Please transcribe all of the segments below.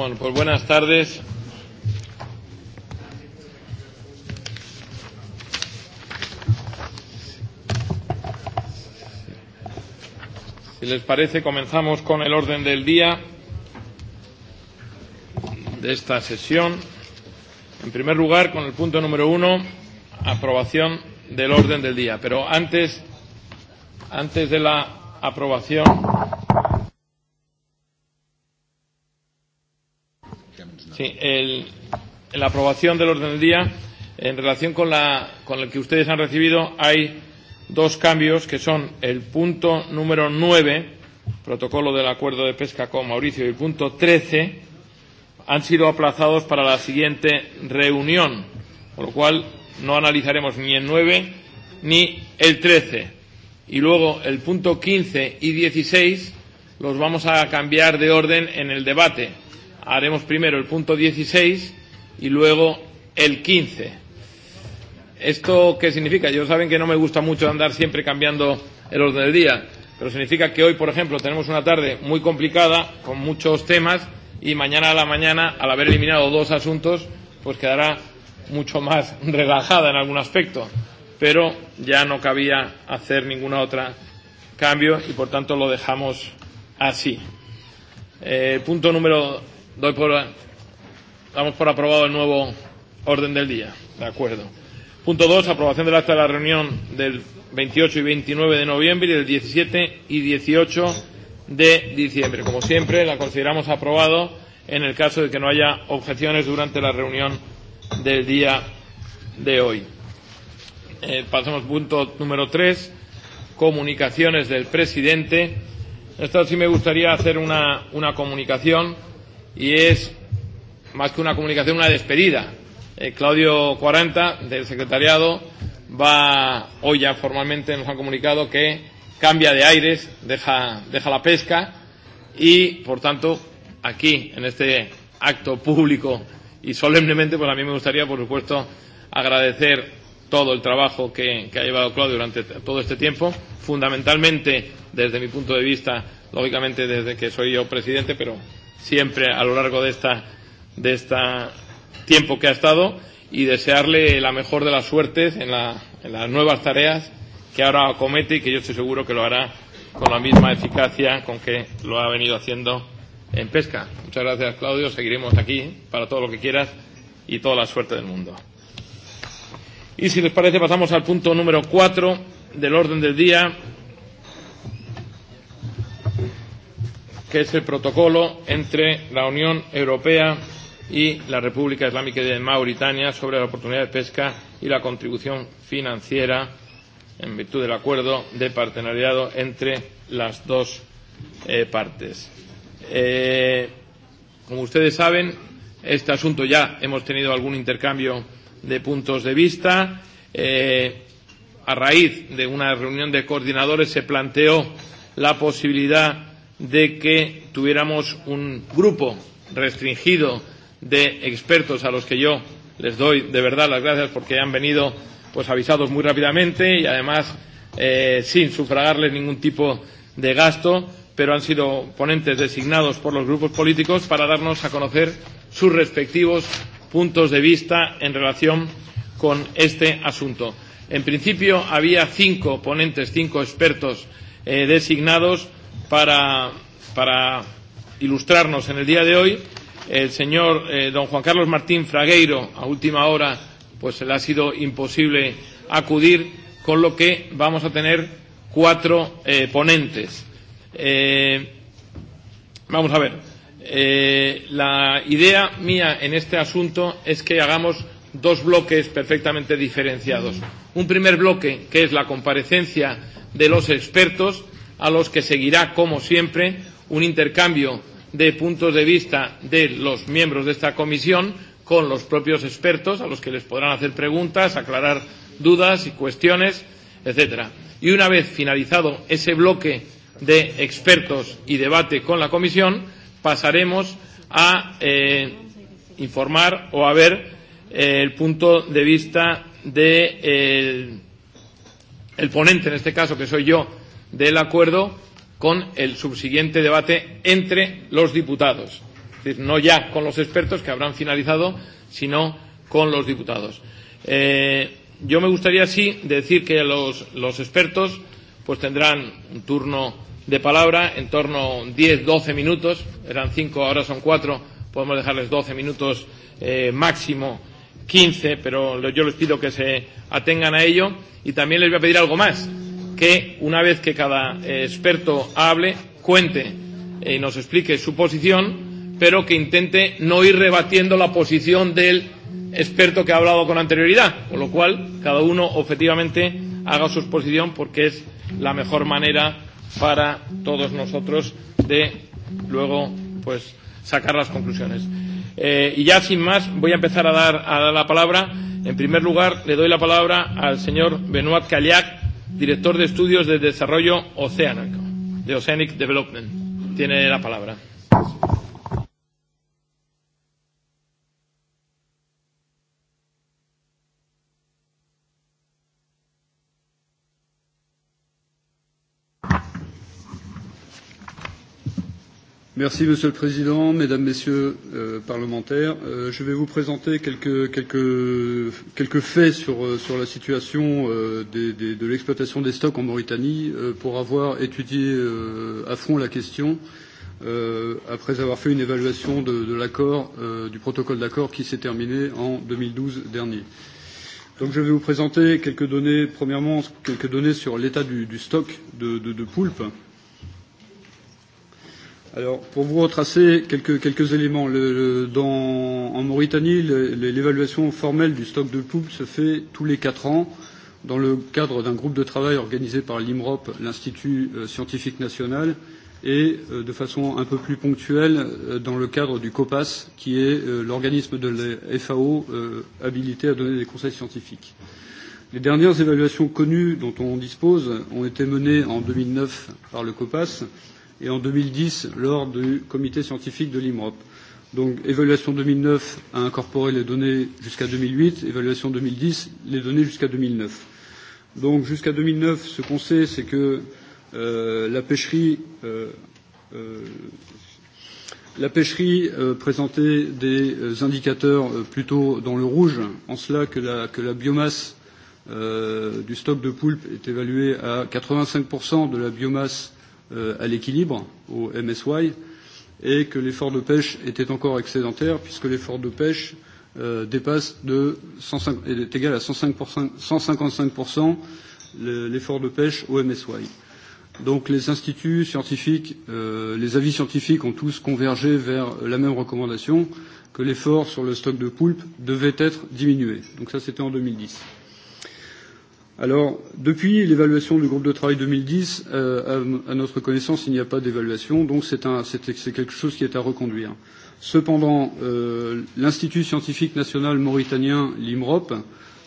Bueno, pues buenas tardes. Si les parece, comenzamos con el orden del día de esta sesión. En primer lugar, con el punto número uno, aprobación del orden del día. Pero antes, antes de la aprobación Sí, el, la aprobación del orden del día, en relación con, la, con el que ustedes han recibido, hay dos cambios que son el punto número 9, protocolo del acuerdo de pesca con Mauricio, y el punto 13, han sido aplazados para la siguiente reunión, por lo cual no analizaremos ni el 9 ni el 13. Y luego el punto 15 y 16 los vamos a cambiar de orden en el debate haremos primero el punto 16 y luego el 15. ¿Esto qué significa? Yo saben que no me gusta mucho andar siempre cambiando el orden del día, pero significa que hoy, por ejemplo, tenemos una tarde muy complicada con muchos temas y mañana a la mañana, al haber eliminado dos asuntos, pues quedará mucho más relajada en algún aspecto. Pero ya no cabía hacer ninguna otra cambio y por tanto lo dejamos así. Eh, punto número Doy por, damos por aprobado el nuevo orden del día. De acuerdo. Punto 2. Aprobación del acta de la reunión del 28 y 29 de noviembre y del 17 y 18 de diciembre. Como siempre, la consideramos aprobado en el caso de que no haya objeciones durante la reunión del día de hoy. Eh, pasamos al punto número 3. Comunicaciones del presidente. Esto sí me gustaría hacer una, una comunicación y es más que una comunicación, una despedida. Eh, Claudio 40, del secretariado, va hoy ya formalmente nos ha comunicado que cambia de aires, deja, deja la pesca y, por tanto, aquí, en este acto público y solemnemente, pues a mí me gustaría, por supuesto, agradecer todo el trabajo que, que ha llevado Claudio durante todo este tiempo, fundamentalmente desde mi punto de vista, lógicamente desde que soy yo presidente, pero siempre a lo largo de esta de este tiempo que ha estado y desearle la mejor de las suertes en, la, en las nuevas tareas que ahora acomete y que yo estoy seguro que lo hará con la misma eficacia con que lo ha venido haciendo en pesca. Muchas gracias, Claudio. Seguiremos aquí para todo lo que quieras y toda la suerte del mundo. Y si les parece, pasamos al punto número cuatro del orden del día, que es el protocolo entre la Unión Europea y la República Islámica de Mauritania sobre la oportunidad de pesca y la contribución financiera en virtud del acuerdo de partenariado entre las dos eh, partes. Eh, como ustedes saben, este asunto ya hemos tenido algún intercambio de puntos de vista. Eh, a raíz de una reunión de coordinadores se planteó la posibilidad de que tuviéramos un grupo restringido de expertos a los que yo les doy de verdad las gracias porque han venido pues avisados muy rápidamente y además eh, sin sufragarles ningún tipo de gasto, pero han sido ponentes designados por los grupos políticos para darnos a conocer sus respectivos puntos de vista en relación con este asunto. En principio había cinco ponentes, cinco expertos eh, designados para, para ilustrarnos en el día de hoy. El señor eh, don Juan Carlos Martín Fragueiro, a última hora, pues se le ha sido imposible acudir, con lo que vamos a tener cuatro eh, ponentes. Eh, vamos a ver. Eh, la idea mía en este asunto es que hagamos dos bloques perfectamente diferenciados. Un primer bloque, que es la comparecencia de los expertos, a los que seguirá, como siempre, un intercambio de puntos de vista de los miembros de esta comisión con los propios expertos, a los que les podrán hacer preguntas, aclarar dudas y cuestiones, etcétera. Y una vez finalizado ese bloque de expertos y debate con la comisión, pasaremos a eh, informar o a ver eh, el punto de vista de, eh, el ponente, en este caso, que soy yo, del acuerdo con el subsiguiente debate entre los diputados. Es decir, no ya con los expertos que habrán finalizado, sino con los diputados. Eh, yo me gustaría, sí, decir que los, los expertos pues tendrán un turno de palabra en torno a 10-12 minutos. Eran 5, ahora son 4. Podemos dejarles 12 minutos eh, máximo 15, pero yo les pido que se atengan a ello. Y también les voy a pedir algo más que una vez que cada eh, experto hable, cuente y nos explique su posición, pero que intente no ir rebatiendo la posición del experto que ha hablado con anterioridad, con lo cual cada uno objetivamente haga su exposición porque es la mejor manera para todos nosotros de luego pues sacar las conclusiones. Eh, y ya sin más voy a empezar a dar, a dar la palabra. En primer lugar le doy la palabra al señor Benoit Callac director de estudios de desarrollo Oceanic, de Oceanic Development. Tiene la palabra. Merci, Monsieur le Président, Mesdames, Messieurs euh, parlementaires. Euh, je vais vous présenter quelques, quelques, quelques faits sur, sur la situation euh, des, des, de l'exploitation des stocks en Mauritanie euh, pour avoir étudié euh, à fond la question euh, après avoir fait une évaluation de, de l'accord, euh, du protocole d'accord qui s'est terminé en 2012 dernier. Donc je vais vous présenter quelques données, premièrement quelques données sur l'état du, du stock de, de, de poulpes Alors, pour vous retracer quelques, quelques éléments, le, le, dans, en Mauritanie, l'évaluation formelle du stock de poules se fait tous les quatre ans dans le cadre d'un groupe de travail organisé par l'IMROP, l'Institut scientifique national, et euh, de façon un peu plus ponctuelle euh, dans le cadre du COPAS, qui est euh, l'organisme de la FAO euh, habilité à donner des conseils scientifiques. Les dernières évaluations connues dont on dispose ont été menées en 2009 par le COPAS et en 2010 lors du comité scientifique de l'IMROP. Donc évaluation 2009 a incorporé les données jusqu'à 2008, évaluation 2010 les données jusqu'à 2009. Donc jusqu'à 2009, ce qu'on sait, c'est que euh, la pêcherie, euh, euh, la pêcherie euh, présentait des indicateurs euh, plutôt dans le rouge, en cela que la, que la biomasse euh, du stock de poulpe est évaluée à 85% de la biomasse à l'équilibre, au MSY, et que l'effort de pêche était encore excédentaire, puisque l'effort de pêche euh, dépasse de 105, est égal à 105 155% l'effort de pêche au MSY. Donc les instituts scientifiques, euh, les avis scientifiques ont tous convergé vers la même recommandation que l'effort sur le stock de poulpe devait être diminué. Donc ça c'était en 2010. Alors, depuis l'évaluation du groupe de travail 2010, euh, à, à notre connaissance, il n'y a pas d'évaluation, donc c'est quelque chose qui est à reconduire. Cependant, euh, l'Institut scientifique national mauritanien, l'IMROP,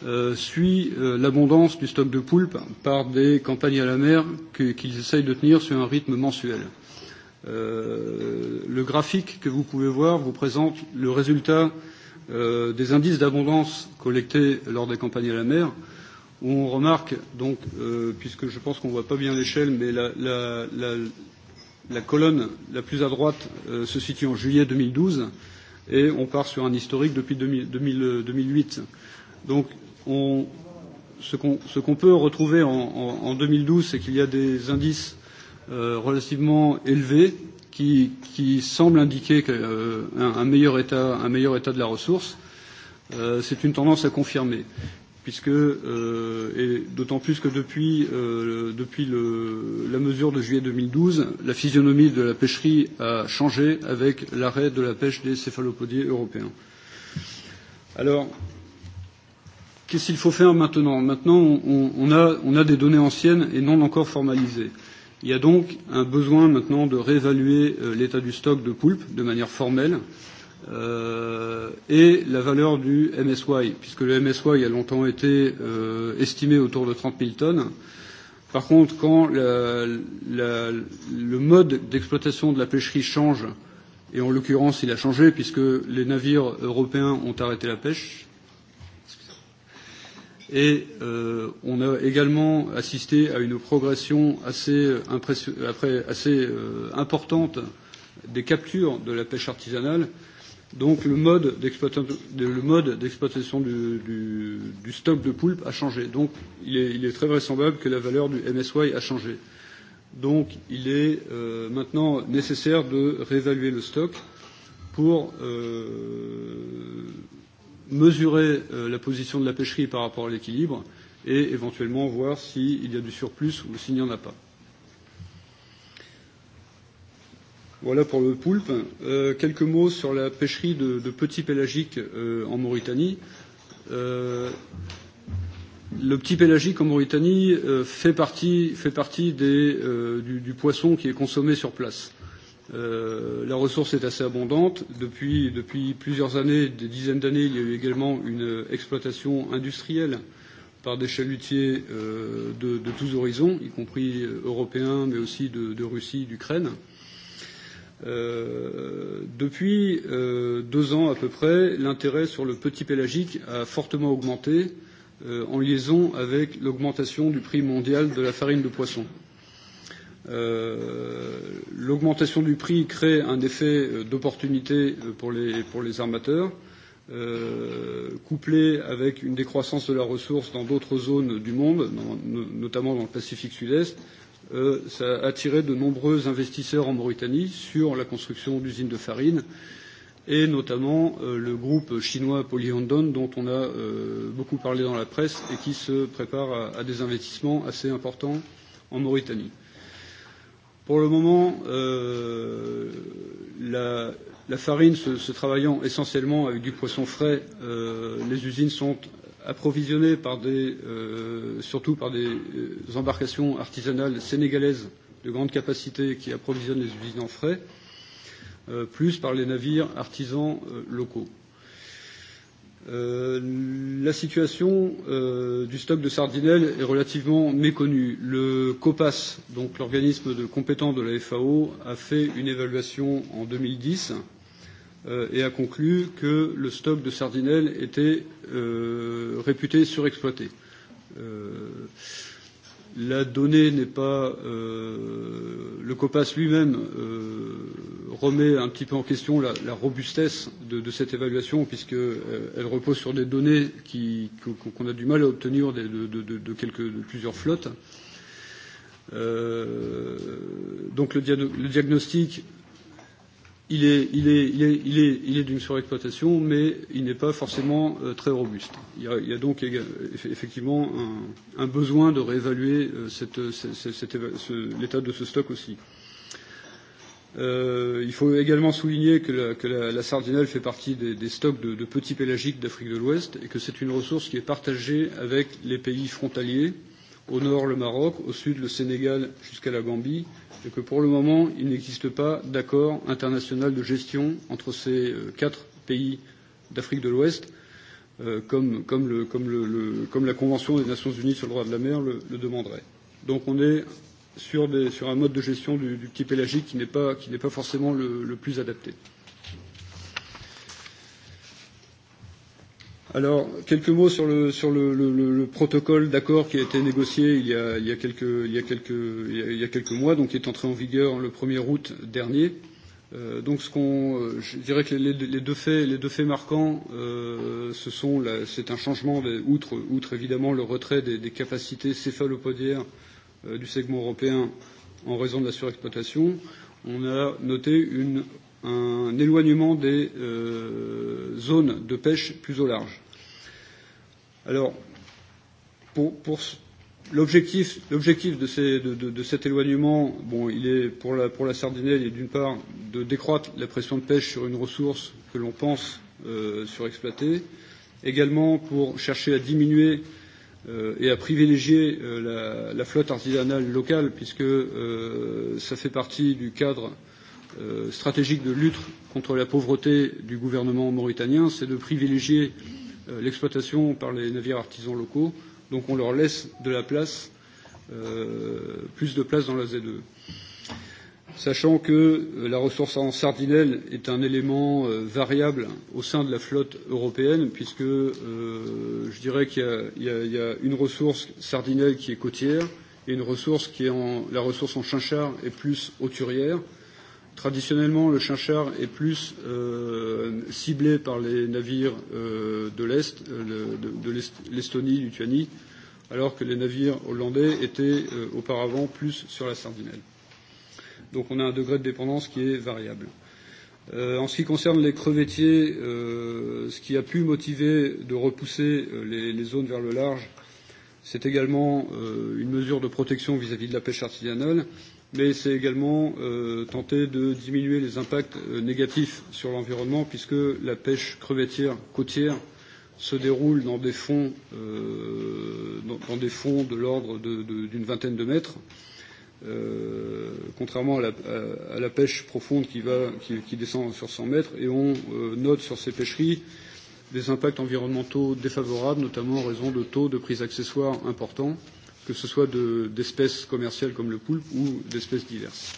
euh, suit euh, l'abondance du stock de poulpe par des campagnes à la mer qu'ils qu essayent de tenir sur un rythme mensuel. Euh, le graphique que vous pouvez voir vous présente le résultat euh, des indices d'abondance collectés lors des campagnes à la mer. Euh, où on remarque, donc, euh, puisque je pense qu'on ne voit pas bien l'échelle, mais la, la, la, la colonne la plus à droite euh, se situe en juillet 2012 et on part sur un historique depuis 2000, 2000, 2008. Donc, on, ce qu'on qu peut retrouver en, en, en 2012, c'est qu'il y a des indices euh, relativement élevés qui, qui semblent indiquer euh, un, un, meilleur état, un meilleur état de la ressource. Euh, c'est une tendance à confirmer puisque euh, et d'autant plus que depuis, euh, depuis le, la mesure de juillet 2012, la physionomie de la pêcherie a changé avec l'arrêt de la pêche des céphalopodiers européens. Alors, qu'est-ce qu'il faut faire maintenant Maintenant, on, on, a, on a des données anciennes et non encore formalisées. Il y a donc un besoin maintenant de réévaluer l'état du stock de poulpe de manière formelle. Euh, euh, et la valeur du MSY, puisque le MSY a longtemps été euh, estimé autour de 30 000 tonnes. Par contre, quand la, la, le mode d'exploitation de la pêcherie change, et en l'occurrence il a changé puisque les navires européens ont arrêté la pêche, et euh, on a également assisté à une progression assez, impression, après, assez euh, importante des captures de la pêche artisanale, euh, Donc le mode d'exploitation du, du, du stock de poulpe a changé. Donc il est, il est très vraisemblable que la valeur du MSY a changé. Donc il est euh, maintenant nécessaire de réévaluer le stock pour euh, mesurer euh, la position de la pêcherie par rapport à l'équilibre et éventuellement voir s'il y a du surplus ou s'il n'y en a pas. Voilà pour le poulpe. Euh, quelques mots sur la pêcherie de, de petits pélagiques euh, en Mauritanie. Euh, le petit pélagique en Mauritanie euh, fait partie, fait partie des, euh, du, du poisson qui est consommé sur place. Euh, la ressource est assez abondante. Depuis, depuis plusieurs années, des dizaines d'années, il y a eu également une exploitation industrielle par des chalutiers euh, de, de tous horizons, y compris européens, mais aussi de, de Russie, d'Ukraine. Euh, depuis euh, deux ans à peu près, l'intérêt sur le petit pélagique a fortement augmenté euh, en liaison avec l'augmentation du prix mondial de la farine de poisson. Euh, l'augmentation du prix crée un effet d'opportunité pour les, pour les armateurs, euh, couplé avec une décroissance de la ressource dans d'autres zones du monde, dans, notamment dans le Pacifique Sud-Est, euh, ça a attiré de nombreux investisseurs en Mauritanie sur la construction d'usines de farine et notamment le groupe chinois Polyandon dont on a beaucoup parlé dans la presse et qui se prépare à, des investissements assez importants en Mauritanie. Pour le moment, la, farine se, travaillant essentiellement avec du poisson frais, les usines sont approvisionné par des, euh, surtout par des embarcations artisanales sénégalaises de grande capacité qui approvisionnent les usines en frais, euh, plus par les navires artisans euh, locaux. Euh, la situation euh, du stock de sardinelles est relativement méconnue. Le COPAS, donc l'organisme de compétent de la FAO, a fait une évaluation en 2010 et a conclu que le stock de sardinelles était euh, réputé surexploité. Euh, la donnée n'est pas. Euh, le COPAS lui-même euh, remet un petit peu en question la, la robustesse de, de cette évaluation, puisqu'elle euh, elle repose sur des données qu'on qu a du mal à obtenir de, de, de, de, quelques, de plusieurs flottes. Euh, donc le, dia le diagnostic il est, il est, il est, il est, il est d'une surexploitation, mais il n'est pas forcément euh, très robuste. Il y a, il y a donc effectivement un, un besoin de réévaluer euh, cette, cette, cette, ce, l'état de ce stock aussi. Euh, il faut également souligner que la, que la, la sardinelle fait partie des, des stocks de, de petits pélagiques d'Afrique de l'Ouest et que c'est une ressource qui est partagée avec les pays frontaliers euh, au nord le Maroc, au sud le Sénégal jusqu'à la Gambie, et que pour le moment il n'existe pas d'accord international de gestion entre ces quatre pays d'Afrique de l'Ouest, comme, comme, le, comme, le, le, comme la Convention des Nations Unies sur le droit de la mer le, le demanderait. Donc on est sur, des, sur un mode de gestion du, du petit pélagique qui n'est pas, pas forcément le, le plus adapté. Alors, quelques mots sur le, sur le, le, le, le protocole d'accord qui a été négocié il y a, il, y a quelques, il, y a quelques, il, y a, quelques mois, donc qui est entré en vigueur le 1er août dernier. Euh, donc, ce qu'on, je dirais que les, les, deux faits, les deux faits marquants, euh, ce sont la, c'est un changement, outre, outre évidemment le retrait des, des capacités céphalopodières euh, du segment européen en raison de la surexploitation, on a noté une un éloignement des euh, zones de pêche plus au large. Alors, pour, pour l'objectif, l'objectif de, ces, de, de, de cet éloignement, bon, il est pour la, pour la Sardinelle, il est d'une part de décroître la pression de pêche sur une ressource que l'on pense euh, surexploiter, également pour chercher à diminuer euh, et à privilégier euh, la, la flotte artisanale locale, puisque euh, ça fait partie du cadre euh, stratégique de lutte contre la pauvreté du gouvernement mauritanien, c'est de privilégier l'exploitation par les navires artisans locaux. Donc on leur laisse de la place, plus de place dans la ZE. Sachant que la ressource en sardinelle est un élément variable au sein de la flotte européenne, puisque je dirais qu'il y, a une ressource sardinelle qui est côtière et une ressource qui est en, la ressource en chinchard est plus hauturière. Euh, Traditionnellement, le chinchard est plus euh, ciblé par les navires euh, de l'Est, euh, de, de l'Estonie, Lituanie, alors que les navires hollandais étaient euh, auparavant plus sur la sardinelle. Donc on a un degré de dépendance qui est variable. Euh, en ce qui concerne les crevettiers, euh, ce qui a pu motiver de repousser euh, les, les zones vers le large, c'est également euh, une mesure de protection vis-à-vis de la pêche artisanale, mais c'est également euh, tenter de diminuer les impacts euh, négatifs sur l'environnement, puisque la pêche crevettière côtière se déroule dans des fonds, euh, dans, dans des fonds de l'ordre d'une vingtaine de mètres, euh, contrairement à la, à, à la pêche profonde qui, va, qui, qui descend sur 100 mètres, et on euh, note sur ces pêcheries des impacts environnementaux défavorables, notamment en raison de taux de prise accessoire importants. Euh, que ce soit d'espèces commerciales comme le poulpe ou d'espèces diverses.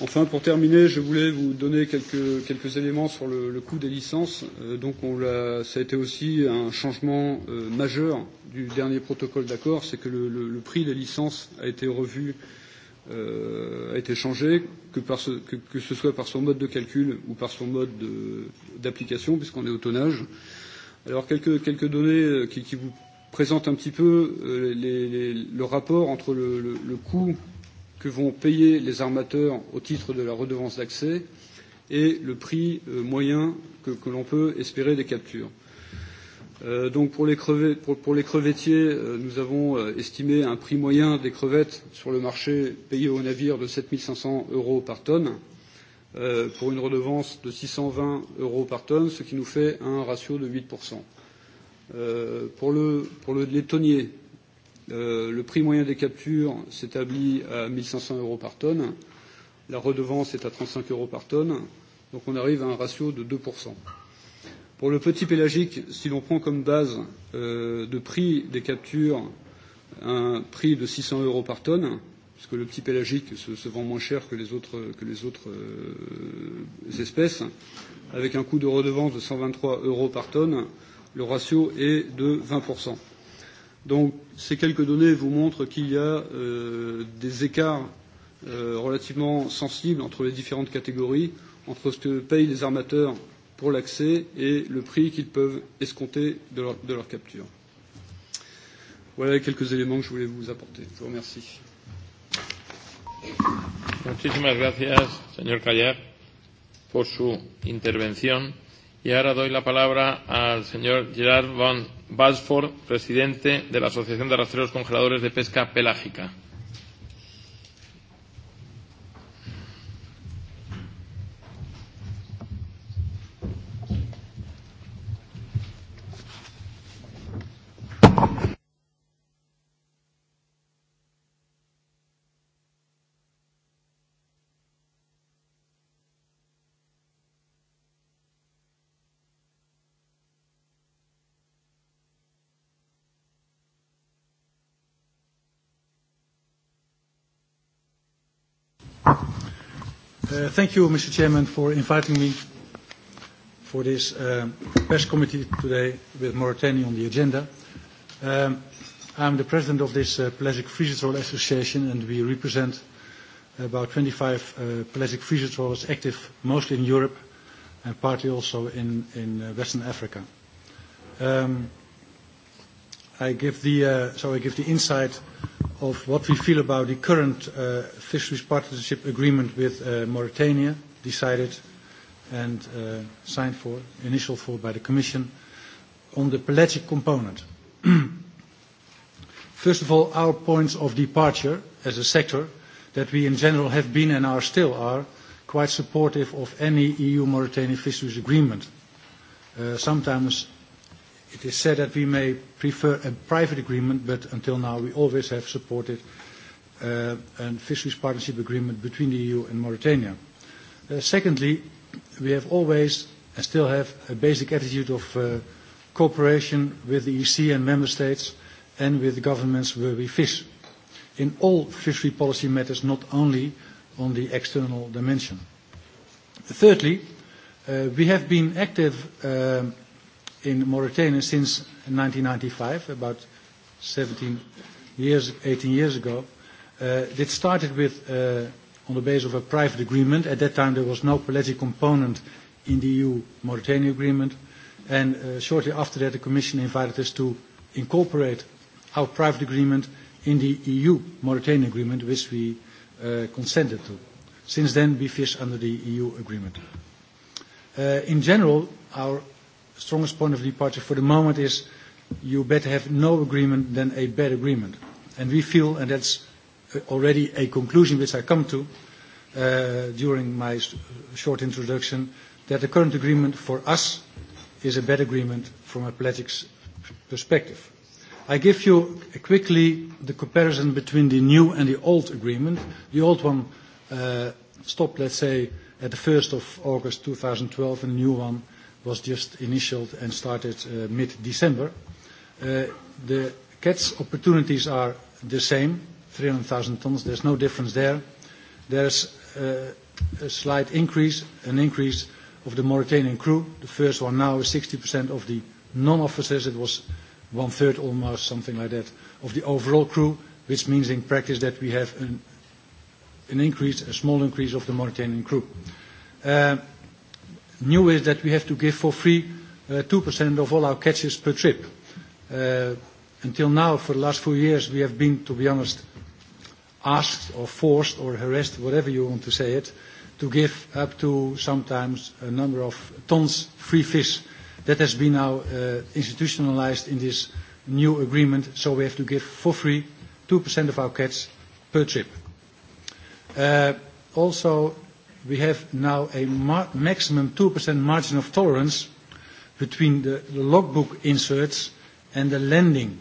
Enfin, pour terminer, je voulais vous donner quelques, quelques éléments sur le, le coût des licences. Euh, donc, on a, ça a été aussi un changement euh, majeur du dernier protocole d'accord, c'est que le, le, le prix des licences a été revu, euh, a été changé, que, par ce, que, que ce soit par son mode de calcul ou par son mode d'application, puisqu'on est au tonnage. Alors, quelques, quelques données qui, qui vous présente un petit peu euh, les, les, le rapport entre le, le, le coût que vont payer les armateurs au titre de la redevance d'accès et le prix euh, moyen que, que l'on peut espérer des captures. Euh, donc pour les, crevet, pour, pour les crevettiers, euh, nous avons euh, estimé un prix moyen des crevettes sur le marché payé aux navires de 7500 euros par tonne euh, pour une redevance de 620 euros par tonne, ce qui nous fait un ratio de 8% pour le, pour le, les tonniers, euh, le prix moyen des captures s'établit à 1500 euros par tonne. La redevance est à 35 euros par tonne. Donc on arrive à un ratio de 2%. Pour le petit pélagique, si l'on prend comme base euh, de prix des captures un prix de 600 euros par tonne, puisque le petit pélagique se, se vend moins cher que les autres, que les autres euh, espèces, avec un coût de redevance de 123 euros par tonne, euh, le ratio est de 20%. Donc ces quelques données vous montrent qu'il y a euh, des écarts euh, relativement sensibles entre les différentes catégories, entre ce que payent les armateurs pour l'accès et le prix qu'ils peuvent escompter de leur, de leur capture. Voilà les quelques éléments que je voulais vous apporter. Je vous remercie. Muchísimas gracias, señor Callar, por su intervención Y ahora doy la palabra al señor Gerard Van Basford, presidente de la Asociación de Rastreros Congeladores de Pesca Pelágica. Thank you, Mr. Chairman, for inviting me for this press committee today with Mauritania on the agenda. I'm the president of this Pelagic Freezer Trawl Association, and we represent about 25 pelagic freezer trawlers active mostly in Europe and partly also in Western Africa. I give the insight of what we feel about the current uh, fisheries partnership agreement with uh, Mauritania, decided and uh, signed for, initial for by the Commission, on the pelagic component. First of all, our points of departure as a sector that we in general have been and are still are quite supportive of any EU-Mauritania fisheries agreement, sometimes It is said that we may prefer a private agreement, but until now we always have supported a fisheries partnership agreement between the EU and Mauritania. secondly, we have always and still have a basic attitude of cooperation with the EC and member states and with the governments where we fish in all fishery policy matters, not only on the external dimension. Thirdly, we have been active in Mauritania since 1995, about 17 years, 18 years ago. Uh, it started with, uh, on the basis of a private agreement. At that time, there was no political component in the EU-Mauritania agreement. And uh, shortly after that, the Commission invited us to incorporate our private agreement in the EU-Mauritania agreement, which we uh, consented to. Since then, we fish under the EU agreement. Uh, in general, our strongest point of departure for the moment is you better have no agreement than a bad agreement. And we feel, and that's already a conclusion which I come to uh, during my short introduction, that the current agreement for us is a bad agreement from a politics perspective. I give you quickly the comparison between the new and the old agreement. The old one uh, stopped, let's say, at the 1st of August 2012, and the new one was just initialed and started uh, mid-December. Uh, the catch opportunities are the same, 300,000 tons. There's no difference there. There's uh, a slight increase, an increase of the Mauritanian crew. The first one now is 60% of the non-officers. It was one-third almost, something like that, of the overall crew, which means in practice that we have an an increase, a small increase of the Mauritanian crew. New is that we have to give for free uh, 2% of all our catches per trip. Uh, until now, for the last few years, we have been, to be honest, asked or forced or harassed, whatever you want to say it, to give up to sometimes a number of tons free fish. That has been now uh, institutionalized in this new agreement, so we have to give for free 2% of our catch per trip. Uh, also, we have now a maximum 2% margin of tolerance between the logbook inserts and the lending.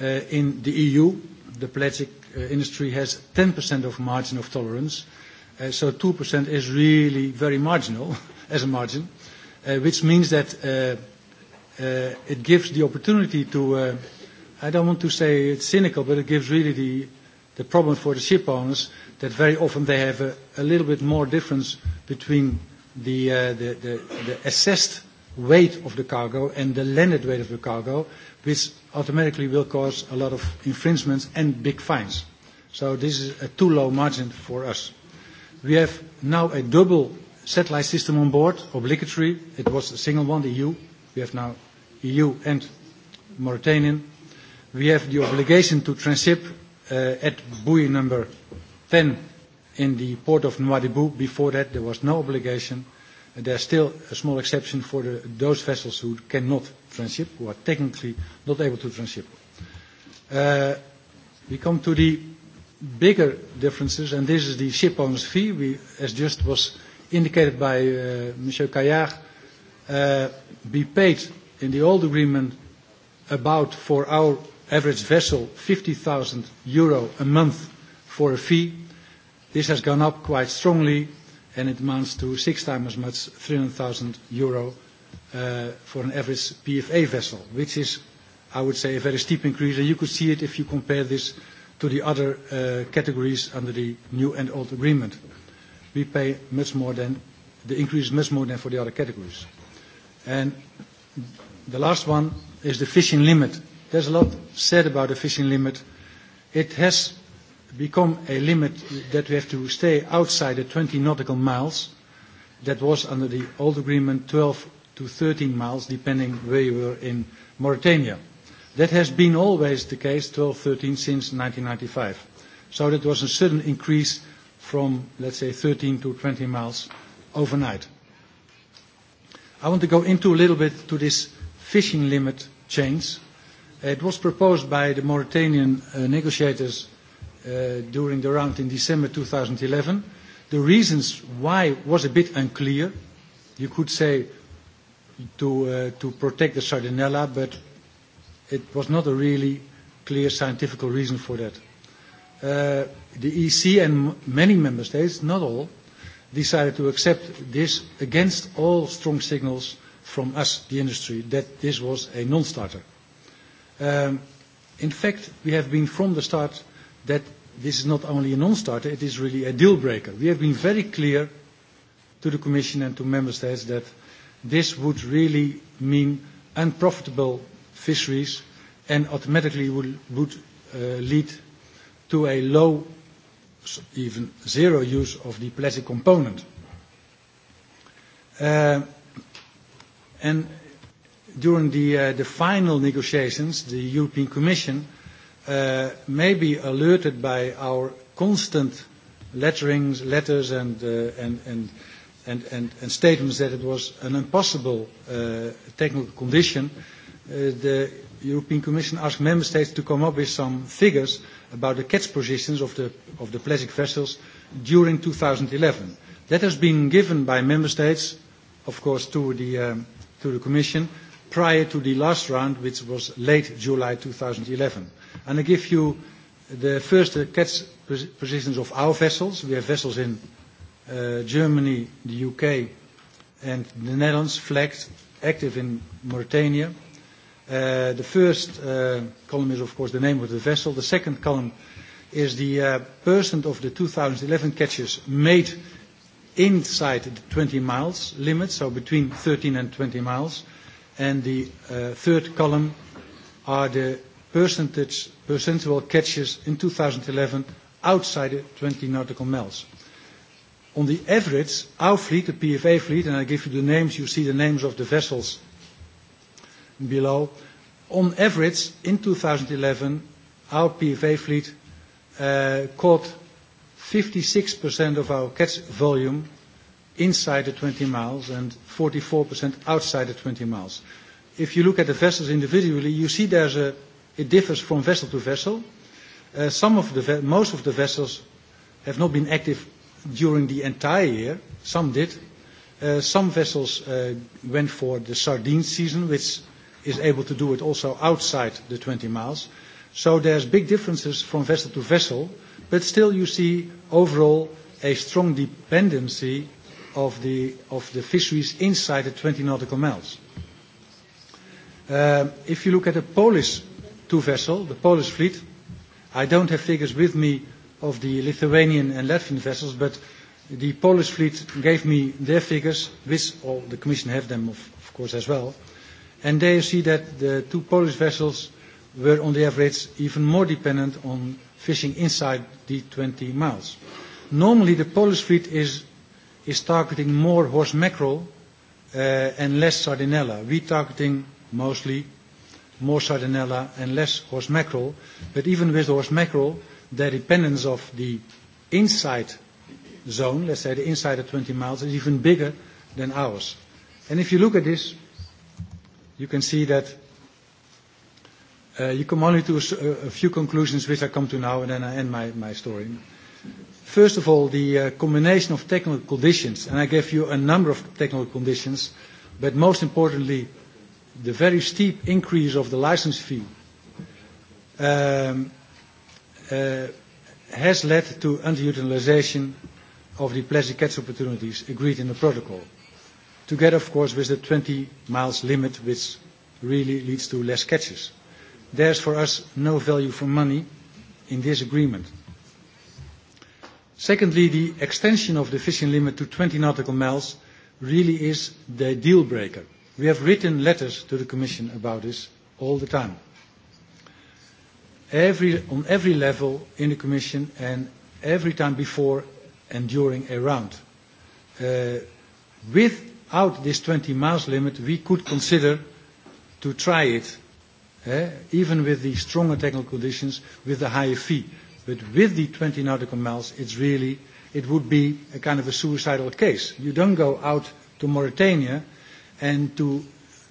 In the EU, the plastic industry has 10% of margin of tolerance, so 2% is really very marginal as a margin, which means that it gives the opportunity to, I don't want to say it's cynical, but it gives really the problem for the ship owners that very often they have a, a little bit more difference between the, uh, the, the, the assessed weight of the cargo and the landed weight of the cargo, which automatically will cause a lot of infringements and big fines. So this is a too low margin for us. We have now a double satellite system on board, obligatory. It was a single one, the EU. We have now EU and Mauritanian. We have the obligation to transship uh, at buoy number Then in the port of Nwadibu, before that, there was no obligation. There's still a small exception for the, those vessels who cannot transship, who are technically not able to transship. Uh, we come to the bigger differences, and this is the ship owner's fee. We, as just was indicated by uh, Monsieur Kayar, uh, be paid in the old agreement about for our average vessel 50,000 euro a month for a fee This has gone up quite strongly, and it amounts to six times as much, 300,000 euro for an average PFA vessel, which is, I would say, a very steep increase. and You could see it if you compare this to the other categories under the new and old agreement. We pay much more than the increase is much more than for the other categories. And The last one is the fishing limit. There's a lot said about the fishing limit. It has become a limit that we have to stay outside the 20 nautical miles. That was under the old agreement 12 to 13 miles, depending where you were in Mauritania. That has been always the case, 12, 13, since 1995. So that was a sudden increase from, let's say, 13 to 20 miles overnight. I want to go into a little bit to this fishing limit change. It was proposed by the Mauritanian negotiators during the round in December 2011. The reasons why was a bit unclear. You could say to protect the Sardinella, but it was not a really clear scientific reason for that. The EC and many member states, not all, decided to accept this against all strong signals from us, the industry, that this was a non-starter. In fact, we have been from the start that this is not only a non-starter, it is really a deal breaker. We have been very clear to the Commission and to member states that this would really mean unprofitable fisheries and automatically would lead to a low, even zero use of the plastic component. And during the final negotiations, the European Commission may be alerted by our constant letterings, letters and, uh, and, and, and, and, and statements that it was an impossible uh, technical condition, uh, the European Commission asked member states to come up with some figures about the catch positions of the, of the plastic vessels during 2011. That has been given by member states, of course, to the, um, to the Commission prior to the last round, which was late July 2011. And I give you the first catch positions of our vessels. We have vessels in uh, Germany, the UK, and the Netherlands, flagged, active in Mauritania. Uh, the first uh, column is, of course, the name of the vessel. The second column is the uh, percent of the 2011 catches made inside the 20 miles limit, so between 13 and 20 miles. And the uh, third column are the percentual catches in 2011 outside the 20 nautical miles. On the average, our fleet, the PFA fleet, and I give you the names, you see the names of the vessels below. On average, in 2011, our PFA fleet caught 56% of our catch volume inside the 20 miles and 44% outside the 20 miles. If you look at the vessels individually, you see there's a It differs from vessel to vessel. Uh, some of the most of the vessels have not been active during the entire year. Some did. Uh, some vessels uh, went for the sardine season, which is able to do it also outside the 20 miles. So there's big differences from vessel to vessel, but still you see overall a strong dependency of the, of the fisheries inside the 20 nautical miles. Uh, if you look at the Polish two vessels, the Polish fleet. I don't have figures with me of the Lithuanian and Latvian vessels, but the Polish fleet gave me their figures, which all the Commission have them, of, of course, as well. And there you see that the two Polish vessels were, on the average, even more dependent on fishing inside the 20 miles. Normally, the Polish fleet is, is targeting more horse mackerel uh, and less sardinella. We're targeting mostly more sardinella and less horse mackerel. But even with the horse mackerel, their dependence of the inside zone, let's say the inside of 20 miles, is even bigger than ours. And if you look at this, you can see that uh, you come only to a, a few conclusions, which I come to now, and then I end my, my story. First of all, the uh, combination of technical conditions, and I gave you a number of technical conditions, but most importantly, the very steep increase of the license fee um, uh, has led to underutilization of the plastic catch opportunities agreed in the protocol, together, of course, with the 20 miles limit, which really leads to less catches. There's for us no value for money in this agreement. Secondly, the extension of the fishing limit to 20 nautical miles really is the deal breaker We have written letters to the Commission about this all the time. Every, on every level in the Commission and every time before and during a round. Uh, without this 20 miles limit, we could consider to try it, eh, even with the stronger technical conditions, with the higher fee. But with the 20 nautical miles, it's really, it would be a kind of a suicidal case. You don't go out to Mauritania and to,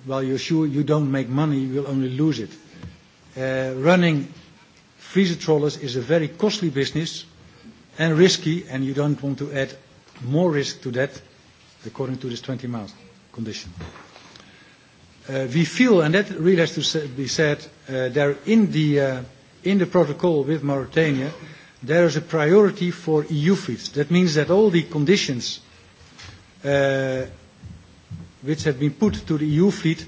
well, you're sure you don't make money, you will only lose it. Uh, running freezer trawlers is a very costly business and risky, and you don't want to add more risk to that according to this 20 miles condition. Uh, we feel, and that really has to be said, uh, there in the, uh, in the protocol with Mauritania, there is a priority for EU feeds. That means that all the conditions uh, which have been put to the EU fleet,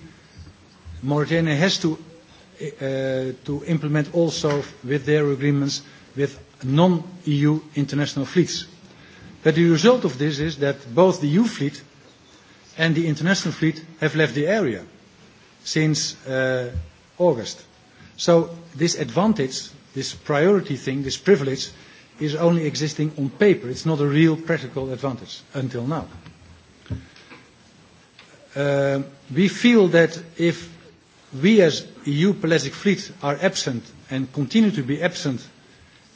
Mauritania has to, uh, to implement also with their agreements with non-EU international fleets. But the result of this is that both the EU fleet and the international fleet have left the area since uh, August. So this advantage, this priority thing, this privilege, is only existing on paper. It's not a real practical advantage until now we feel that if we as EU pelagic fleet are absent and continue to be absent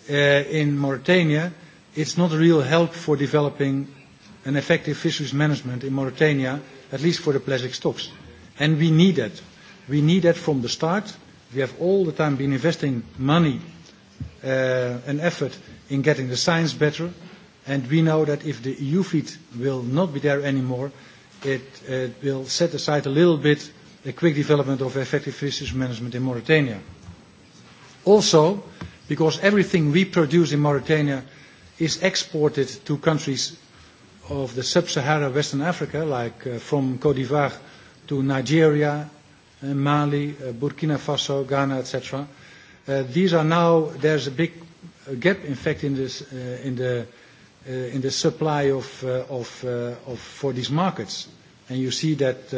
in Mauritania, it's not a real help for developing an effective fisheries management in Mauritania, at least for the pelagic stocks. And we need that. We need that from the start. We have all the time been investing money uh, and effort in getting the science better, and we know that if the EU fleet will not be there anymore, it, it will set aside a little bit the quick development of effective fisheries management in Mauritania. Also, because everything we produce in Mauritania is exported to countries of the sub-Sahara Western Africa, like uh, from Cote d'Ivoire to Nigeria, uh, Mali, uh, Burkina Faso, Ghana, etc. Uh, these are now, there's a big gap, in fact, in, this, uh, in the in the supply of for these markets. and You see that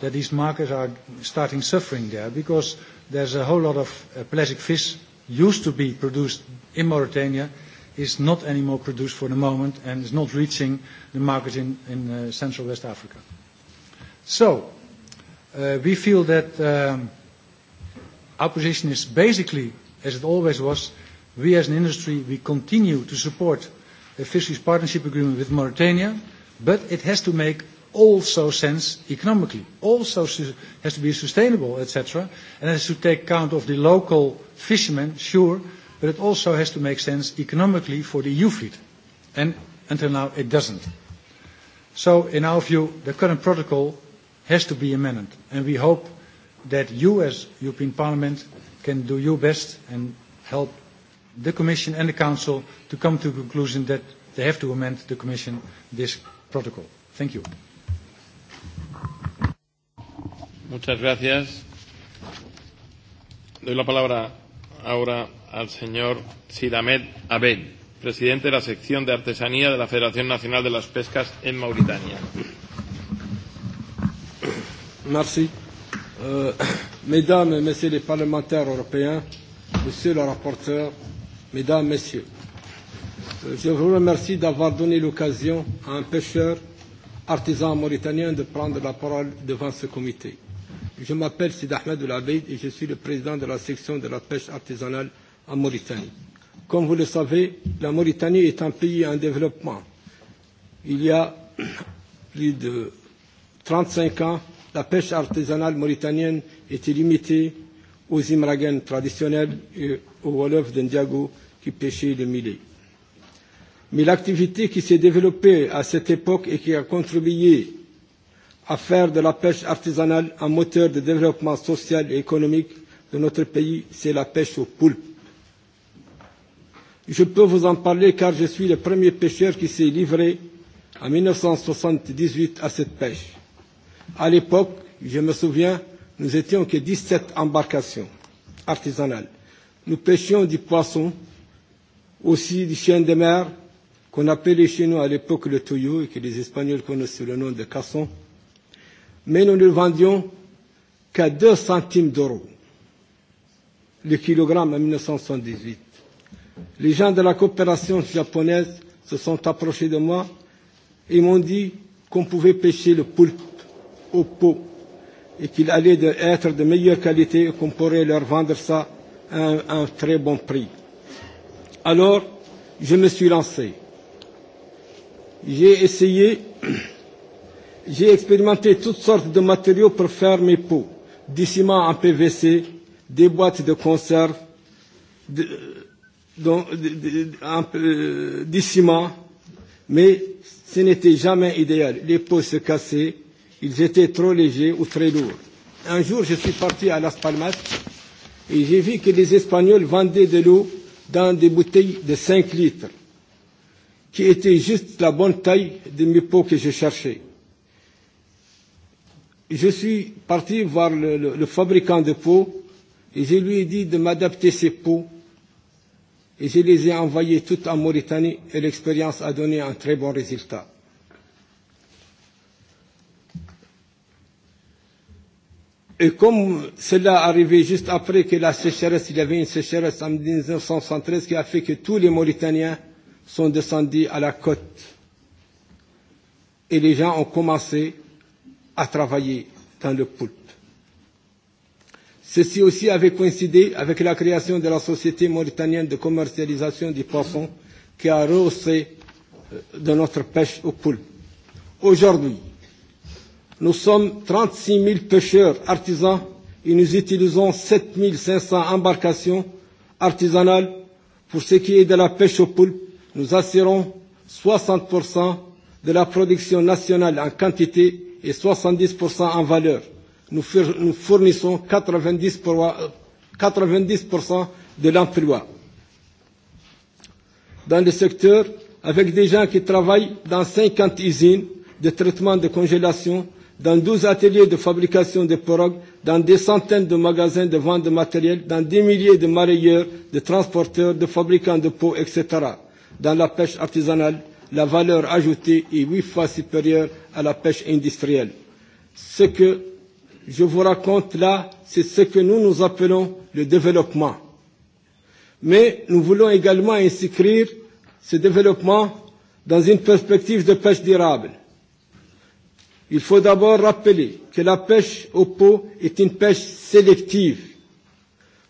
these markets are starting suffering there because there's a whole lot of pelagic fish used to be produced in Mauritania, is not anymore produced for the moment and is not reaching the market in Central West Africa. So We feel that our position is basically, as it always was, we as an industry, we continue to support a fisheries partnership agreement with Mauritania, but it has to make also sense economically, also has to be sustainable, etc. And has to take account of the local fishermen, sure, but it also has to make sense economically for the EU fleet. And until now, it doesn't. So, in our view, the current protocol has to be amended, and we hope that you, as European Parliament, can do your best and help the Commission and the Council to come to the conclusion that they have to amend the Commission this protocol. Thank you. Muchas gracias. Doy la palabra ahora al señor Sidamed Abed, presidente de la sección de artesanía de la Federación Nacional de las Pescas en Mauritania. Merci. Euh, mesdames et messieurs les parlementaires européens, monsieur le rapporteur, Mesdames, Messieurs, je vous remercie d'avoir donné l'occasion à un pêcheur artisan mauritanien de prendre la parole devant ce comité. Je m'appelle Sid Ahmed Oulabeid et je suis le président de la section de la pêche artisanale en Mauritanie. Comme vous le savez, la Mauritanie est un pays en développement. Il y a plus de 35 ans, la pêche artisanale mauritanienne était limitée aux Imragen traditionnels et aux Wolofs d'Indiago qui pêchaient le millet. Mais l'activité qui s'est développée à cette époque et qui a contribué à faire de la pêche artisanale un moteur de développement social et économique de notre pays, c'est la pêche aux poulpes. Je peux vous en parler car je suis le premier pêcheur qui s'est livré en 1978 à cette pêche. À l'époque, je me souviens, Nous étions que 17 embarcations artisanales. Nous pêchions du poisson, aussi du chien de mer, qu'on appelait chez nous à l'époque le Toyo et que les Espagnols connaissent sous le nom de casson. Mais nous ne le vendions qu'à 2 centimes d'euros le kilogramme en 1978. Les gens de la coopération japonaise se sont approchés de moi et m'ont dit qu'on pouvait pêcher le poulpe au pot et qu'il allait être de meilleure qualité et qu'on pourrait leur vendre ça à un, à un très bon prix. Alors, je me suis lancé. J'ai essayé, j'ai expérimenté toutes sortes de matériaux pour faire mes pots, du ciment en PVC, des boîtes de conserve, de, donc, du ciment, mais ce n'était jamais idéal. Les pots se cassaient, ils étaient trop légers ou très lourds. Un jour, je suis parti à Las Palmas et j'ai vu que les Espagnols vendaient de l'eau dans des bouteilles de 5 litres, qui étaient juste la bonne taille de mes pots que je cherchais. Je suis parti voir le, le, le fabricant de pots et je lui ai dit de m'adapter ces pots. Et je les ai envoyés toutes en Mauritanie et l'expérience a donné un très bon résultat. Et comme cela arrivait juste après que la sécheresse, il y avait une sécheresse en 1973 qui a fait que tous les Mauritaniens sont descendus à la côte. Et les gens ont commencé à travailler dans le poulpe. Ceci aussi avait coïncidé avec la création de la Société mauritanienne de commercialisation du poisson qui a rehaussé de notre pêche au poulpe. Aujourd'hui, Nous sommes 36 000 pêcheurs artisans et nous utilisons 7 500 embarcations artisanales. Pour ce qui est de la pêche au poulpe, nous assurons 60% de la production nationale en quantité et 70% en valeur. Nous fournissons 90% de l'emploi. Dans le secteur, avec des gens qui travaillent dans 50 usines de traitement de congélation dans 12 ateliers de fabrication de pirogues, dans des centaines de magasins de vente de matériel, dans des milliers de marailleurs, de transporteurs, de fabricants de peaux, etc. Dans la pêche artisanale, la valeur ajoutée est huit fois supérieure à la pêche industrielle. Ce que je vous raconte là, c'est ce que nous nous appelons le développement. Mais nous voulons également inscrire ce développement dans une perspective de pêche durable Il faut d'abord rappeler que la pêche au pot est une pêche sélective.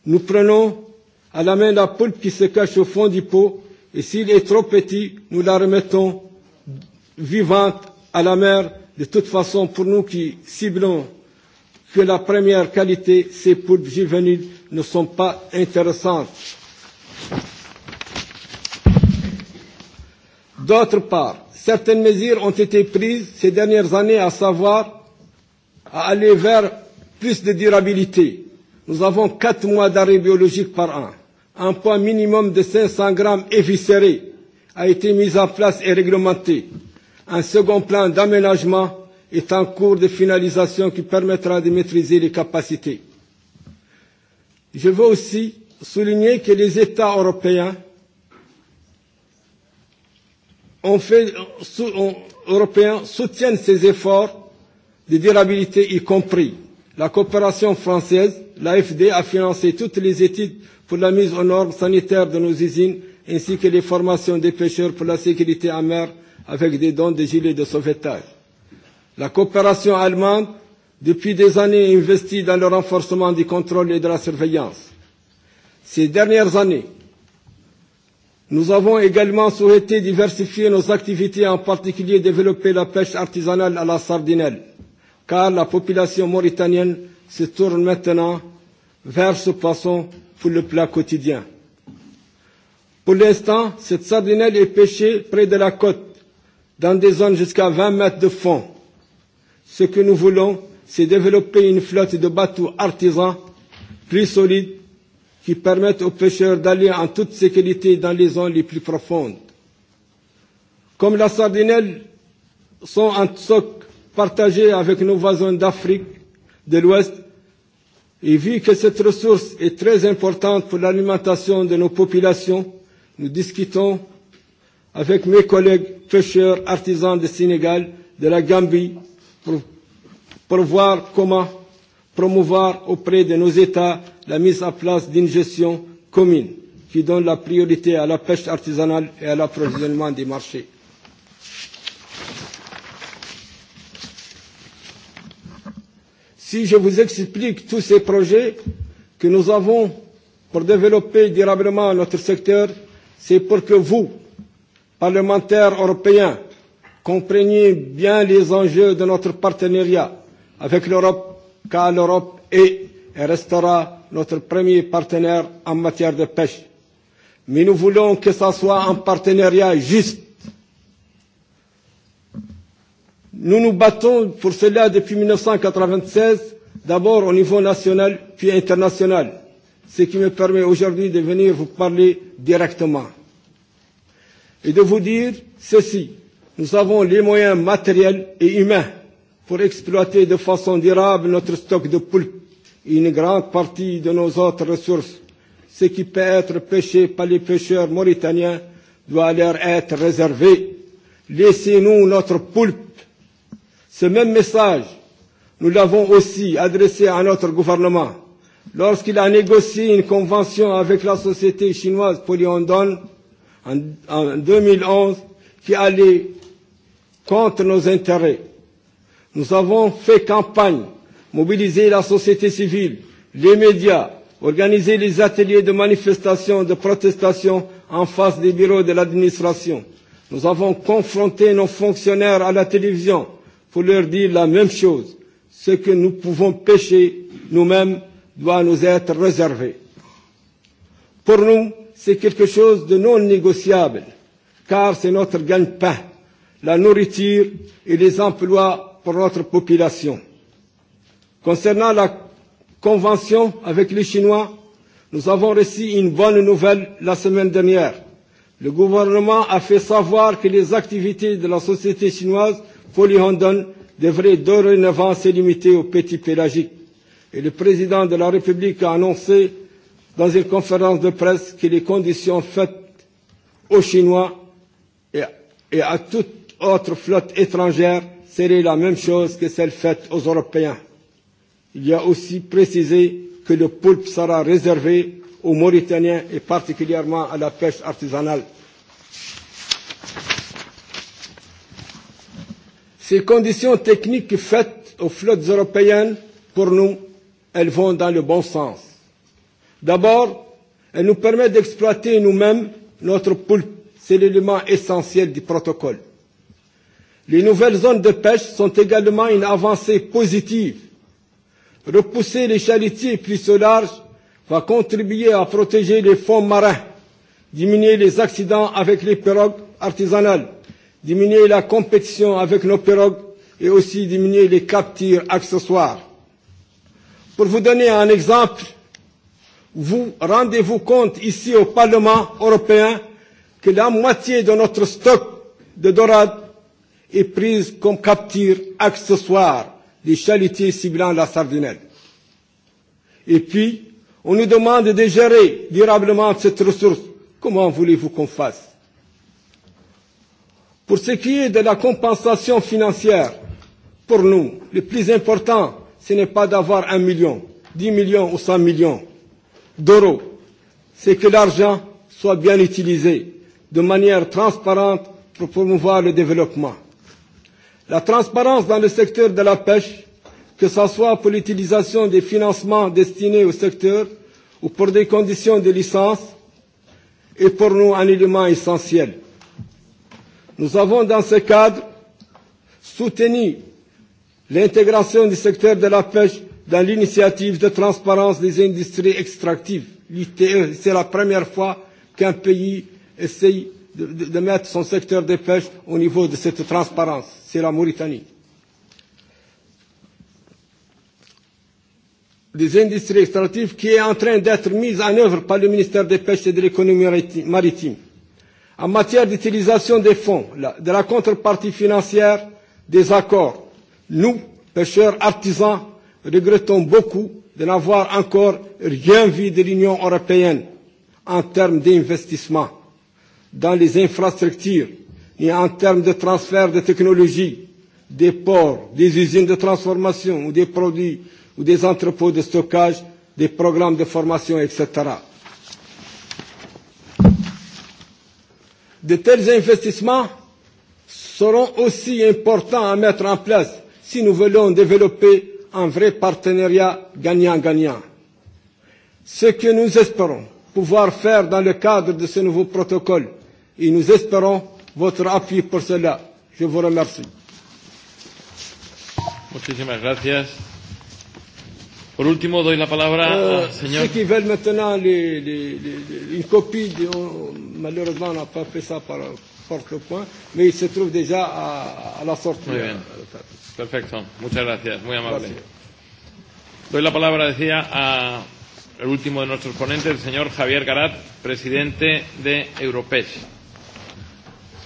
Nous prenons à la main la poulpe qui se cache au fond du pot et s'il est trop petit, nous la remettons vivante à la mer. De toute façon, pour nous qui ciblons que la première qualité, ces poulpes juvéniles ne sont pas intéressantes. D'autre part, certaines mesures ont été prises ces dernières années, à savoir à aller vers plus de durabilité. Nous avons quatre mois d'arrêt biologique par an. Un poids minimum de 500 grammes éviscéré a été mis en place et réglementé. Un second plan d'aménagement est en cours de finalisation qui permettra de maîtriser les capacités. Je veux aussi souligner que les États européens on fait, on, européens soutiennent ces efforts de durabilité y compris. La coopération française, l'AFD, a financé toutes les études pour la mise aux normes sanitaires de nos usines ainsi que les formations des pêcheurs pour la sécurité en mer avec des dons de gilets de sauvetage. La coopération allemande, depuis des années, investit dans le renforcement du contrôle et de la surveillance. Ces dernières années, Nous avons également souhaité diversifier nos activités, en particulier développer la pêche artisanale à la sardinelle, car la population mauritanienne se tourne maintenant vers ce poisson pour le plat quotidien. Pour l'instant, cette sardinelle est pêchée près de la côte, dans des zones jusqu'à 20 mètres de fond. Ce que nous voulons, c'est développer une flotte de bateaux artisans plus solide qui permettent aux pêcheurs d'aller en toute sécurité dans les zones les plus profondes. Comme la sardinelle sont un stock partagé avec nos voisins d'Afrique de l'Ouest, et vu que cette ressource est très importante pour l'alimentation de nos populations, nous discutons avec mes collègues pêcheurs artisans du Sénégal, de la Gambie, pour, pour voir comment promouvoir auprès de nos États la mise en place d'une gestion commune qui donne la priorité à la pêche artisanale et à l'approvisionnement des marchés. Si je vous explique tous ces projets que nous avons pour développer durablement notre secteur, c'est pour que vous, parlementaires européens, compreniez bien les enjeux de notre partenariat avec l'Europe car l'Europe est et restera notre premier partenaire en matière de pêche. Mais nous voulons que ce soit un partenariat juste. Nous nous battons pour cela depuis 1996, d'abord au niveau national puis international, ce qui me permet aujourd'hui de venir vous parler directement et de vous dire ceci. Nous avons les moyens matériels et humains pour exploiter de façon durable notre stock de poulpe et une grande partie de nos autres ressources. Ce qui peut être pêché par les pêcheurs mauritaniens doit leur être réservé. Laissez-nous notre poulpe. Ce même message, nous l'avons aussi adressé à notre gouvernement. Lorsqu'il a négocié une convention avec la société chinoise Polyondon en 2011 qui allait contre nos intérêts, Nous avons fait campagne, mobilisé la société civile, les médias, organisé les ateliers de manifestation, de protestation en face des bureaux de l'administration. Nous avons confronté nos fonctionnaires à la télévision pour leur dire la même chose. Ce que nous pouvons pêcher nous-mêmes doit nous être réservé. Pour nous, c'est quelque chose de non négociable, car c'est notre gagne-pain, la nourriture et les emplois pour notre population. Concernant la convention avec les Chinois, nous avons reçu une bonne nouvelle la semaine dernière. Le gouvernement a fait savoir que les activités de la société chinoise Polyhondon devraient dorénavant se limiter aux petits pélagiques. Et le président de la République a annoncé dans une conférence de presse que les conditions faites aux Chinois et à toute autre flotte étrangère serait la même chose que celle faite aux Européens. Il y a aussi précisé que le poulpe sera réservé aux Mauritaniens et particulièrement à la pêche artisanale. Ces conditions techniques faites aux flottes européennes, pour nous, elles vont dans le bon sens. D'abord, elles nous permettent d'exploiter nous-mêmes notre poulpe. C'est l'élément essentiel du protocole. Les nouvelles zones de pêche sont également une avancée positive. Repousser les chalutiers plus au large va contribuer à protéger les fonds marins, diminuer les accidents avec les pirogues artisanales, diminuer la compétition avec nos pirogues et aussi diminuer les captures accessoires. Pour vous donner un exemple, vous rendez-vous compte ici au Parlement européen que la moitié de notre stock de dorades est prise comme capture accessoire des chalutiers ciblant la sardinelle. Et puis, on nous demande de gérer durablement cette ressource. Comment voulez-vous qu'on fasse Pour ce qui est de la compensation financière, pour nous, le plus important, ce n'est pas d'avoir un million, dix millions ou cent millions d'euros. C'est que l'argent soit bien utilisé de manière transparente pour promouvoir le développement. La transparence dans le secteur de la pêche, que ce soit pour l'utilisation des financements destinés au secteur ou pour des conditions de licence, est pour nous un élément essentiel. Nous avons dans ce cadre soutenu l'intégration du secteur de la pêche dans l'initiative de transparence des industries extractives, l'ITE. C'est la première fois qu'un pays essaye de, de, mettre son secteur de pêche au niveau de cette transparence. C'est la Mauritanie. des industries extractives qui est en train d'être mise en œuvre par le ministère des Pêches et de l'économie maritime. En matière d'utilisation des fonds, de la contrepartie financière des accords, nous, pêcheurs artisans, regrettons beaucoup de n'avoir encore rien vu de l'Union européenne en termes d'investissement dans les infrastructures et en termes de transfert de technologies, des ports, des usines de transformation ou des produits ou des entrepôts de stockage, des programmes de formation, etc. De tels investissements seront aussi importants à mettre en place si nous voulons développer un vrai partenariat gagnant-gagnant. Ce que nous espérons pouvoir faire dans le cadre de ce nouveau protocole et nous espérons votre appui pour cela. Je vous remercie. Muchísimas gracias. Por último, doy la palabra uh, al señor. Ceux qui veulent maintenant les, les, les, les, une copie, de, on, malheureusement, on n'a pas fait ça par porte-point, mais il se trouve déjà à, à la sortie. Muy bien. Perfecto. Muchas gracias. Muy amable. Gracias. Doy la palabra, decía, a el último de nuestros ponentes, el señor Javier Garat, presidente de Europech.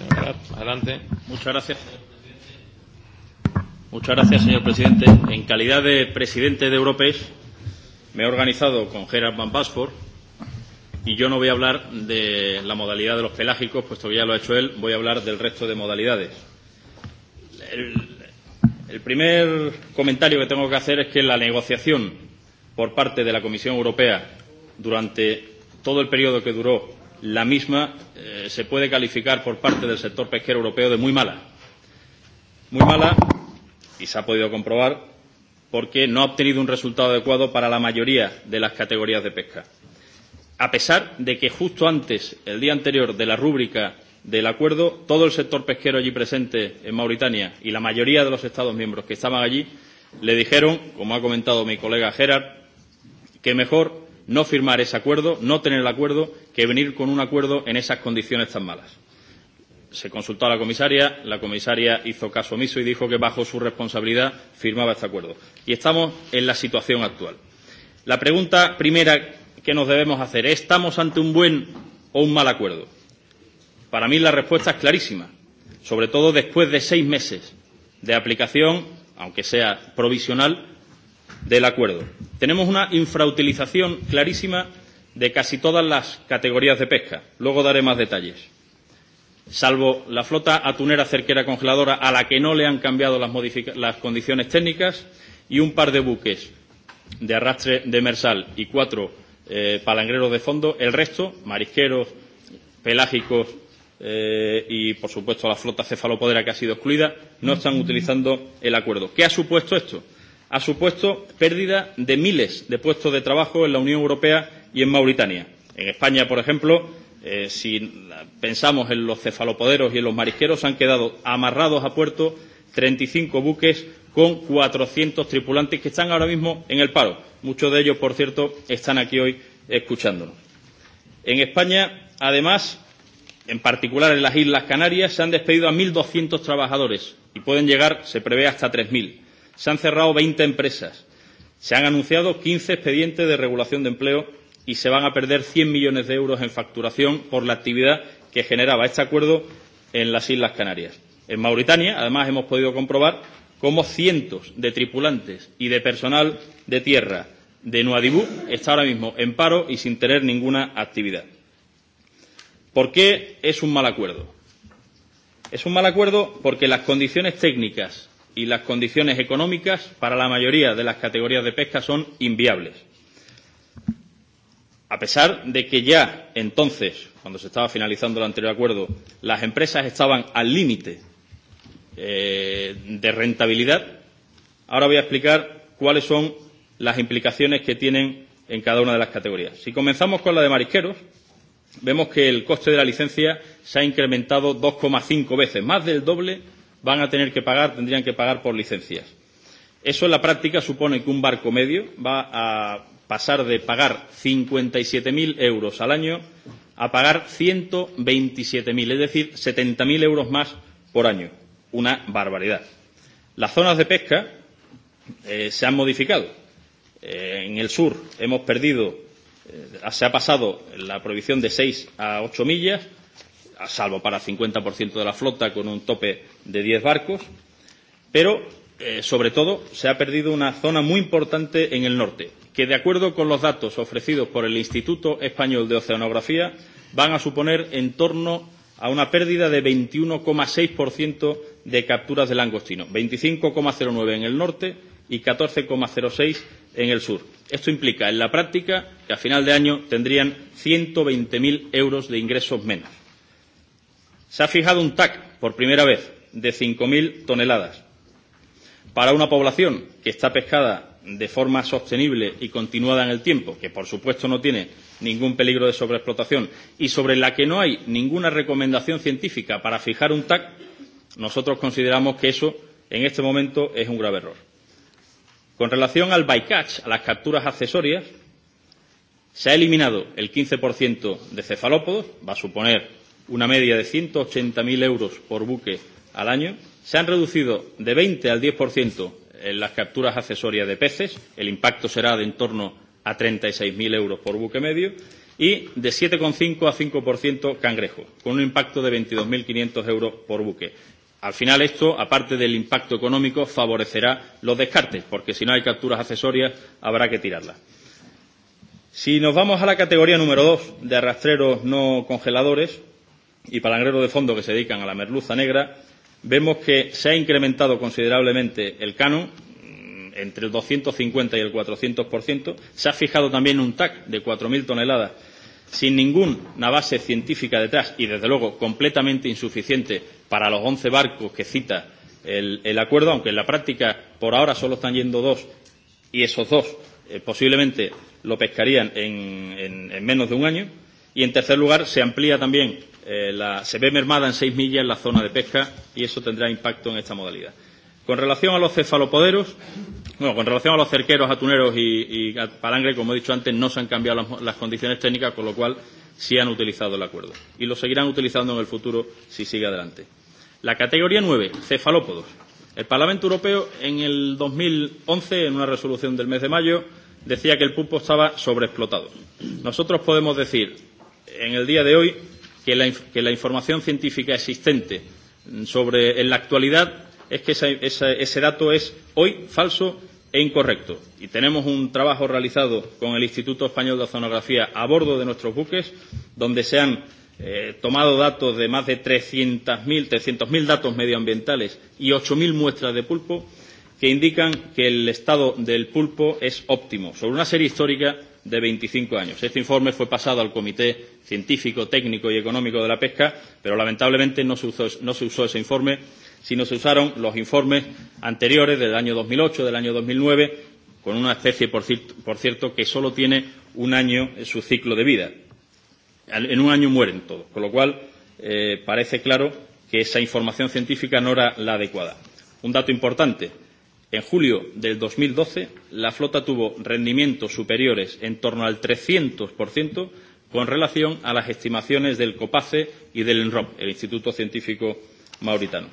Señor adelante. Muchas gracias. Muchas gracias, señor presidente. En calidad de presidente de Europees, me he organizado con Gerard Van Basford y yo no voy a hablar de la modalidad de los pelágicos, puesto que ya lo ha hecho él, voy a hablar del resto de modalidades. El, el primer comentario que tengo que hacer es que la negociación por parte de la Comisión Europea durante todo el periodo que duró la misma eh, se puede calificar por parte del sector pesquero europeo de muy mala. Muy mala, y se ha podido comprobar, porque no ha obtenido un resultado adecuado para la mayoría de las categorías de pesca. A pesar de que justo antes, el día anterior de la rúbrica del acuerdo, todo el sector pesquero allí presente en Mauritania y la mayoría de los Estados miembros que estaban allí le dijeron, como ha comentado mi colega Gerard, que mejor no firmar ese acuerdo, no tener el acuerdo, que venir con un acuerdo en esas condiciones tan malas. Se consultó a la comisaria, la comisaria hizo caso omiso y dijo que bajo su responsabilidad firmaba este acuerdo. Y estamos en la situación actual. La pregunta primera que nos debemos hacer es ¿estamos ante un buen o un mal acuerdo? Para mí la respuesta es clarísima, sobre todo después de seis meses de aplicación, aunque sea provisional, del acuerdo. Tenemos una infrautilización clarísima de casi todas las categorías de pesca. Luego daré más detalles. Salvo la flota atunera cerquera congeladora a la que no le han cambiado las, las condiciones técnicas y un par de buques de arrastre de mersal y cuatro eh, palangreros de fondo, el resto, marisqueros, pelágicos eh, y, por supuesto, la flota cefalopodera que ha sido excluida, no están utilizando el acuerdo. ¿Qué ha supuesto esto? ha supuesto pérdida de miles de puestos de trabajo en la Unión Europea y en Mauritania. En España, por ejemplo, eh, si pensamos en los cefalopoderos y en los marisqueros, han quedado amarrados a puerto 35 buques con 400 tripulantes que están ahora mismo en el paro. Muchos de ellos, por cierto, están aquí hoy escuchándonos. En España, además, en particular en las Islas Canarias, se han despedido a 1.200 trabajadores y pueden llegar, se prevé, hasta 3.000. Se han cerrado 20 empresas. Se han anunciado 15 expedientes de regulación de empleo y se van a perder 100 millones de euros en facturación por la actividad que generaba este acuerdo en las Islas Canarias. En Mauritania, además, hemos podido comprobar cómo cientos de tripulantes y de personal de tierra de Nuadibú está ahora mismo en paro y sin tener ninguna actividad. ¿Por qué es un mal acuerdo? Es un mal acuerdo porque las condiciones técnicas y las condiciones económicas para la mayoría de las categorías de pesca son inviables. A pesar de que ya entonces, cuando se estaba finalizando el anterior acuerdo, las empresas estaban al límite eh, de rentabilidad, ahora voy a explicar cuáles son las implicaciones que tienen en cada una de las categorías. Si comenzamos con la de marisqueros, vemos que el coste de la licencia se ha incrementado 2,5 veces, más del doble van a tener que pagar, tendrían que pagar por licencias. Eso en la práctica supone que un barco medio va a pasar de pagar 57.000 euros al año a pagar 127.000, es decir, 70.000 euros más por año. Una barbaridad. Las zonas de pesca eh, se han modificado. Eh, en el sur hemos perdido, eh, se ha pasado la prohibición de 6 a 8 millas, a salvo para el 50% de la flota con un tope de 10 barcos, pero eh, sobre todo se ha perdido una zona muy importante en el norte, que de acuerdo con los datos ofrecidos por el Instituto Español de Oceanografía van a suponer en torno a una pérdida de 21,6% de capturas de langostino, 25,09 en el norte y 14,06 en el sur. Esto implica, en la práctica, que a final de año tendrían 120.000 euros de ingresos menos. Se ha fijado un TAC por primera vez de 5.000 toneladas para una población que está pescada de forma sostenible y continuada en el tiempo, que por supuesto no tiene ningún peligro de sobreexplotación y sobre la que no hay ninguna recomendación científica para fijar un TAC, nosotros consideramos que eso en este momento es un grave error. Con relación al bycatch, a las capturas accesorias, se ha eliminado el 15% de cefalópodos, va a suponer una media de 180.000 euros por buque al año. Se han reducido de 20 al 10% en las capturas accesorias de peces. El impacto será de en torno a 36.000 euros por buque medio. Y de 7,5 a 5% cangrejo, con un impacto de 22.500 euros por buque. Al final esto, aparte del impacto económico, favorecerá los descartes, porque si no hay capturas accesorias habrá que tirarlas. Si nos vamos a la categoría número 2 de arrastreros no congeladores, y palangreros de fondo que se dedican a la merluza negra, vemos que se ha incrementado considerablemente el canon entre el 250 y el 400%. Se ha fijado también un TAC de 4.000 toneladas sin ninguna base científica detrás y, desde luego, completamente insuficiente para los 11 barcos que cita el, el acuerdo, aunque en la práctica por ahora solo están yendo dos y esos dos eh, posiblemente lo pescarían en, en, en menos de un año. Y, en tercer lugar, se amplía también eh, la, se ve mermada en seis millas la zona de pesca y eso tendrá impacto en esta modalidad. Con relación a los cefalopoderos, bueno, con relación a los cerqueros, atuneros y, y palangre, como he dicho antes, no se han cambiado las, las condiciones técnicas, con lo cual sí han utilizado el acuerdo y lo seguirán utilizando en el futuro si sigue adelante. La categoría 9, cefalópodos. El Parlamento Europeo en el 2011, en una resolución del mes de mayo, decía que el pulpo estaba sobreexplotado. Nosotros podemos decir en el día de hoy que la, que la información científica existente sobre, en la actualidad es que ese, esa, ese dato es hoy falso e incorrecto. Y tenemos un trabajo realizado con el Instituto Español de Oceanografía a bordo de nuestros buques, donde se han eh, tomado datos de más de 300.000 300 datos medioambientales y 8.000 muestras de pulpo que indican que el estado del pulpo es óptimo. Sobre una serie histórica de veinticinco años. Este informe fue pasado al Comité Científico, Técnico y Económico de la Pesca, pero lamentablemente no se usó, no se usó ese informe, sino se usaron los informes anteriores del año dos mil ocho, del año dos mil nueve, con una especie, por cierto, que solo tiene un año en su ciclo de vida. En un año mueren todos, con lo cual eh, parece claro que esa información científica no era la adecuada. Un dato importante, En julio de dos mil doce, la flota tuvo rendimientos superiores en torno al trescientos con relación a las estimaciones del COPACE y del ENROP, el Instituto Científico Mauritano.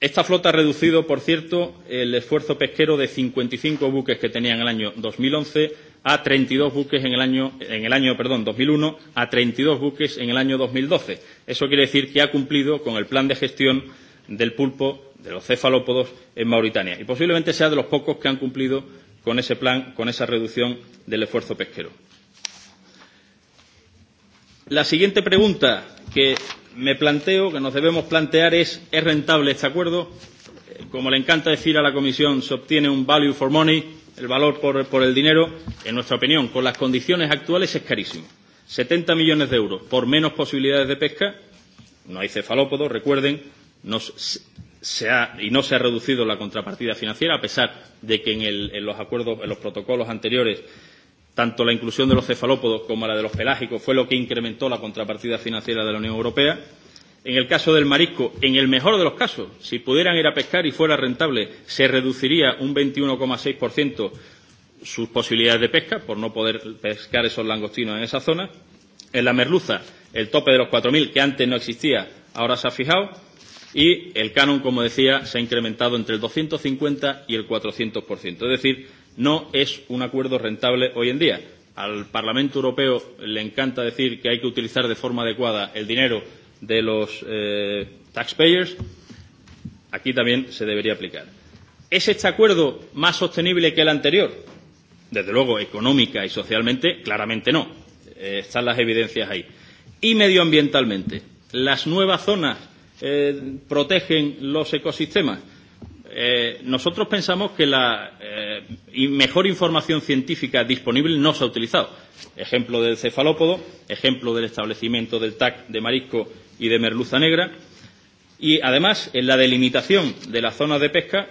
Esta flota ha reducido, por cierto, el esfuerzo pesquero de cincuenta y cinco buques que tenía en el año dos mil once a treinta y dos buques en el año, en el año perdón, 2001 a treinta y dos buques en el año dos mil doce. Eso quiere decir que ha cumplido con el plan de gestión del pulpo de los cefalópodos en Mauritania y posiblemente sea de los pocos que han cumplido con ese plan, con esa reducción del esfuerzo pesquero. La siguiente pregunta que me planteo, que nos debemos plantear es ¿es rentable este acuerdo? Como le encanta decir a la Comisión, se obtiene un value for money, el valor por, por el dinero, en nuestra opinión, con las condiciones actuales es carísimo. 70 millones de euros por menos posibilidades de pesca, no hay cefalópodos, recuerden, nos se ha, y no se ha reducido la contrapartida financiera, a pesar de que en, el, en los acuerdos, en los protocolos anteriores, tanto la inclusión de los cefalópodos como la de los pelágicos fue lo que incrementó la contrapartida financiera de la Unión Europea. En el caso del marisco, en el mejor de los casos, si pudieran ir a pescar y fuera rentable, se reduciría un 21,6% sus posibilidades de pesca por no poder pescar esos langostinos en esa zona. En la merluza, el tope de los 4.000, que antes no existía, ahora se ha fijado y el canon, como decía, se ha incrementado entre el 250 y el 400%. Es decir, no es un acuerdo rentable hoy en día. Al Parlamento Europeo le encanta decir que hay que utilizar de forma adecuada el dinero de los eh, taxpayers. Aquí también se debería aplicar. ¿Es este acuerdo más sostenible que el anterior? Desde luego, económica y socialmente, claramente no. Eh, están las evidencias ahí. Y medioambientalmente. Las nuevas zonas eh, protegen los ecosistemas? Eh, nosotros pensamos que la eh, mejor información científica disponible no se ha utilizado. Ejemplo del cefalópodo, ejemplo del establecimiento del TAC de marisco y de merluza negra. Y además, en la delimitación de las zonas de pesca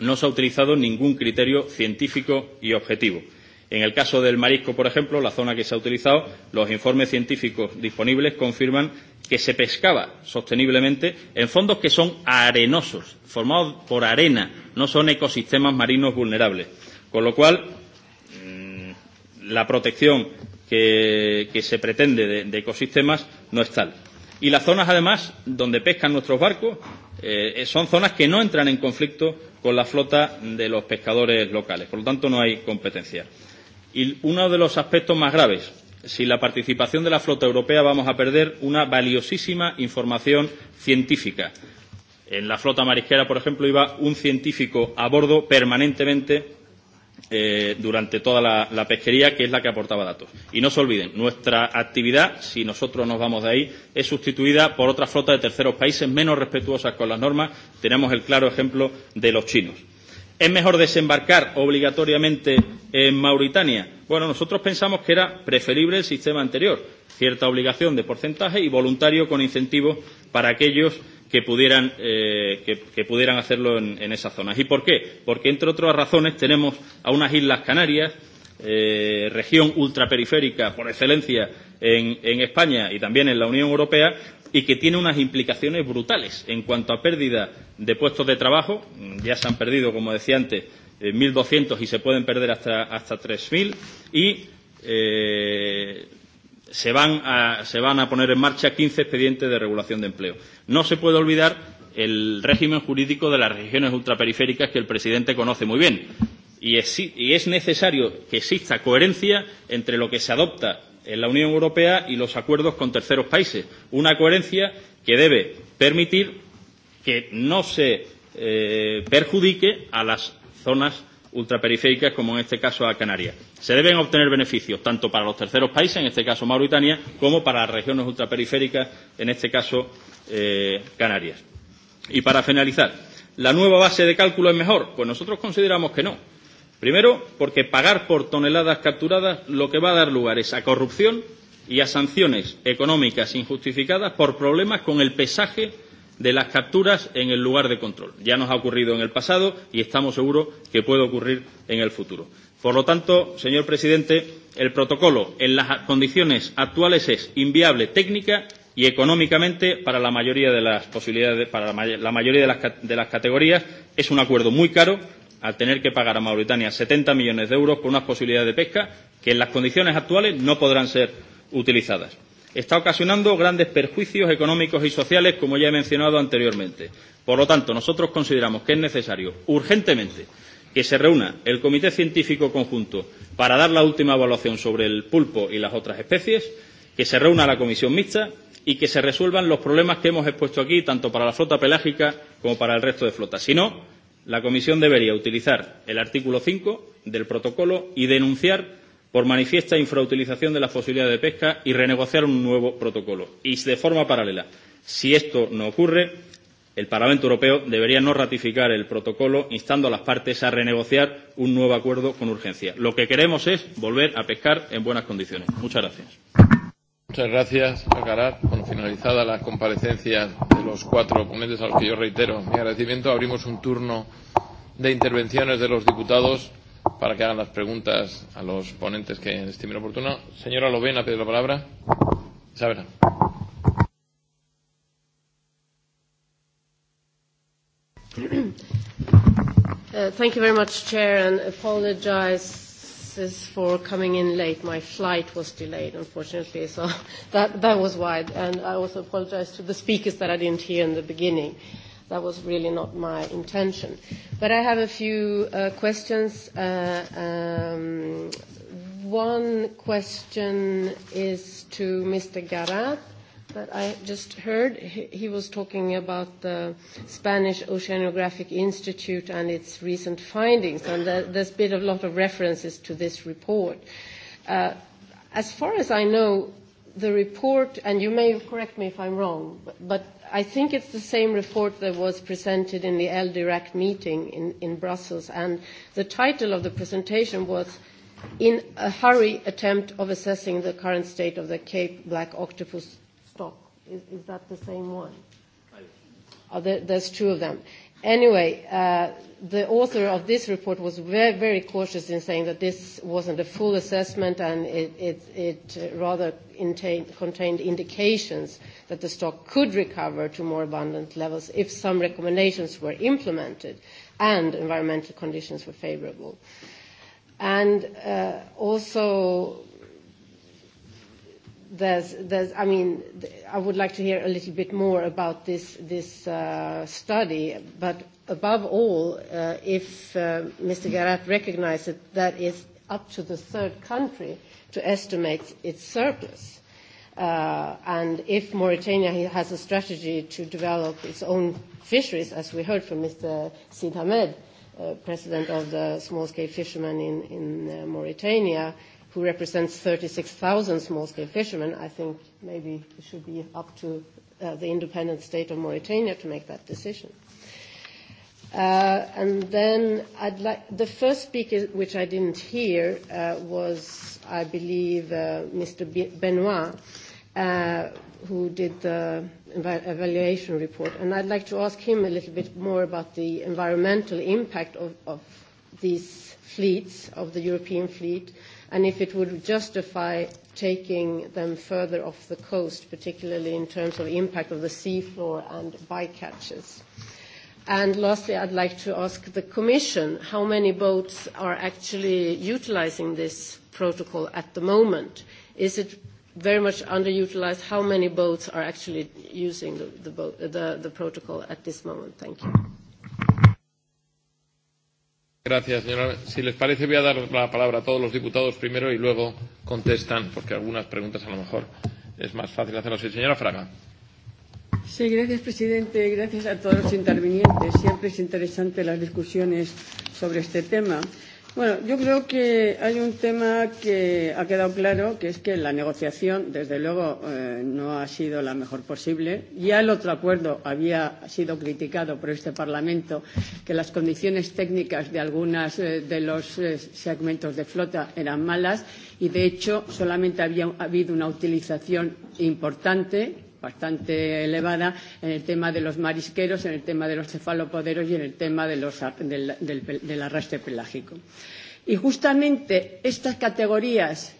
no se ha utilizado ningún criterio científico y objetivo. En el caso del marisco, por ejemplo, la zona que se ha utilizado, los informes científicos disponibles confirman que se pescaba sosteniblemente en fondos que son arenosos, formados por arena, no son ecosistemas marinos vulnerables. Con lo cual, la protección que, que se pretende de, de ecosistemas no es tal. Y las zonas, además, donde pescan nuestros barcos, eh, son zonas que no entran en conflicto con la flota de los pescadores locales. Por lo tanto, no hay competencia. Y uno de los aspectos más graves, sin la participación de la flota europea vamos a perder una valiosísima información científica. En la flota marisquera, por ejemplo, iba un científico a bordo permanentemente eh, durante toda la, la pesquería, que es la que aportaba datos. Y no se olviden, nuestra actividad, si nosotros nos vamos de ahí, es sustituida por otra flota de terceros países menos respetuosas con las normas. Tenemos el claro ejemplo de los chinos ¿Es mejor desembarcar obligatoriamente en Mauritania? Bueno, nosotros pensamos que era preferible el sistema anterior, cierta obligación de porcentaje y voluntario con incentivos para aquellos que pudieran, eh, que, que pudieran hacerlo en, en esas zonas. ¿Y por qué? Porque, entre otras razones, tenemos a unas Islas Canarias, eh, región ultraperiférica por excelencia en, en España y también en la Unión Europea, y que tiene unas implicaciones brutales en cuanto a pérdida de puestos de trabajo. Ya se han perdido, como decía antes, 1.200 y se pueden perder hasta, hasta 3.000 y eh, se, van a, se van a poner en marcha 15 expedientes de regulación de empleo. No se puede olvidar el régimen jurídico de las regiones ultraperiféricas que el presidente conoce muy bien. Y es, y es necesario que exista coherencia entre lo que se adopta en la Unión Europea y los acuerdos con terceros países. Una coherencia que debe permitir que no se eh, perjudique a las zonas ultraperiféricas, como en este caso a Canarias. Se deben obtener beneficios tanto para los terceros países, en este caso Mauritania, como para las regiones ultraperiféricas, en este caso eh, Canarias. Y para finalizar, ¿la nueva base de cálculo es mejor? Pues nosotros consideramos que no Primero, porque pagar por toneladas capturadas lo que va a dar lugar es a corrupción y a sanciones económicas injustificadas por problemas con el pesaje de las capturas en el lugar de control. Ya nos ha ocurrido en el pasado y estamos seguros que puede ocurrir en el futuro. Por lo tanto, señor presidente, el protocolo en las condiciones actuales es inviable técnica y económicamente para la mayoría de las posibilidades, para la, mayoría de las, de las categorías, es un acuerdo muy caro al tener que pagar a Mauritania 70 millones de euros por unas posibilidades de pesca que en las condiciones actuales no podrán ser utilizadas. Está ocasionando grandes perjuicios económicos y sociales, como ya he mencionado anteriormente. Por lo tanto, nosotros consideramos que es necesario urgentemente que se reúna el Comité Científico Conjunto para dar la última evaluación sobre el pulpo y las otras especies, que se reúna la Comisión Mixta y que se resuelvan los problemas que hemos expuesto aquí, tanto para la flota pelágica como para el resto de flotas. Si no, la Comisión debería utilizar el artículo 5 del protocolo y denunciar por manifiesta infrautilización de las posibilidades de pesca y renegociar un nuevo protocolo. Y de forma paralela, si esto no ocurre, el Parlamento Europeo debería no ratificar el protocolo instando a las partes a renegociar un nuevo acuerdo con urgencia. Lo que queremos es volver a pescar en buenas condiciones. Muchas gracias. Muchas gracias, Alcaraz. Bueno, finalizada la comparecencia de los cuatro ponentes a los que yo reitero mi agradecimiento, abrimos un turno de intervenciones de los diputados para que hagan las preguntas a los ponentes que estimen oportuno. Señora Lovena, pide la palabra. Isabela. Uh, thank you very much, Chair, and apologize excuses for coming in late. My flight was delayed, unfortunately, so that, that was why. And I also apologize to the speakers that I didn't hear in the beginning. That was really not my intention. But I have a few uh, questions. Uh, um, one question is to Mr. Garat that I just heard. He was talking about the Spanish Oceanographic Institute and its recent findings, and there's been a lot of references to this report. Uh, as far as I know, the report, and you may correct me if I'm wrong, but, but I think it's the same report that was presented in the Dirac meeting in, in Brussels, and the title of the presentation was in a hurry attempt of assessing the current state of the Cape Black Octopus Is, is that the same one? Oh, there, there's two of them. Anyway, uh, the author of this report was very, very cautious in saying that this wasn't a full assessment and it, it, it rather contained indications that the stock could recover to more abundant levels if some recommendations were implemented and environmental conditions were favorable. And uh, also there's, there's, I mean, I would like to hear a little bit more about this, this uh, study, but above all, uh, if uh, Mr. Garat recognizes that it's up to the third country to estimate its surplus, uh, and if Mauritania has a strategy to develop its own fisheries, as we heard from Mr. Sid Hamed, uh, president of the small-scale fishermen in, in uh, Mauritania, who represents 36,000 small-scale fishermen, I think maybe it should be up to uh, the independent state of Mauritania to make that decision. Uh, and then I'd like the first speaker, which I didn't hear, uh, was I believe uh, Mr. Benoit, uh, who did the evaluation report, and I'd like to ask him a little bit more about the environmental impact of, of these fleets of the European fleet and if it would justify taking them further off the coast, particularly in terms of impact of the seafloor and bycatches. And lastly, I'd like to ask the Commission how many boats are actually utilizing this protocol at the moment? Is it very much underutilized? How many boats are actually using the, the, boat, the, the protocol at this moment? Thank you. Gracias, señora. Si les parece, voy a dar la palabra a todos los diputados primero y luego contestan, porque algunas preguntas a lo mejor es más fácil hacerlas. Señora Fraga. Sí, gracias, presidente. Gracias a todos los intervinientes. Siempre es interesante las discusiones sobre este tema. Bueno, yo creo que hay un tema que ha quedado claro, que es que la negociación, desde luego, eh, no ha sido la mejor posible. Ya el otro acuerdo había sido criticado por este Parlamento, que las condiciones técnicas de algunos eh, de los eh, segmentos de flota eran malas y, de hecho, solamente había habido una utilización importante bastante elevada en el tema de los marisqueros, en el tema de los cefalopoderos y en el tema de los, del, del, del arrastre pelágico. Y justamente estas categorías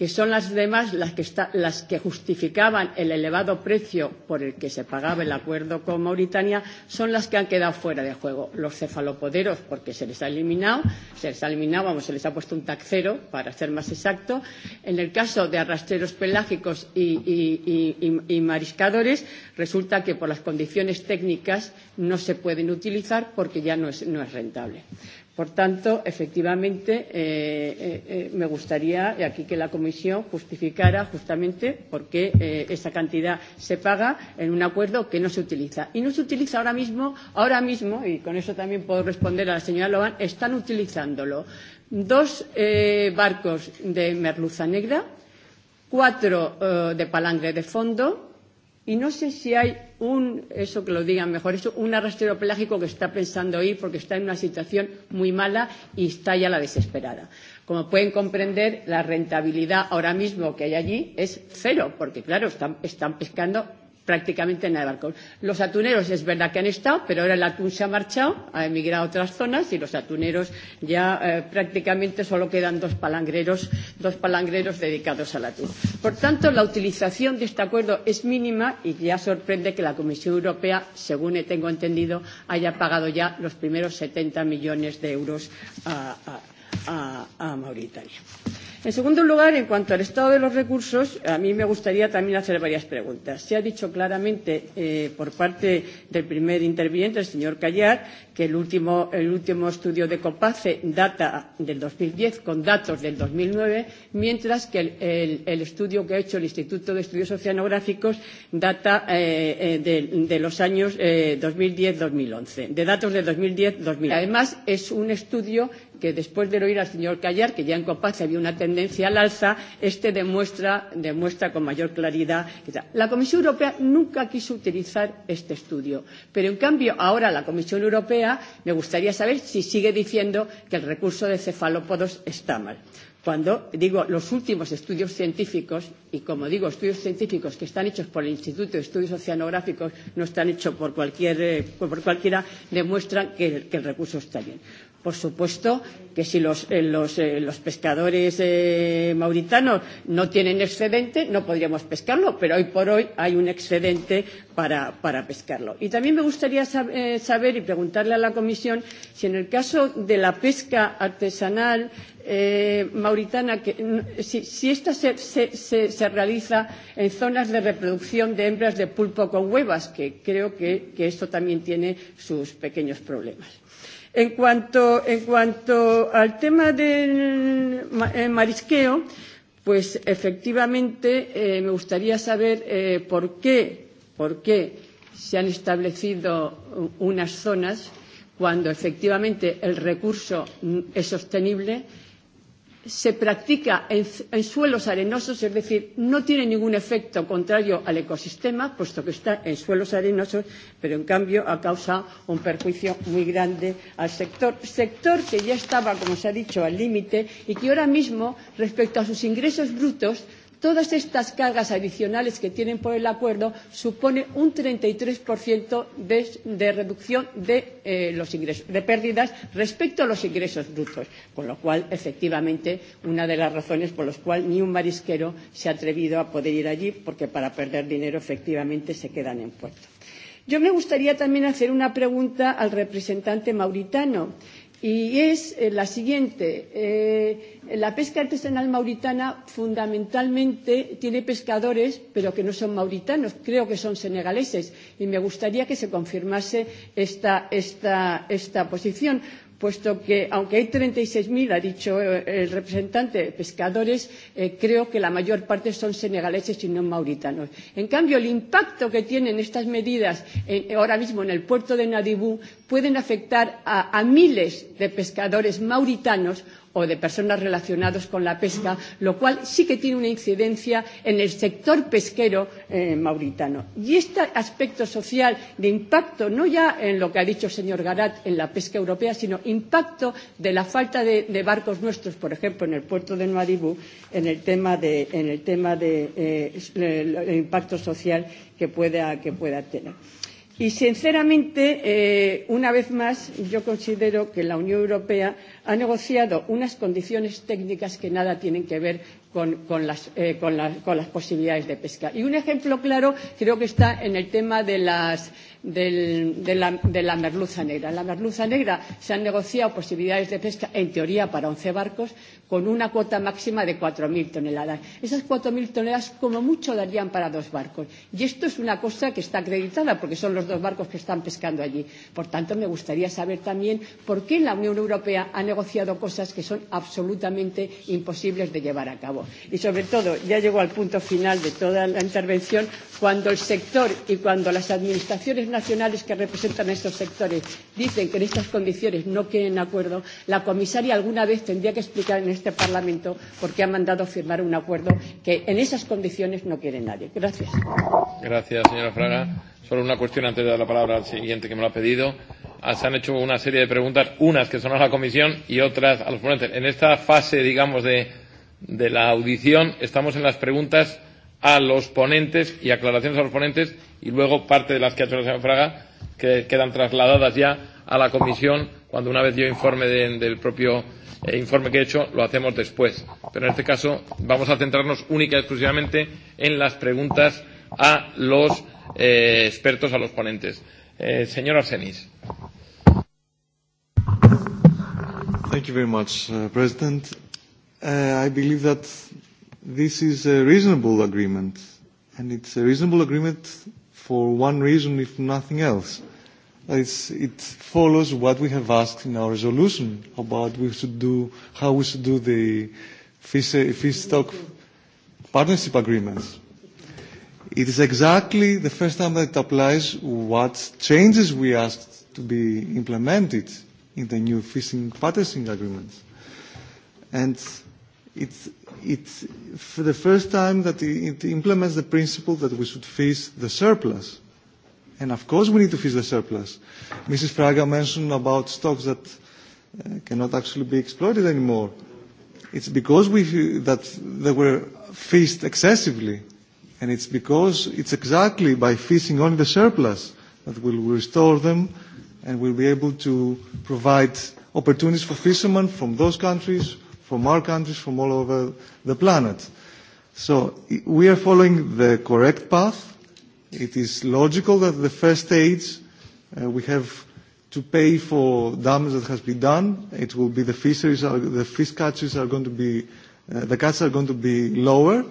que son las demás las que, está, las que justificaban el elevado precio por el que se pagaba el acuerdo con Mauritania, son las que han quedado fuera de juego. Los cefalopoderos, porque se les ha eliminado, se les ha eliminado, vamos, se les ha puesto un taxero, para ser más exacto. En el caso de arrastreros pelágicos y, y, y, y, y mariscadores, resulta que por las condiciones técnicas no se pueden utilizar porque ya no es, no es rentable. Por tanto, efectivamente, eh, eh, me gustaría aquí que la Comisión justificara justamente por qué eh, esa cantidad se paga en un acuerdo que no se utiliza. Y no se utiliza ahora mismo, ahora mismo, y con eso también puedo responder a la señora Logan, están utilizándolo dos eh, barcos de merluza negra, cuatro eh, de palangre de fondo, Y no sé si hay un, eso que lo digan mejor, eso, un arrastrero pelágico que está pensando ir porque está en una situación muy mala y está ya la desesperada. Como pueden comprender, la rentabilidad ahora mismo que hay allí es cero, porque claro, están, están pescando prácticamente nada de barcos. Los atuneros es verdad que han estado, pero ahora el atún se ha marchado, ha emigrado a otras zonas y los atuneros ya eh, prácticamente solo quedan dos palangreros, dos palangreros dedicados al atún. Por tanto, la utilización de este acuerdo es mínima y ya sorprende que la Comisión Europea, según tengo entendido, haya pagado ya los primeros 70 millones de euros a, a, a, a Mauritania. En segundo lugar, en cuanto al estado de los recursos, a mí me gustaría también hacer varias preguntas. Se ha dicho claramente eh, por parte del primer interviniente, el señor Callar, que el último, el último estudio de COPACE data del 2010 con datos del 2009, mientras que el, el, el estudio que ha hecho el Instituto de Estudios Oceanográficos data eh, de, de los años eh, 2010-2011, de datos de 2010-2011. Además, es un estudio que después de oír al señor Callar, que ya en Copaz había una tendencia al alza, este demuestra, demuestra con mayor claridad. Que la Comisión Europea nunca quiso utilizar este estudio, pero en cambio ahora la Comisión Europea me gustaría saber si sigue diciendo que el recurso de cefalópodos está mal cuando digo los últimos estudios científicos, y como digo, estudios científicos que están hechos por el Instituto de Estudios Oceanográficos, no están hechos por, cualquier, por cualquiera, demuestran que, que el recurso está bien. Por supuesto que si los, eh, los, eh, los pescadores eh, mauritanos no tienen excedente, no podríamos pescarlo, pero hoy por hoy hay un excedente para, para pescarlo. Y también me gustaría sab eh, saber y preguntarle a la Comisión si en el caso de la pesca artesanal eh, mauritana, que, si, si esta se, se, se, se realiza en zonas de reproducción de hembras de pulpo con huevas, que creo que, que esto también tiene sus pequeños problemas. En cuanto, en cuanto al tema del marisqueo, pues efectivamente eh, me gustaría saber eh, por qué, por qué se han establecido unas zonas cuando efectivamente el recurso es sostenible se practica en, en suelos arenosos, es decir, no tiene ningún efecto contrario al ecosistema, puesto que está en suelos arenosos, pero en cambio ha causado un perjuicio muy grande al sector. Sector que ya estaba, como se ha dicho, al límite y que ahora mismo, respecto a sus ingresos brutos, Todas estas cargas adicionales que tienen por el acuerdo suponen un 33% de, de reducción de, eh, los ingresos, de pérdidas respecto a los ingresos brutos, con lo cual, efectivamente, una de las razones por las cuales ni un marisquero se ha atrevido a poder ir allí, porque para perder dinero, efectivamente, se quedan en puerto. Yo me gustaría también hacer una pregunta al representante mauritano. Y es eh, la siguiente. Eh, la pesca artesanal mauritana fundamentalmente tiene pescadores, pero que no son mauritanos, creo que son senegaleses. Y me gustaría que se confirmase esta, esta, esta posición, puesto que, aunque hay 36.000, ha dicho el representante de pescadores, eh, creo que la mayor parte son senegaleses y no mauritanos. En cambio, el impacto que tienen estas medidas en, ahora mismo en el puerto de Nadibú pueden afectar a, a miles de pescadores mauritanos o de personas relacionadas con la pesca, lo cual sí que tiene una incidencia en el sector pesquero eh, mauritano. Y este aspecto social de impacto, no ya en lo que ha dicho el señor Garat en la pesca europea, sino impacto de la falta de, de barcos nuestros, por ejemplo, en el puerto de Nuadibú, en el tema de, en el, tema de eh, el impacto social que pueda, que pueda tener. Y sinceramente, eh, una vez más, yo considero que la Unión Europea ha negociado unas condiciones técnicas que nada tienen que ver con, con, las, eh, con, la, con las posibilidades de pesca. Y un ejemplo claro creo que está en el tema de las, del, de, la, de la merluza negra. En la merluza negra se han negociado posibilidades de pesca, en teoría, para once barcos, con una cuota máxima de 4.000 toneladas. Esas 4.000 toneladas como mucho darían para dos barcos. Y esto es una cosa que está acreditada porque son los dos barcos que están pescando allí. Por tanto, me gustaría saber también por qué la Unión Europea ha negociado cosas que son absolutamente imposibles de llevar a cabo. Y sobre todo, ya llego al punto final de toda la intervención, cuando el sector y cuando las administraciones nacionales que representan a estos sectores dicen que en estas condiciones no quieren acuerdo, la comisaria alguna vez tendría que explicar en este Parlamento porque ha mandado firmar un acuerdo que en esas condiciones no quiere nadie. Gracias. Gracias, señora Fraga. Solo una cuestión antes de dar la palabra al siguiente que me lo ha pedido. Se han hecho una serie de preguntas, unas que son a la comisión y otras a los ponentes. En esta fase, digamos, de, de la audición, estamos en las preguntas a los ponentes y aclaraciones a los ponentes y luego parte de las que ha hecho la señora Fraga que quedan trasladadas ya a la comisión cuando una vez yo informe de, del propio informe que he hecho lo hacemos después. Pero en este caso vamos a centrarnos única y exclusivamente en las preguntas a los eh, expertos, a los ponentes. Eh, señor Arsenis. Thank you very much, uh, President. Uh, I believe that this is a reasonable agreement, and it's a reasonable agreement for one reason, if nothing else it's, it follows what we have asked in our resolution about we should do, how we should do the fish, fish stock partnership agreements. It is exactly the first time that it applies what changes we asked to be implemented in the new fishing partnership agreements. And it's, it's for the first time that it implements the principle that we should fish the surplus And of course we need to fish the surplus. Mrs. Fraga mentioned about stocks that uh, cannot actually be exploited anymore. It's because we, that they were fished excessively. And it's because it's exactly by fishing only the surplus that will restore them and we'll be able to provide opportunities for fishermen from those countries, from our countries, from all over the planet. So we are following the correct path It is logical that the first stage uh, we have to pay for damage that has been done. It will be the fisheries, are, the fish catches are going to be, uh, the catches are going to be lower.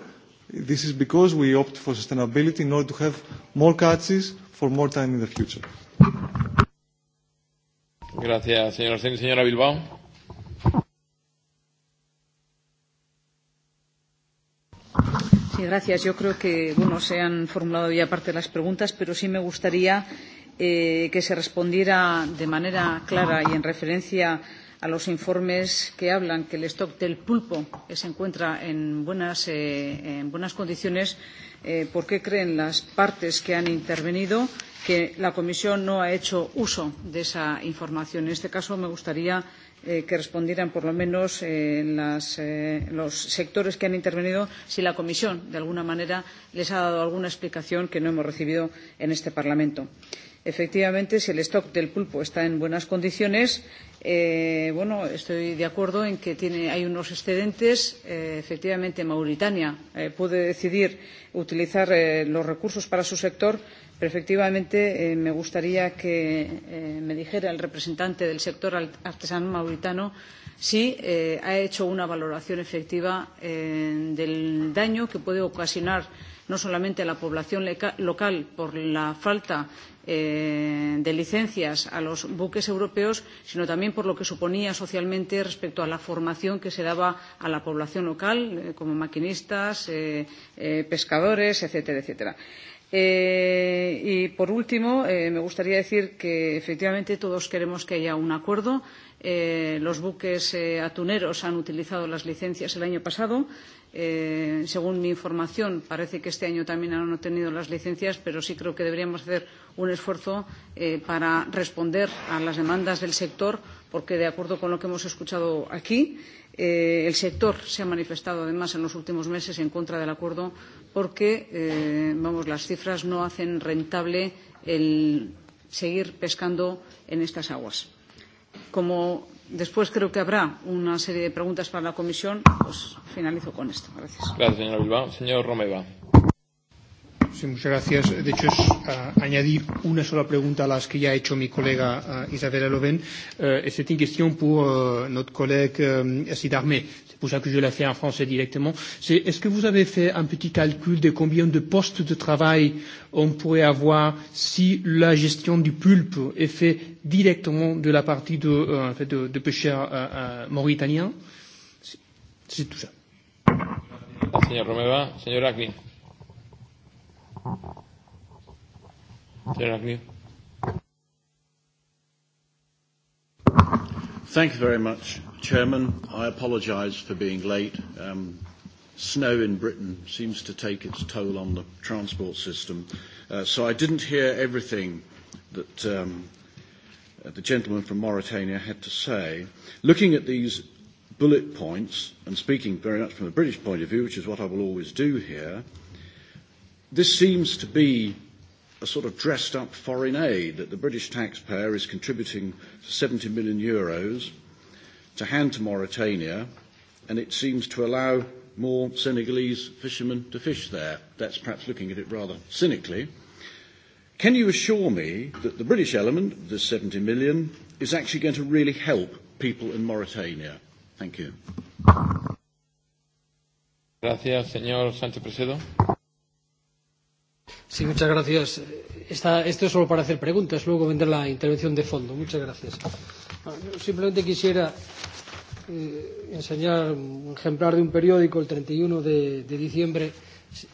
This is because we opt for sustainability in order to have more catches for more time in the future. Gracias, señor Arsenis. Señora Bilbao. Sí, gracias. Yo creo que bueno, se han formulado ya parte de las preguntas, pero sí me gustaría eh, que se respondiera de manera clara y en referencia a a los informes que hablan que el stock del pulpo se encuentra en buenas, condiciones, ¿por qué creen las partes que han intervenido que la Comisión no ha hecho uso de esa información? En este caso, me gustaría que respondieran por lo menos los sectores que han intervenido si la Comisión, de alguna manera, les ha dado alguna explicación que no hemos recibido en este Parlamento. Efectivamente, si el stock del pulpo está en buenas condiciones, estoy de acuerdo en que hay unos excedentes. efectivamente, Mauritania puede decidir utilizar los recursos para su sector, pero efectivamente me gustaría que me dijera el representante del sector artesanal mauritano si ha hecho una valoración efectiva del daño que puede ocasionar no solamente a la población local por la falta de licencias a los buques europeos, sino también por lo que suponía socialmente respecto a la formación que se daba a la población local, como maquinistas, pescadores, etcétera, etcétera y por último, me gustaría decir que efectivamente todos queremos que haya un acuerdo. los buques atuneros han utilizado las licencias el año pasado según mi información, parece que este año también han obtenido las licencias, pero sí creo que deberíamos hacer un esfuerzo para responder a las demandas del sector, porque de acuerdo con lo que hemos escuchado aquí, el sector se ha manifestado además en los últimos meses en contra del acuerdo porque las cifras no hacen rentable el seguir pescando en estas aguas. Como Después creo que habrá una serie de preguntas para la comisión. Pues finalizo con esto. Gracias. Gracias, señora Bilbao. Señor Romeva. Sí, muchas gracias. De hecho, es uh, añadir una sola pregunta a las que ya ha hecho mi colega uh, Isabel Aloven. Uh, c'est une question pour uh, notre collègue um, Sidarme pour ça que je l'ai fait en français directement, c'est est-ce que vous avez fait un petit calcul de combien de postes de travail on pourrait avoir si la gestion du pulpe est faite directement de la partie de, euh, de, de pêcheurs euh, euh, mauritaniens C'est tout ça. Señor Romeva, señor Agnew. Señor Agnew. Thank you very much. Chairman, I apologise for being late. Um, snow in Britain seems to take its toll on the transport system. Uh, so I didn't hear everything that um, the gentleman from Mauritania had to say. Looking at these bullet points, and speaking very much from a British point of view, which is what I will always do here, this seems to be a sort of dressed up foreign aid that the British taxpayer is contributing 70 million euros to hand to Mauritania, and it seems to allow more Senegalese fishermen to fish there. That's perhaps looking at it rather cynically. Can you assure me that the British element, the 70 million, is actually going to really help people in Mauritania? Thank you. Gracias, señor Sánchez Presedo. Sí, muchas gracias. Esta, esto es solo para hacer preguntas, luego vendrá la intervención de fondo. Muchas gracias. Simplemente quisiera eh, enseñar un ejemplar de un periódico, el 31 de, de diciembre,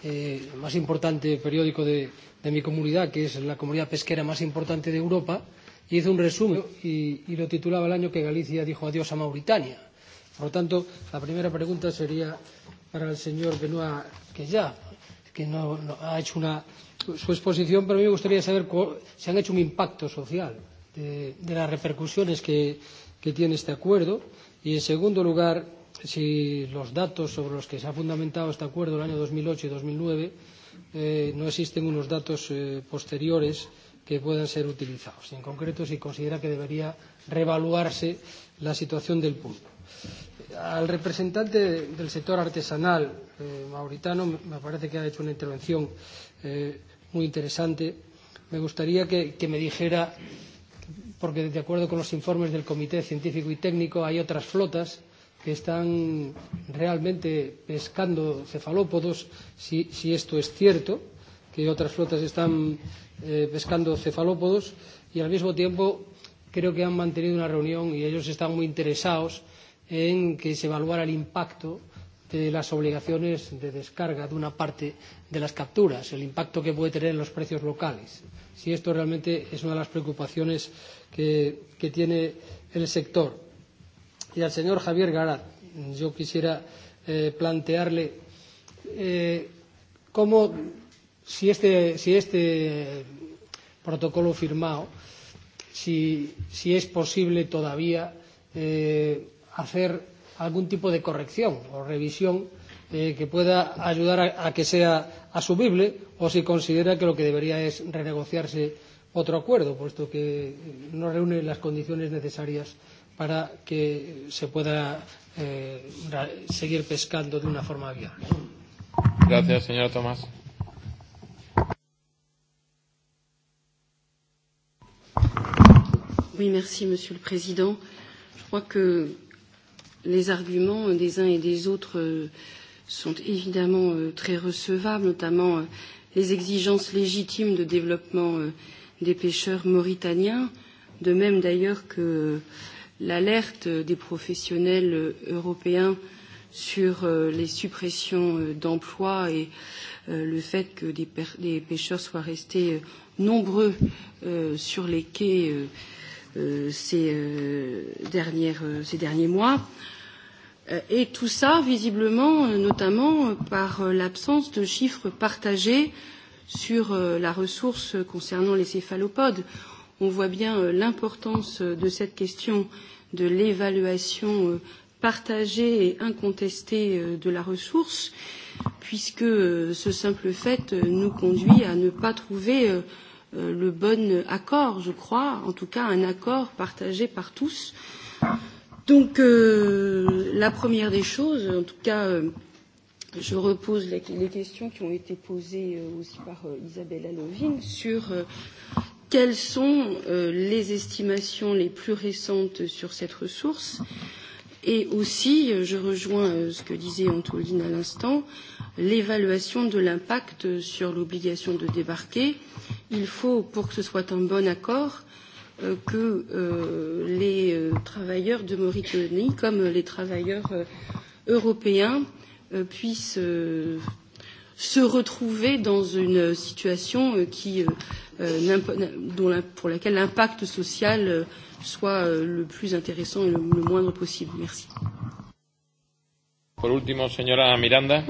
eh, el más importante periódico de, de mi comunidad, que es la comunidad pesquera más importante de Europa, y hizo un resumen y, y lo titulaba el año que Galicia dijo adiós a Mauritania. Por lo tanto, la primera pregunta sería para el señor Benoit Quellá que no, no ha hecho una, su exposición, pero a mí me gustaría saber si han hecho un impacto social de, de las repercusiones que, que tiene este acuerdo. Y en segundo lugar, si los datos sobre los que se ha fundamentado este acuerdo el año 2008 y 2009 eh, no existen unos datos eh, posteriores que puedan ser utilizados. Y en concreto, si considera que debería reevaluarse la situación del pulpo al representante del sector artesanal eh, mauritano, me parece que ha hecho una intervención eh, muy interesante. Me gustaría que, que me dijera, porque de acuerdo con los informes del Comité Científico y Técnico hay otras flotas que están realmente pescando cefalópodos, si, si esto es cierto, que otras flotas están eh, pescando cefalópodos, y al mismo tiempo creo que han mantenido una reunión y ellos están muy interesados en que se evaluara el impacto de las obligaciones de descarga de una parte de las capturas, el impacto que puede tener en los precios locales. Si esto realmente es una de las preocupaciones que, que tiene el sector. Y al señor Javier Garat, yo quisiera eh, plantearle eh, cómo, si este, si este protocolo firmado, si, si es posible todavía eh, hacer algún tipo de corrección o revisión eh, que pueda ayudar a, a que sea asumible o si considera que lo que debería es renegociarse otro acuerdo, puesto que no reúne las condiciones necesarias para que se pueda eh, seguir pescando de una forma viable. Gracias, señora Tomás. Oui, merci, Monsieur le Président. Je crois que les arguments des uns et des autres sont évidemment très recevables, notamment les exigences légitimes de développement des pêcheurs mauritaniens, de même d'ailleurs que l'alerte des professionnels européens sur les suppressions d'emplois et le fait que des pêcheurs soient restés nombreux sur les quais ces, dernières, ces derniers mois et tout ça, visiblement, notamment par l'absence de chiffres partagés sur la ressource concernant les céphalopodes. On voit bien l'importance de cette question de l'évaluation partagée et incontestée de la ressource, puisque ce simple fait nous conduit à ne pas trouver le bon accord, je crois, en tout cas un accord partagé par tous. Donc, euh, la première des choses, en tout cas, euh, je repose les, les questions qui ont été posées euh, aussi par euh, Isabelle Alovine sur euh, quelles sont euh, les estimations les plus récentes sur cette ressource. Et aussi, je rejoins ce que disait Antoine à l'instant, l'évaluation de l'impact sur l'obligation de débarquer. Il faut, pour que ce soit un bon accord, que les travailleurs de Mauritanie, comme les travailleurs européens, puissent se retrouver dans une situation qui, dont pour laquelle l'impact social soit le plus intéressant et le, moindre possible. Merci. Por último, señora Miranda.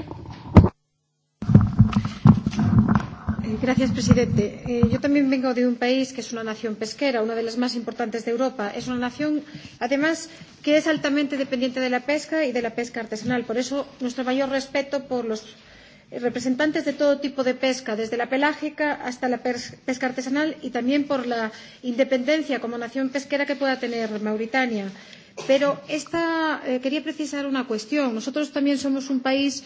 Señor presidente. yo también vengo de un país que es una nación pesquera, una de las más importantes de Europa. Es una nación, además, que es altamente dependiente de la pesca y de la pesca artesanal. Por eso, nuestro mayor respeto por los representantes de todo tipo de pesca, desde la pelágica hasta la pesca artesanal y también por la independencia como nación pesquera que pueda tener Mauritania. Pero esta, quería precisar una cuestión. Nosotros también somos un país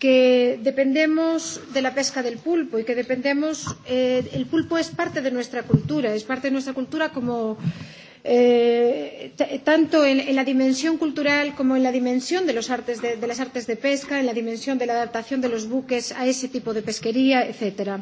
que dependemos de la pesca del pulpo y que dependemos eh, el pulpo es parte de nuestra cultura, es parte de nuestra cultura como eh, tanto en, en la dimensión cultural como en la dimensión de, los artes de, de las artes de pesca, en la dimensión de la adaptación de los buques a ese tipo de pesquería, etcétera.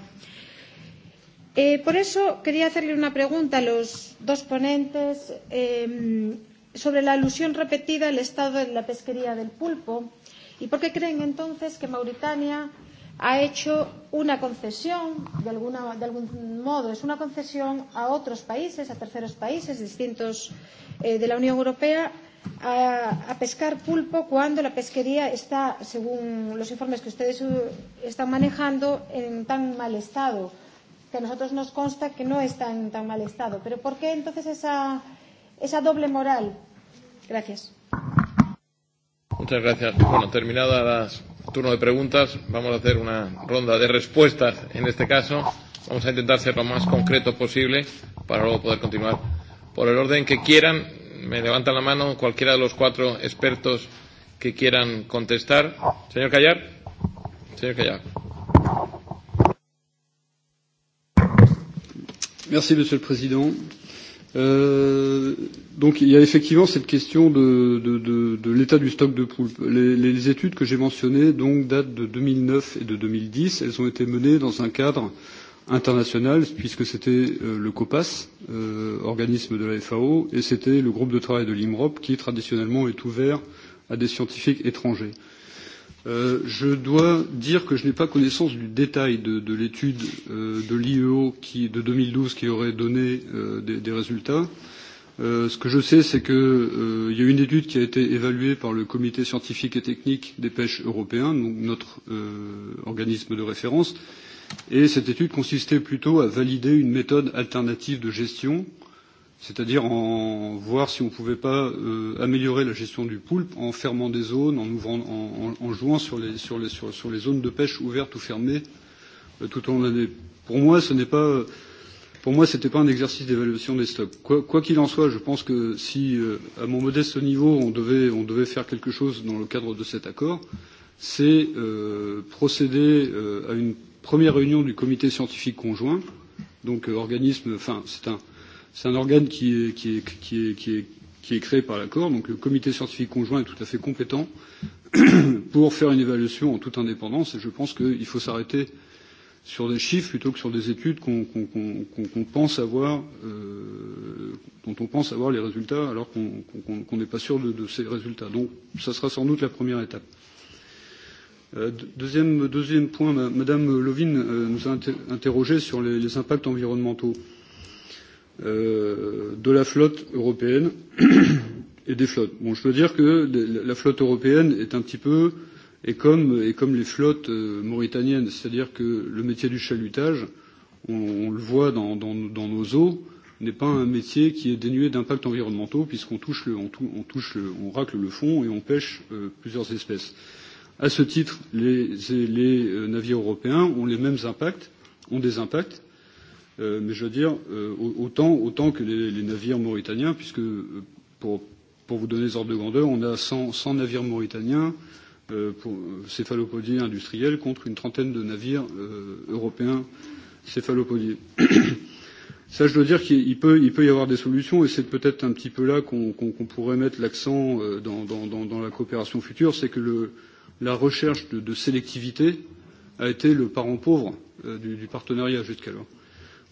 Eh, por eso quería hacerle una pregunta a los dos ponentes eh, sobre la alusión repetida al estado de la pesquería del pulpo ¿Y por qué creen entonces que Mauritania ha hecho una concesión, de, alguna, de algún modo es una concesión a otros países, a terceros países distintos eh, de la Unión Europea, a, a pescar pulpo cuando la pesquería está, según los informes que ustedes están manejando, en tan mal estado, que a nosotros nos consta que no está en tan mal estado. Pero ¿por qué entonces esa, esa doble moral? Gracias. Muchas gracias. Bueno, terminada el turno de preguntas, vamos a hacer una ronda de respuestas en este caso. Vamos a intentar ser lo más concreto posible para luego poder continuar. Por el orden que quieran, me levantan la mano cualquiera de los cuatro expertos que quieran contestar. Señor Callar. Señor Callar. Gracias, señor presidente donc il y a effectivement cette question de, de, de, de l'état du stock de poulpe. Les, les études que j'ai mentionnées donc, datent de 2009 et de 2010. Elles ont été menées dans un cadre international, puisque c'était euh, le COPAS, euh, organisme de la FAO, et c'était le groupe de travail de l'IMROP qui traditionnellement est ouvert à des scientifiques étrangers je dois dire que je n'ai pas connaissance du détail de, de l'étude euh, de l'IEO qui, de 2012 qui aurait donné euh, des, des résultats. Euh, ce que je sais, c'est qu'il euh, y a une étude qui a été évaluée par le comité scientifique et technique des pêches européens, donc notre euh, organisme de référence, et cette étude consistait plutôt à valider une méthode alternative de gestion euh, c'est-à-dire en voir si on ne pouvait pas euh, améliorer la gestion du poulpe en fermant des zones, en, ouvrant, en, en, en jouant sur les, sur, les, sur, sur les zones de pêche ouvertes ou fermées euh, tout au long de l'année. Pour moi, ce n'est pas, pour moi, ce n'était pas un exercice d'évaluation des stocks. Quoi, qu'il qu'il en soit, je pense que si, euh, à mon modeste niveau, on devait, on devait faire quelque chose dans le cadre de cet accord, c'est euh, procéder euh, à une première réunion du comité scientifique conjoint, donc euh, organisme, enfin, c'est un C'est un organe qui est, qui est, qui est, qui est, qui est créé par l'accord, donc le comité scientifique conjoint est tout à fait compétent pour faire une évaluation en toute indépendance, et je pense qu'il faut s'arrêter sur des chiffres plutôt que sur des études qu'on, qu'on, qu'on, qu'on pense avoir, euh, dont on pense avoir les résultats alors qu'on qu'on, qu'on n'est pas sûr de, de ces résultats. Donc ça sera sans doute la première étape. Euh, deuxième, deuxième point, Madame Lovin euh, nous a interrogé sur les, les impacts environnementaux. Euh, de la flotte européenne et des flottes. Bon, je dois dire que la flotte européenne est un petit peu et comme, et comme les flottes mauritaniennes, c'est-à-dire que le métier du chalutage, on, on le voit dans, dans, dans nos eaux, n'est pas un métier qui est dénué d'impacts environnementaux puisqu'on touche le, on, on touche le, on racle le fond et on pêche euh, plusieurs espèces. À ce titre, les, les navires européens ont les mêmes impacts, ont des impacts mais je veux dire, autant, autant que les, les navires mauritaniens, puisque pour, pour vous donner des ordres de grandeur, on a 100, 100 navires mauritaniens, euh, pour, céphalopodiers industriels, contre une trentaine de navires euh, européens céphalopodiers. Ça, je dois dire qu'il peut, il peut y avoir des solutions, et c'est peut-être un petit peu là qu'on qu qu pourrait mettre l'accent dans, dans, dans, dans la coopération future, c'est que le, la recherche de, de sélectivité a été le parent pauvre du, du partenariat jusqu'alors.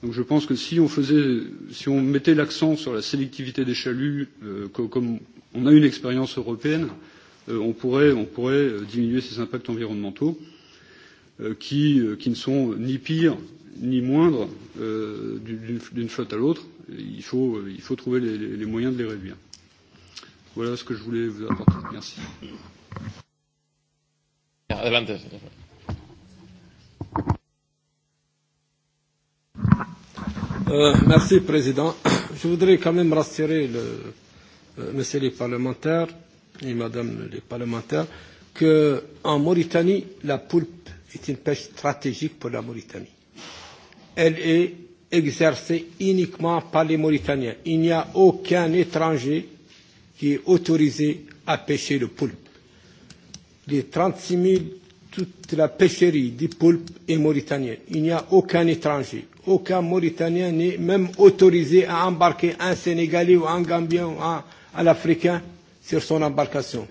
Donc je pense que si on faisait, si on mettait l'accent sur la sélectivité des chaluts, comme on a une expérience européenne, on pourrait, diminuer ces impacts environnementaux qui, ne sont ni pires ni moindres d'une flotte à l'autre. Il faut, trouver les, moyens de les réduire. Voilà ce que je voulais vous apporter. Merci. merci, Président. Je voudrais quand même rassurer le, euh, Monsieur les parlementaires et Madame les parlementaires qu'en Mauritanie, la poulpe est une pêche stratégique pour la Mauritanie. Elle est exercée uniquement par les Mauritaniens. Il n'y a aucun étranger qui est autorisé à pêcher le poulpe. Les 36 000 toute la pêcherie des poulpe est mauritanienne. Il n'y a aucun étranger, aucun Mauritanien n'est même autorisé à embarquer un Sénégalais ou un Gambien ou un, un Africain sur son embarcation.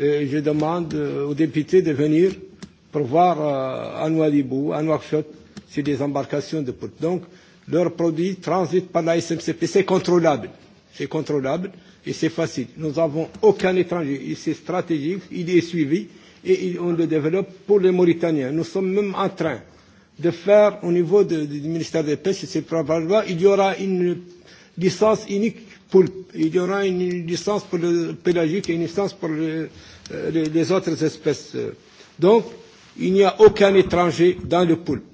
Et je demande aux députés de venir pour voir à Nouadhibou, à Nouakchott, sur des embarcations de poulpes. Donc, leurs produits transitent par la SMCP. C'est contrôlable. C'est contrôlable et c'est facile. Nous n'avons aucun étranger. c'est stratégique, il est suivi et on le développe pour les Mauritaniens. Nous sommes même en train de faire au niveau de, du ministère des Pêches, c'est probablement, il y aura une licence unique pour, il y aura une licence pour le pélagique et une licence pour le, les, les autres espèces. Donc, il n'y a aucun étranger dans le poulpe.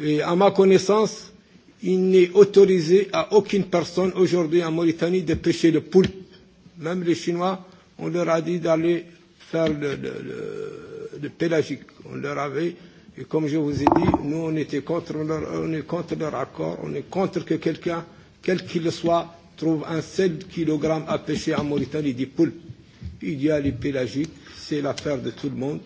Et à ma connaissance, il n'est autorisé à aucune personne aujourd'hui en Mauritanie de pêcher le poulpe. Même les Chinois, on leur a dit d'aller faire le, le, le, le pélagique. On leur avait, et comme je vous ai dit, nous on était contre leur, on est contre leur accord, on est contre que quelqu'un, quel qu'il soit, trouve un seul kilogramme à pêcher en Mauritanie des poules. Il y a les pélagiques, c'est l'affaire de tout le monde.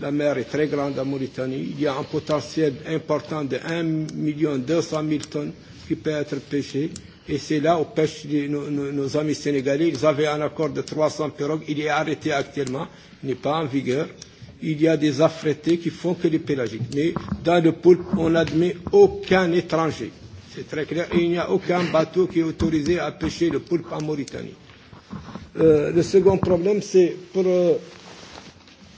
La mer est très grande en Mauritanie. Il y a un potentiel important de 1 200 000 tonnes qui peut être pêché. Et c'est là où pêchent nos, nos, nos amis sénégalais. Ils avaient un accord de 300 pirogues. Il est arrêté actuellement. Il n'est pas en vigueur. Il y a des affrétés qui font que les pélagiques. Mais dans le poulpe, on n'admet aucun étranger. C'est très clair. Et il n'y a aucun bateau qui est autorisé à pêcher le poulpe en Mauritanie. Euh, le second problème, c'est pour euh,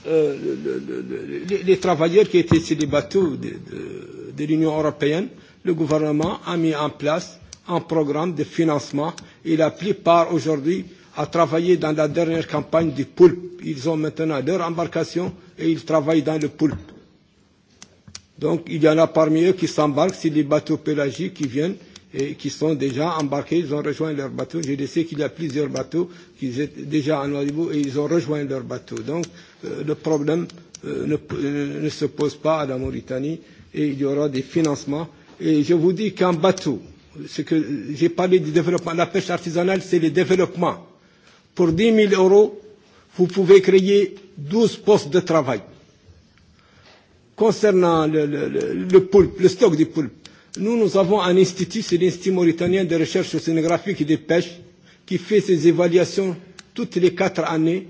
euh, le, le, le, les travailleurs qui étaient sur les bateaux de, de, de l'Union européenne, le gouvernement a mis en place un programme de financement et la plupart aujourd'hui a travaillé dans la dernière campagne du poulpe. Ils ont maintenant leur embarcation et ils travaillent dans le poulpe. Donc il y en a parmi eux qui s'embarquent, c'est les bateaux pélagiques qui viennent et qui sont déjà embarqués, ils ont rejoint leur bateau. Je sais qu'il y a plusieurs bateaux qui étaient déjà à Oribou et ils ont rejoint leur bateau. Donc euh, le problème euh, ne, ne se pose pas à la Mauritanie et il y aura des financements. Et je vous dis qu'un bateau ce que j'ai parlé du développement de la pêche artisanale, c'est le développement. Pour 10 000 euros, vous pouvez créer 12 postes de travail. Concernant le, le, le, le poulpe, le stock du poulpe, nous, nous avons un institut, c'est l'Institut mauritanien de recherche océanographique et de pêche, qui fait ses évaluations toutes les quatre années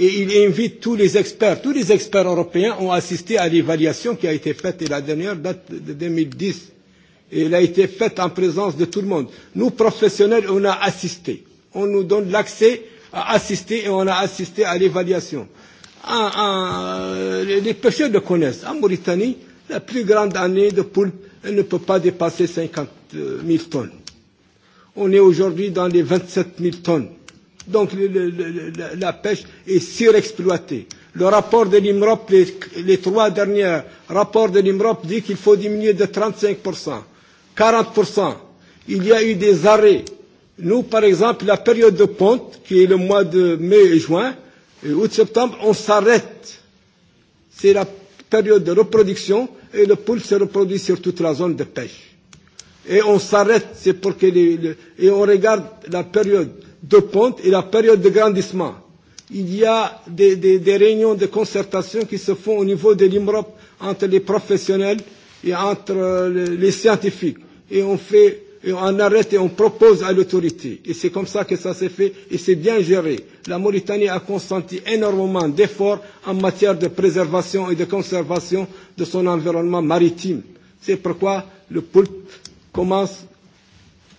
et il invite tous les experts. Tous les experts européens ont assisté à l'évaluation qui a été faite et la dernière date de 2010 et elle a été faite en présence de tout le monde. Nous, professionnels, on a assisté. On nous donne l'accès à assister et on a assisté à l'évaluation. Les pêcheurs le connaissent. En Mauritanie, la plus grande année de poulpe elle ne peut pas dépasser 50 000 tonnes. On est aujourd'hui dans les 27 000 tonnes. Donc le, le, le, la pêche est surexploitée. Le rapport de l'IMROP, les, les trois derniers rapports de l'IMROP dit qu'il faut diminuer de 35 40%. Il y a eu des arrêts. Nous, par exemple, la période de ponte, qui est le mois de mai et juin, et août-septembre, on s'arrête. C'est la période de reproduction et le poule se reproduit sur toute la zone de pêche. Et on s'arrête, c'est pour que les, les, et on regarde la période de ponte et la période de grandissement. Il y a des, des, des réunions de concertation qui se font au niveau de l'IMROP entre les professionnels et entre les scientifiques et on fait, et on arrête et on propose à l'autorité. Et c'est comme ça que ça s'est fait et c'est bien géré. La Mauritanie a consenti énormément d'efforts en matière de préservation et de conservation de son environnement maritime. C'est pourquoi le poulpe commence à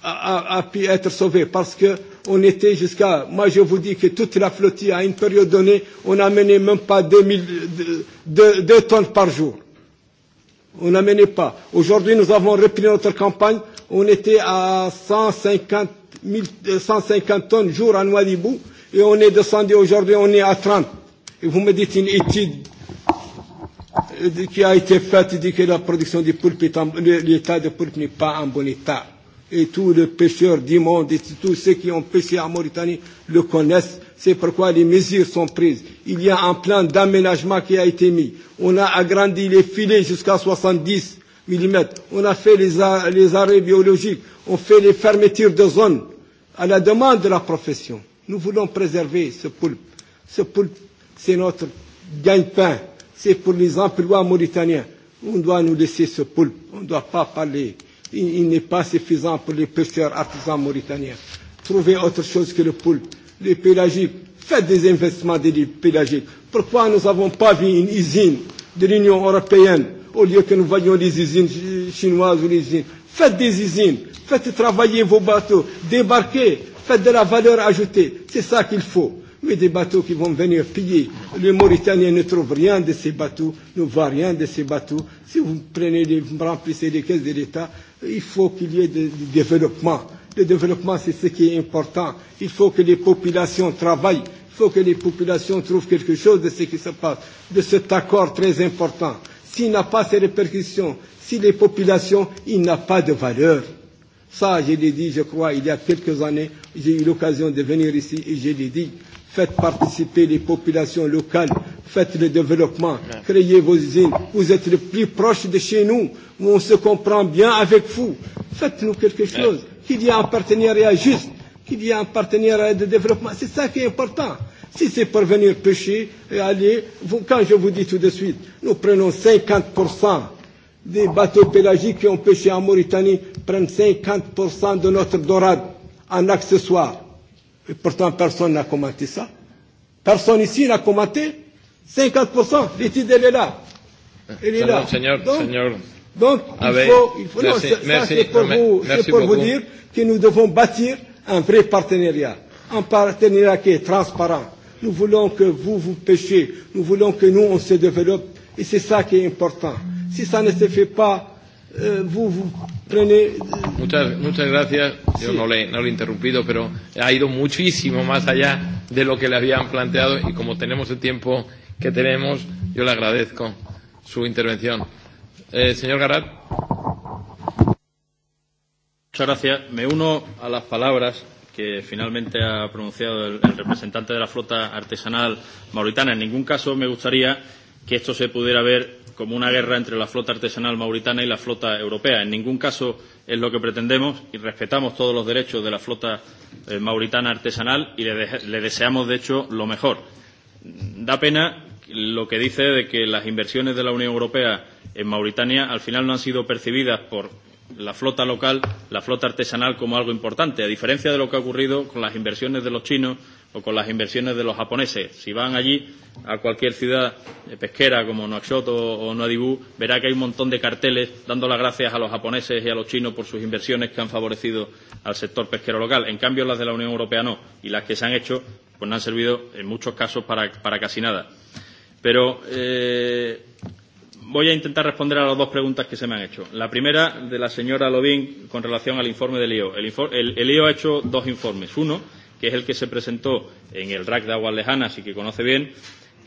à, à pu être sauvé parce que on était jusqu'à, moi je vous dis que toute la flottille à une période donnée, on n'a mené même pas 2000, 2, 2 tonnes par jour. On n'en menait pas. Aujourd'hui, nous avons repris notre campagne. On était à 150, 150 tonnes jour à Noadibou et on est descendu aujourd'hui, on est à 30. Et vous me dites une étude qui a été faite dit que la production du poulpe est en, l'état de poulpe n'est pas en bon état. Et tous les pêcheurs du monde et tous ceux qui ont pêché en Mauritanie le connaissent c'est pourquoi les mesures sont prises. Il y a un plan d'aménagement qui a été mis. On a agrandi les filets jusqu'à 70 mm. On a fait les, les arrêts biologiques. On fait les fermetures de zones à la demande de la profession. Nous voulons préserver ce poulpe. Ce poulpe, c'est notre gagne-pain. C'est pour les emplois mauritaniens. On doit nous laisser ce poulpe. On ne doit pas parler. Il, il n'est pas suffisant pour les pêcheurs artisans mauritaniens. Trouver autre chose que le poulpe les pélagiques. Faites des investissements des îles pélagiques. Pourquoi nous n'avons pas vu une usine de l'Union européenne au lieu que nous voyions des usines chinoises ou des usines Faites des usines, faites travailler vos bateaux, débarquez, faites de la valeur ajoutée. C'est ça qu'il faut. Mais des bateaux qui vont venir piller. Les Mauritaniens ne trouve rien de ces bateaux, ne voit rien de ces bateaux. Si vous prenez les, remplissez les caisses de l'État, il faut qu'il y ait du développement Le développement, c'est ce qui est important. Il faut que les populations travaillent. Il faut que les populations trouvent quelque chose de ce qui se passe, de cet accord très important. S'il n'a pas ces répercussions, si les populations, il n'a pas de valeur. Ça, je l'ai dit, je crois, il y a quelques années, j'ai eu l'occasion de venir ici et je l'ai dit. Faites participer les populations locales, faites le développement, créez vos usines. Vous êtes le plus proche de chez nous, où on se comprend bien avec vous. Faites-nous quelque chose qui dit un partenariat juste, qui dit un partenariat de développement. C'est ça qui est important. Si c'est pour venir pêcher et aller, vous, quand je vous dis tout de suite, nous prenons 50% des bateaux pélagiques qui ont pêché en Mauritanie, prennent 50% de notre dorade en accessoire. Et pourtant, personne n'a commenté ça. Personne ici n'a commenté. 50%, l'étude, elle est là. Elle est là. Donc, Donc, il faut, il faut merci, non, merci, c'est pour, vous, merci pour vous dire que nous devons bâtir un vrai partenariat, un partenariat qui est transparent. Nous voulons que vous, vous pêchiez, nous voulons que nous, on se développe, et c'est ça qui est important. Si ça ne se fait pas, euh, vous, vous prenez... Muchas, muchas gracias. Yo no, le, no le he interrumpido, pero ha ido muchísimo más allá de lo que le habían planteado, y como tenemos el tiempo que tenemos, yo le agradezco su intervención. Eh, señor Garat. Muchas gracias. Me uno a las palabras que finalmente ha pronunciado el, el representante de la flota artesanal mauritana. En ningún caso me gustaría que esto se pudiera ver como una guerra entre la flota artesanal mauritana y la flota europea. En ningún caso es lo que pretendemos y respetamos todos los derechos de la flota eh, mauritana artesanal y le, de le deseamos, de hecho, lo mejor. Da pena lo que dice de que las inversiones de la Unión Europea en Mauritania al final no han sido percibidas por la flota local, la flota artesanal como algo importante, a diferencia de lo que ha ocurrido con las inversiones de los chinos o con las inversiones de los japoneses. Si van allí a cualquier ciudad pesquera como Nouakchott o, o verá que hay un montón de carteles dando las gracias a los japoneses y a los chinos por sus inversiones que han favorecido al sector pesquero local. En cambio, las de la Unión Europea no, y las que se han hecho pues no han servido en muchos casos para, para casi nada. Pero eh, voy a intentar responder a las dos preguntas que se me han hecho. La primera, de la señora Lobín, con relación al informe del IO. El, el, el IO ha hecho dos informes. Uno, que es el que se presentó en el RAC de Aguas Lejanas y que conoce bien,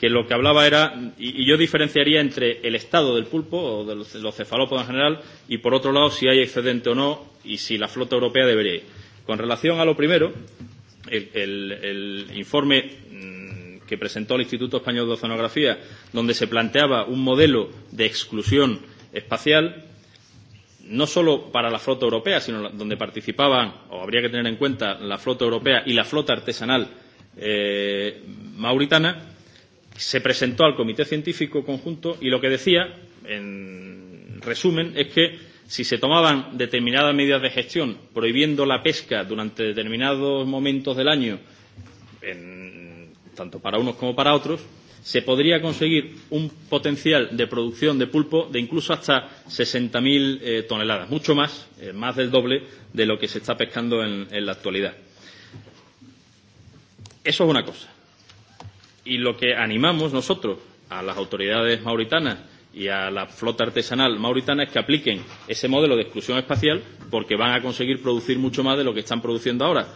que lo que hablaba era, y, y yo diferenciaría entre el estado del pulpo o de los, los cefalópodos en general, y por otro lado, si hay excedente o no y si la flota europea debería ir. Con relación a lo primero, el, el, el informe que presentó el Instituto Español de Oceanografía, donde se planteaba un modelo de exclusión espacial, no solo para la flota europea, sino donde participaban, o habría que tener en cuenta, la flota europea y la flota artesanal eh, mauritana, se presentó al Comité Científico Conjunto y lo que decía, en resumen, es que si se tomaban determinadas medidas de gestión, prohibiendo la pesca durante determinados momentos del año en tanto para unos como para otros, se podría conseguir un potencial de producción de pulpo de incluso hasta 60.000 eh, toneladas, mucho más, eh, más del doble de lo que se está pescando en, en la actualidad. Eso es una cosa. Y lo que animamos nosotros a las autoridades mauritanas y a la flota artesanal mauritana es que apliquen ese modelo de exclusión espacial porque van a conseguir producir mucho más de lo que están produciendo ahora.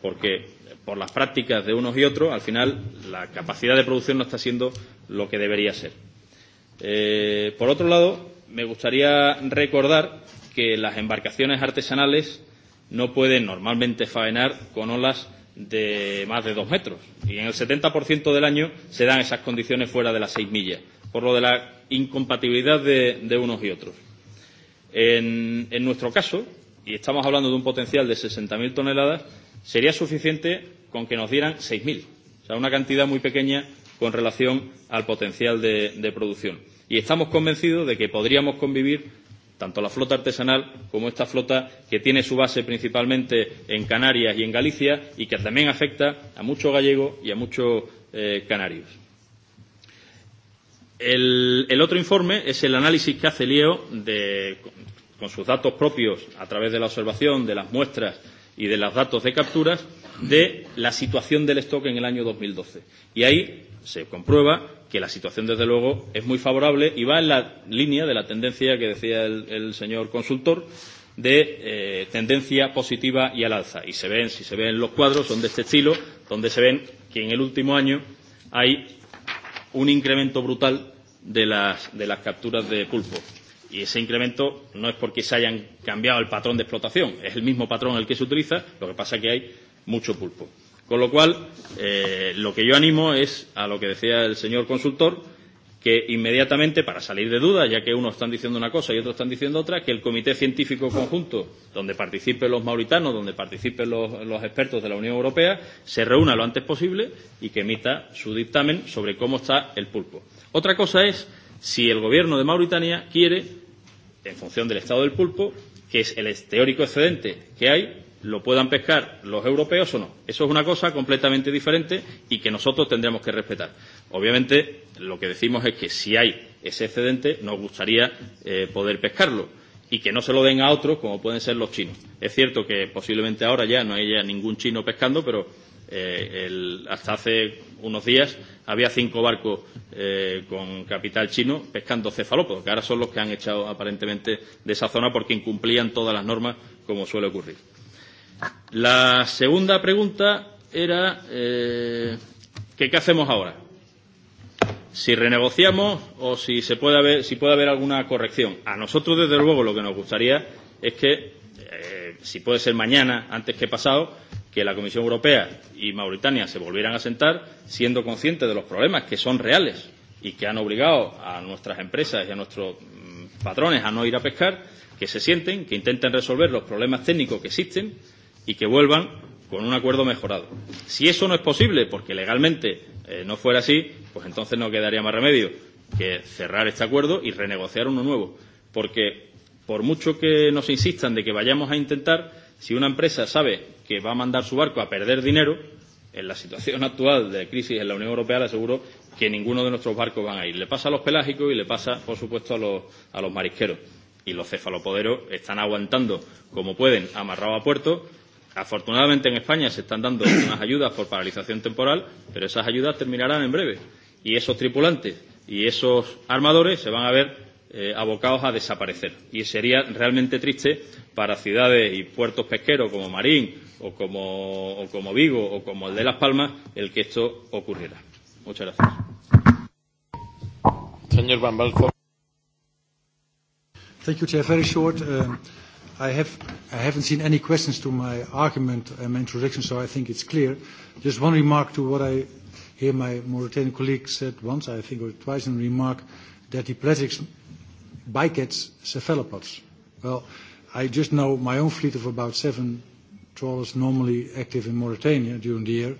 Porque por las prácticas de unos y otros, al final la capacidad de producción no está siendo lo que debería ser. Eh, por otro lado, me gustaría recordar que las embarcaciones artesanales no pueden normalmente faenar con olas de más de dos metros y en el 70% del año se dan esas condiciones fuera de las seis millas, por lo de la incompatibilidad de, de unos y otros. En, en nuestro caso, y estamos hablando de un potencial de 60.000 toneladas, Sería suficiente con que nos dieran 6.000, o sea, una cantidad muy pequeña con relación al potencial de, de producción. Y estamos convencidos de que podríamos convivir tanto la flota artesanal como esta flota que tiene su base principalmente en Canarias y en Galicia y que también afecta a muchos gallegos y a muchos eh, canarios. El, el otro informe es el análisis que hace Lío de, con sus datos propios a través de la observación de las muestras y de los datos de capturas de la situación del stock en el año 2012. Y ahí se comprueba que la situación, desde luego, es muy favorable y va en la línea de la tendencia que decía el, el señor consultor de eh, tendencia positiva y al alza. Y se ven, si se ven los cuadros, son de este estilo, donde se ven que en el último año hay un incremento brutal de las, de las capturas de pulpo Y ese incremento no es porque se hayan cambiado el patrón de explotación, es el mismo patrón el que se utiliza, lo que pasa es que hay mucho pulpo. Con lo cual, eh, lo que yo animo es a lo que decía el señor consultor, que inmediatamente, para salir de dudas, ya que unos están diciendo una cosa y otros están diciendo otra, que el Comité Científico Conjunto, donde participen los mauritanos, donde participen los, los expertos de la Unión Europea, se reúna lo antes posible y que emita su dictamen sobre cómo está el pulpo. Otra cosa es si el Gobierno de Mauritania quiere en función del estado del pulpo, que es el teórico excedente que hay, lo puedan pescar los europeos o no. Eso es una cosa completamente diferente y que nosotros tendremos que respetar. Obviamente, lo que decimos es que si hay ese excedente, nos gustaría eh, poder pescarlo y que no se lo den a otros, como pueden ser los chinos. Es cierto que posiblemente ahora ya no haya ningún chino pescando, pero eh, el, hasta hace unos días había cinco barcos eh, con capital chino pescando cefalópodos, que ahora son los que han echado aparentemente de esa zona porque incumplían todas las normas, como suele ocurrir. La segunda pregunta era eh, ¿qué, qué hacemos ahora? Si renegociamos o si se puede haber, si puede haber alguna corrección. A nosotros, desde luego, lo que nos gustaría es que, eh, si puede ser mañana, antes que pasado, que la Comisión Europea y Mauritania se volvieran a sentar, siendo conscientes de los problemas que son reales y que han obligado a nuestras empresas y a nuestros patrones a no ir a pescar, que se sienten, que intenten resolver los problemas técnicos que existen y que vuelvan con un acuerdo mejorado. Si eso no es posible, porque legalmente eh, no fuera así, pues entonces no quedaría más remedio que cerrar este acuerdo y renegociar uno nuevo. Porque por mucho que nos insistan de que vayamos a intentar, Si una empresa sabe que va a mandar su barco a perder dinero, en la situación actual de crisis en la Unión Europea le aseguro que ninguno de nuestros barcos van a ir. Le pasa a los pelágicos y le pasa, por supuesto, a los, a los marisqueros. Y los cefalopoderos están aguantando como pueden, amarrado a puerto. Afortunadamente en España se están dando unas ayudas por paralización temporal, pero esas ayudas terminarán en breve. Y esos tripulantes y esos armadores se van a ver eh, abocados a desaparecer. Y sería realmente triste para ciudades y puertos pesqueros como Marín o como, o como Vigo o como el de Las Palmas el que esto ocurriera. Muchas gracias. Señor Van Balco. Thank you, Chair. Very short. Uh, I, have, I haven't seen any questions to my argument and my introduction, so I think it's clear. Just one remark to what I hear my Mauritanian colleague said once, I think, or twice in a remark, that the pledges bycatch cephalopods. Well, I just know my own fleet of about seven trawlers normally active in Mauritania during the year.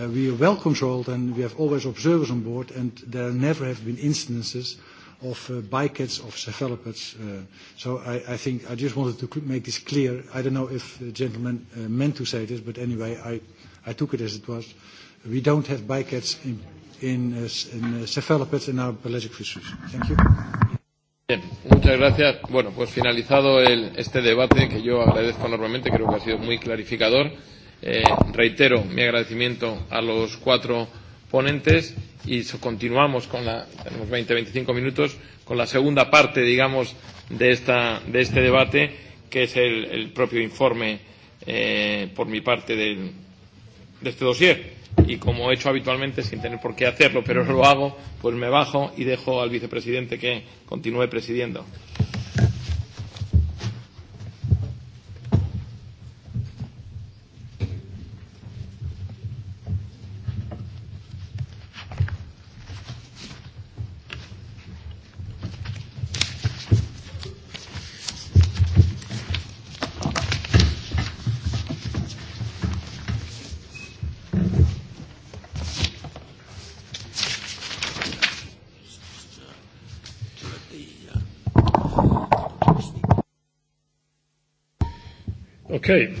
Uh, we are well controlled and we have always observers on board and there never have been instances of uh, bycatch of cephalopods. Uh, so I, I think I just wanted to make this clear. I don't know if the gentleman uh, meant to say this, but anyway, I, I took it as it was. We don't have bycatch in, in, uh, in uh, cephalopods in our pelagic fisheries. Thank you. Bien, muchas gracias. Bueno, pues finalizado el, este debate que yo agradezco enormemente, creo que ha sido muy clarificador. Eh, reitero mi agradecimiento a los cuatro ponentes y continuamos con la, tenemos 20-25 minutos, con la segunda parte, digamos, de, esta, de este debate, que es el, el propio informe eh, por mi parte del, de este dossier y como he hecho habitualmente sin tener por qué hacerlo, pero lo hago, pues me bajo y dejo al vicepresidente que continúe presidiendo. Okay.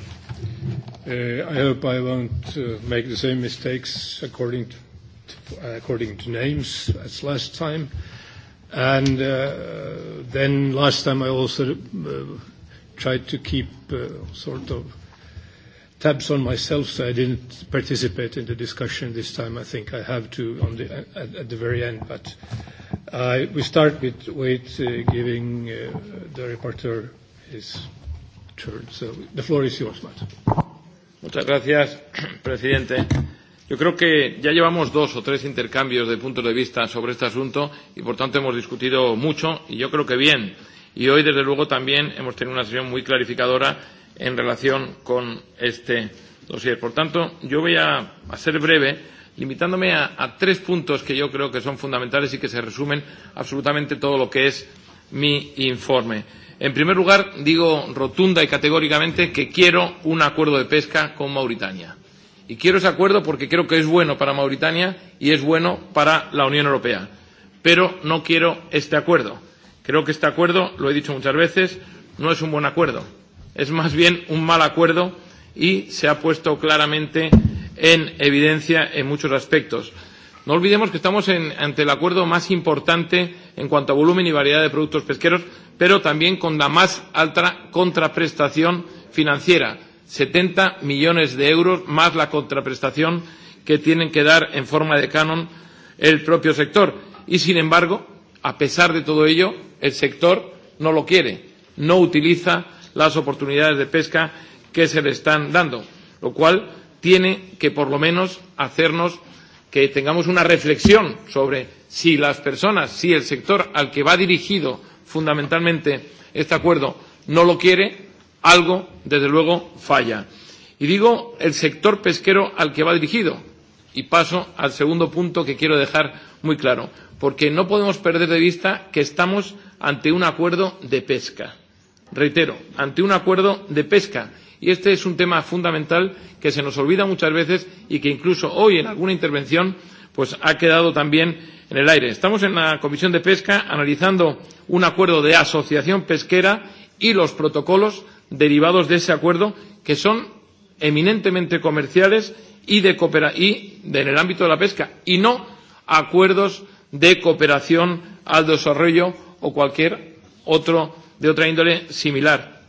I hope I won't make the same mistakes according to according to names as last time. And then last time, I also tried to keep sort of tabs on myself, so I didn't participate in the discussion this time. I think I have to on the at at the very end. But we start with with giving the rapporteur his turn. So the floor is yours, Matt. Muchas gracias, presidente. Yo creo que ya llevamos dos o tres intercambios de puntos de vista sobre este asunto y, por tanto, hemos discutido mucho y yo creo que bien. Y hoy, desde luego, también hemos tenido una sesión muy clarificadora en relación con este dossier. Por tanto, yo voy a, a ser breve, limitándome a, a tres puntos que yo creo que son fundamentales y que se resumen absolutamente todo lo que es mi informe. En primer lugar, digo rotunda y categóricamente que quiero un acuerdo de pesca con Mauritania. Y quiero ese acuerdo porque creo que es bueno para Mauritania y es bueno para la Unión Europea. Pero no quiero este acuerdo. Creo que este acuerdo, lo he dicho muchas veces, no es un buen acuerdo. Es más bien un mal acuerdo y se ha puesto claramente en evidencia en muchos aspectos. No olvidemos que estamos en, ante el acuerdo más importante en cuanto a volumen y variedad de productos pesqueros, pero también con la más alta contraprestación financiera, 70 millones de euros más la contraprestación que tienen que dar en forma de canon el propio sector. Y, sin embargo, a pesar de todo ello, el sector no lo quiere, no utiliza las oportunidades de pesca que se le están dando, lo cual tiene que, por lo menos, hacernos que tengamos una reflexión sobre si las personas, si el sector al que va dirigido fundamentalmente este acuerdo no lo quiere, algo, desde luego, falla. Y digo el sector pesquero al que va dirigido. Y paso al segundo punto que quiero dejar muy claro, porque no podemos perder de vista que estamos ante un acuerdo de pesca. Reitero, ante un acuerdo de pesca Y este es un tema fundamental que se nos olvida muchas veces y que incluso hoy en alguna intervención pues ha quedado también en el aire. Estamos en la Comisión de Pesca analizando un acuerdo de asociación pesquera y los protocolos derivados de ese acuerdo que son eminentemente comerciales y, de coopera y de, en el ámbito de la pesca y no acuerdos de cooperación al desarrollo o cualquier otro de otra índole similar.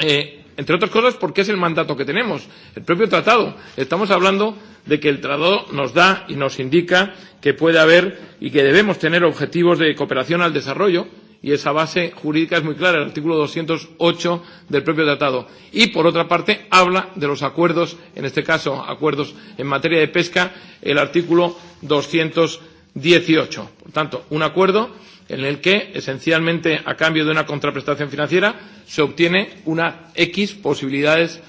Eh, entre otras cosas porque es el mandato que tenemos, el propio tratado. Estamos hablando de que el tratado nos da y nos indica que puede haber y que debemos tener objetivos de cooperación al desarrollo y esa base jurídica es muy clara, el artículo 208 del propio tratado. Y, por otra parte, habla de los acuerdos, en este caso, acuerdos en materia de pesca, el artículo 200 18. Por tanto, un acuerdo en el que, esencialmente, a cambio de una contraprestación financiera, se obtiene una X posibilidades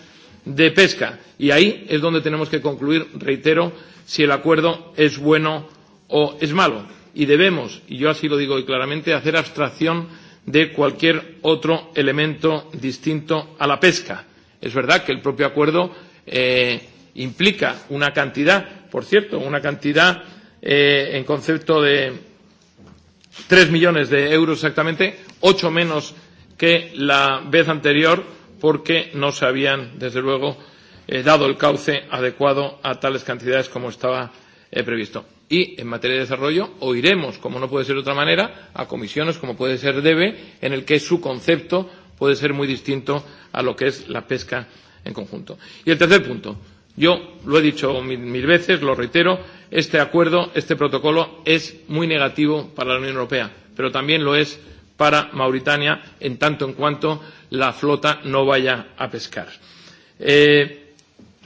de pesca. Y ahí es donde tenemos que concluir, reitero, si el acuerdo es bueno o es malo. Y debemos, y yo así lo digo hoy claramente, hacer abstracción de cualquier otro elemento distinto a la pesca. Es verdad que el propio acuerdo eh, implica una cantidad, por cierto, una cantidad eh, en concepto de 3 millones de euros exactamente, 8 menos que la vez anterior, porque no se habían, desde luego, eh, dado el cauce adecuado a tales cantidades como estaba eh, previsto. Y en materia de desarrollo oiremos, como no puede ser de otra manera, a comisiones como puede ser DEBE, en el que su concepto puede ser muy distinto a lo que es la pesca en conjunto. Y el tercer punto, yo lo he dicho mil, mil veces, lo reitero, este acuerdo, este protocolo, es muy negativo para la Unión Europea, pero también lo es para Mauritania en tanto en cuanto la flota no vaya a pescar. Eh,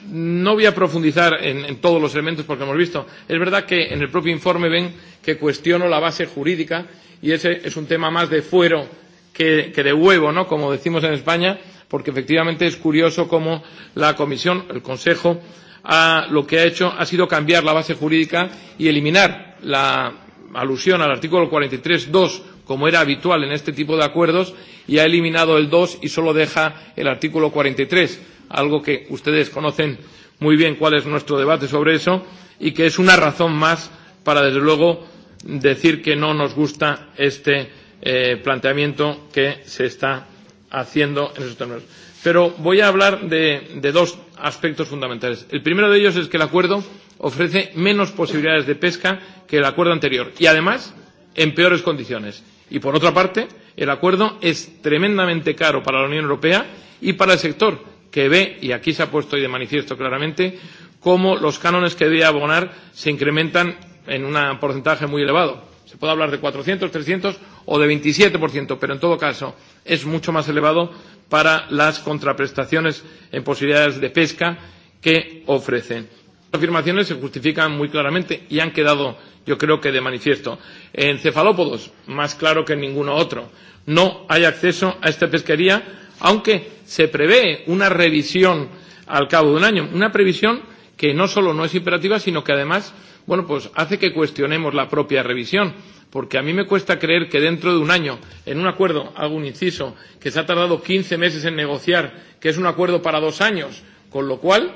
no voy a profundizar en, en todos los elementos porque hemos visto. Es verdad que en el propio informe ven que cuestiono la base jurídica y ese es un tema más de fuero que, que de huevo, ¿no? como decimos en España, porque efectivamente es curioso cómo la Comisión, el Consejo, ha, lo que ha hecho ha sido cambiar la base jurídica y eliminar la alusión al artículo 43.2 como era habitual en este tipo de acuerdos y ha eliminado el 2 y solo deja el artículo 43, algo que ustedes conocen muy bien cuál es nuestro debate sobre eso y que es una razón más para, desde luego, decir que no nos gusta este eh, planteamiento que se está haciendo en esos términos. Pero voy a hablar de, de dos aspectos fundamentales. El primero de ellos es que el acuerdo ofrece menos posibilidades de pesca que el acuerdo anterior y además en peores condiciones. Y por otra parte, el acuerdo es tremendamente caro para la Unión Europea y para el sector que ve, y aquí se ha puesto y de manifiesto claramente, cómo los cánones que debe abonar se incrementan en un porcentaje muy elevado. Se puede hablar de 400, 300 o de 27%, pero en todo caso es mucho más elevado para las contraprestaciones en posibilidades de pesca que ofrecen. Las afirmaciones se justifican muy claramente y han quedado, yo creo que de manifiesto. En cefalópodos, más claro que en ninguno otro, no hay acceso a esta pesquería, aunque se prevé una revisión al cabo de un año, una previsión que no solo no es imperativa, sino que además bueno, pues hace que cuestionemos la propia revisión, porque a mí me cuesta creer que dentro de un año, en un acuerdo, hago un inciso, que se ha tardado 15 meses en negociar, que es un acuerdo para dos años, con lo cual,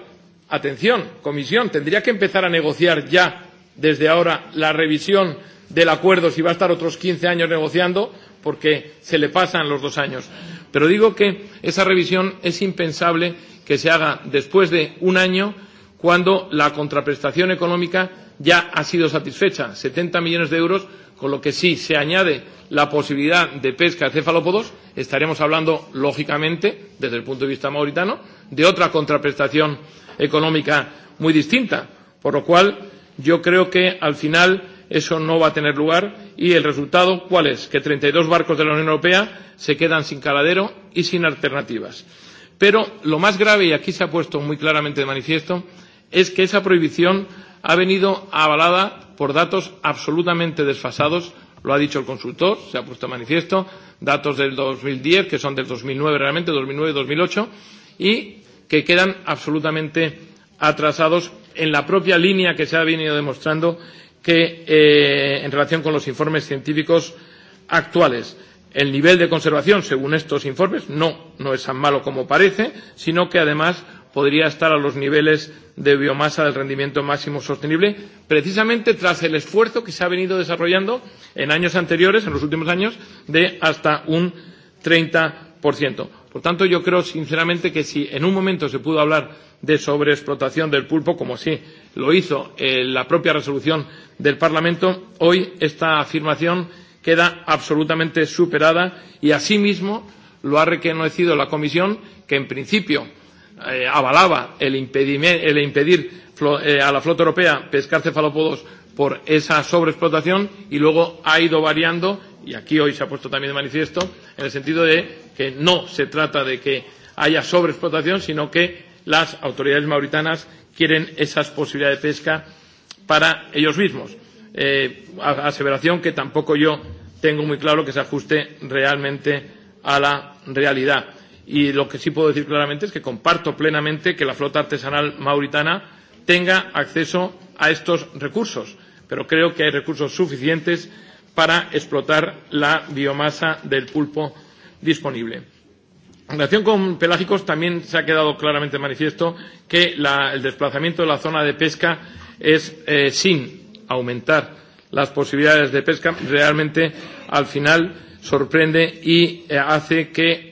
atención, comisión, tendría que empezar a negociar ya, desde ahora, la revisión del acuerdo si va a estar otros 15 años negociando, porque se le pasan los dos años. Pero digo que esa revisión es impensable que se haga después de un año, cuando la contraprestación económica ya ha sido satisfecha, 70 millones de euros, con lo que si se añade la posibilidad de pesca de cefalópodos, estaremos hablando, lógicamente, desde el punto de vista mauritano, de otra contraprestación económica muy distinta. Por lo cual, yo creo que al final eso no va a tener lugar y el resultado, ¿cuál es? Que 32 barcos de la Unión Europea se quedan sin caladero y sin alternativas. Pero lo más grave, y aquí se ha puesto muy claramente de manifiesto, es que esa prohibición ha venido avalada por datos absolutamente desfasados, lo ha dicho el consultor, se ha puesto a manifiesto, datos del 2010, que son del 2009 realmente, 2009-2008, y que quedan absolutamente atrasados en la propia línea que se ha venido demostrando que eh, en relación con los informes científicos actuales. El nivel de conservación, según estos informes, no, no es tan malo como parece, sino que además podría estar a los niveles de biomasa del rendimiento máximo sostenible, precisamente tras el esfuerzo que se ha venido desarrollando en años anteriores, en los últimos años, de hasta un 30%. Por tanto, yo creo sinceramente que si en un momento se pudo hablar de sobreexplotación del pulpo, como sí lo hizo eh, la propia resolución del Parlamento, hoy esta afirmación queda absolutamente superada y asimismo lo ha reconocido la Comisión, que en principio eh, avalaba el, el impedir eh, a la flota europea pescar cefalópodos por esa sobreexplotación y luego ha ido variando y aquí hoy se ha puesto también de manifiesto en el sentido de que no se trata de que haya sobreexplotación sino que las autoridades mauritanas quieren esas posibilidades de pesca para ellos mismos. Eh, aseveración que tampoco yo tengo muy claro que se ajuste realmente a la realidad. Y lo que sí puedo decir claramente es que comparto plenamente que la flota artesanal mauritana tenga acceso a estos recursos, pero creo que hay recursos suficientes para explotar la biomasa del pulpo disponible. En relación con pelágicos, también se ha quedado claramente manifiesto que la, el desplazamiento de la zona de pesca es, eh, sin aumentar las posibilidades de pesca, realmente al final sorprende y eh, hace que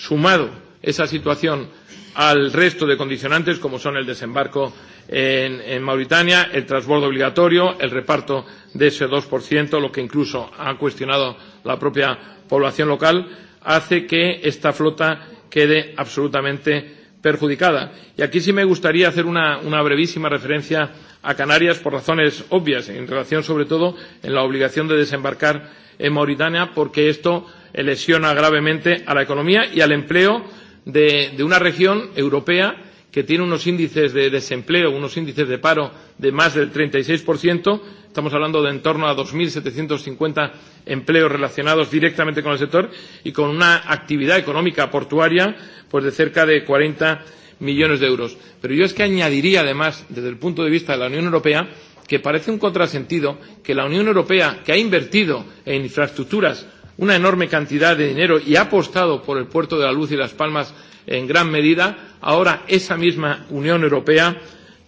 sumado esa situación al resto de condicionantes, como son el desembarco en, en Mauritania, el transbordo obligatorio, el reparto de ese 2%, lo que incluso ha cuestionado la propia población local, hace que esta flota quede absolutamente perjudicada. Y aquí sí me gustaría hacer una, una brevísima referencia a Canarias por razones obvias, en relación sobre todo en la obligación de desembarcar en Mauritania, porque esto lesiona gravemente a la economía y al empleo de, de una región europea que tiene unos índices de desempleo, unos índices de paro de más del 36%. Estamos hablando de en torno a 2.750 empleos relacionados directamente con el sector y con una actividad económica portuaria pues de cerca de 40 millones de euros. Pero yo es que añadiría, además, desde el punto de vista de la Unión Europea, que parece un contrasentido que la Unión Europea, que ha invertido en infraestructuras una enorme cantidad de dinero y ha apostado por el puerto de la Luz y Las Palmas en gran medida, ahora esa misma Unión Europea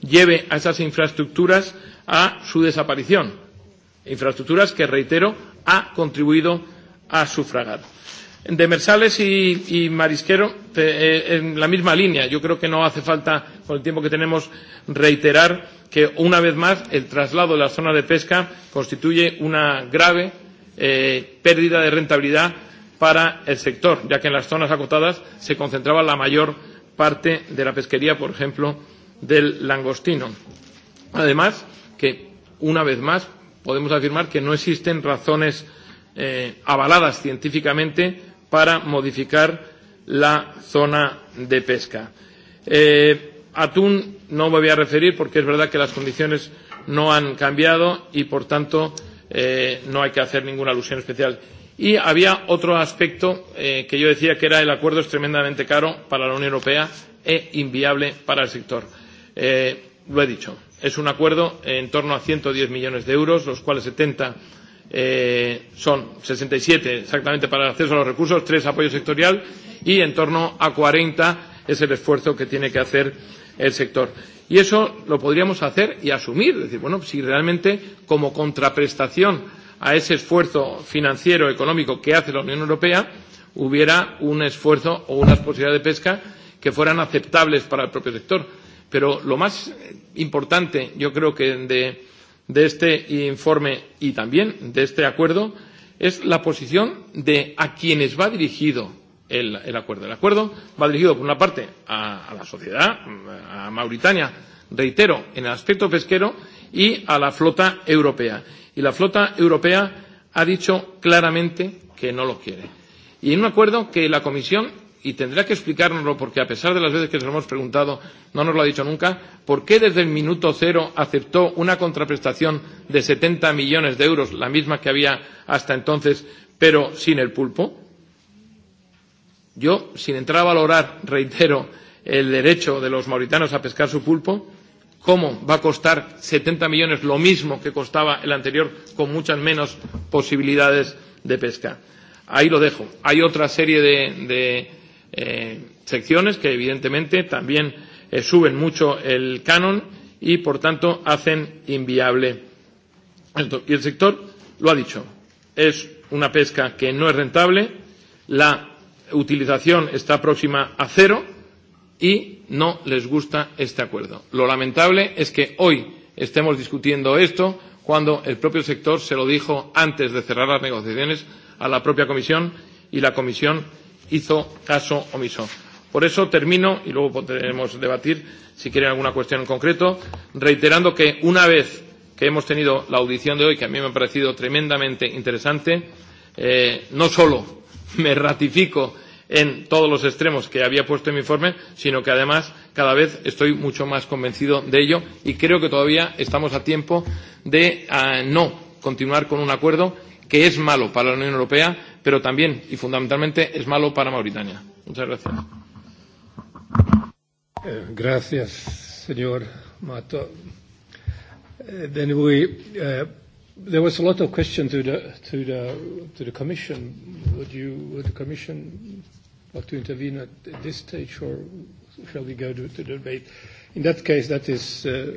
lleve a esas infraestructuras a su desaparición. Infraestructuras que, reitero, ha contribuido a sufragar. De Mersales y, y Marisquero, eh, en la misma línea. Yo creo que no hace falta, con el tiempo que tenemos, reiterar que, una vez más, el traslado de la zona de pesca constituye una grave eh, pérdida de rentabilidad para el sector, ya que en las zonas acotadas se concentraba la mayor parte de la pesquería, por ejemplo, del langostino. Además, que una vez más podemos afirmar que no existen razones eh, avaladas científicamente para modificar la zona de pesca. Eh, atún no me voy a referir porque es verdad que las condiciones no han cambiado y, por tanto, eh, no hay que hacer ninguna alusión especial. Y había otro aspecto eh, que yo decía que era el acuerdo es tremendamente caro para la Unión Europea e inviable para el sector. Eh, lo he dicho, es un acuerdo en torno a 110 millones de euros, los cuales 70 eh, son 67 exactamente para el acceso a los recursos, tres apoyo sectorial y en torno a 40 es el esfuerzo que tiene que hacer el sector. Y eso lo podríamos hacer y asumir, decir, bueno, si realmente como contraprestación a ese esfuerzo financiero económico que hace la Unión Europea hubiera un esfuerzo o unas posibilidades de pesca que fueran aceptables para el propio sector. Pero lo más importante, yo creo que de, de este informe y también de este acuerdo es la posición de a quienes va dirigido el, el acuerdo. El acuerdo va dirigido, por una parte, a, a la sociedad, a Mauritania, reitero, en el aspecto pesquero, y a la flota europea. Y la flota europea ha dicho claramente que no lo quiere. Y en un acuerdo que la Comisión, y tendrá que explicárnoslo porque a pesar de las veces que nos hemos preguntado, no nos lo ha dicho nunca, por qué desde el minuto cero aceptó una contraprestación de 70 millones de euros, la misma que había hasta entonces, pero sin el pulpo Yo, sin entrar a valorar, reitero, el derecho de los mauritanos a pescar su pulpo, cómo va a costar 70 millones lo mismo que costaba el anterior con muchas menos posibilidades de pesca. Ahí lo dejo. Hay otra serie de, de eh, secciones que evidentemente también eh, suben mucho el canon y por tanto hacen inviable esto. Y el sector lo ha dicho. Es una pesca que no es rentable. La utilización está próxima a cero y no les gusta este acuerdo. Lo lamentable es que hoy estemos discutiendo esto cuando el propio sector se lo dijo antes de cerrar las negociaciones a la propia Comisión y la Comisión hizo caso omiso. Por eso termino y luego podremos debatir si quieren alguna cuestión en concreto, reiterando que una vez que hemos tenido la audición de hoy, que a mí me ha parecido tremendamente interesante, eh, no solo me ratifico en todos los extremos que había puesto en mi informe, sino que además cada vez estoy mucho más convencido de ello y creo que todavía estamos a tiempo de uh, no continuar con un acuerdo que es malo para la Unión Europea, pero también y fundamentalmente es malo para Mauritania. Muchas gracias. Gracias, señor Mato. There was a lot of question to the to the to the commission. Would you would the commission like to intervene at this stage, or shall we go to, to the debate? In that case, that is uh,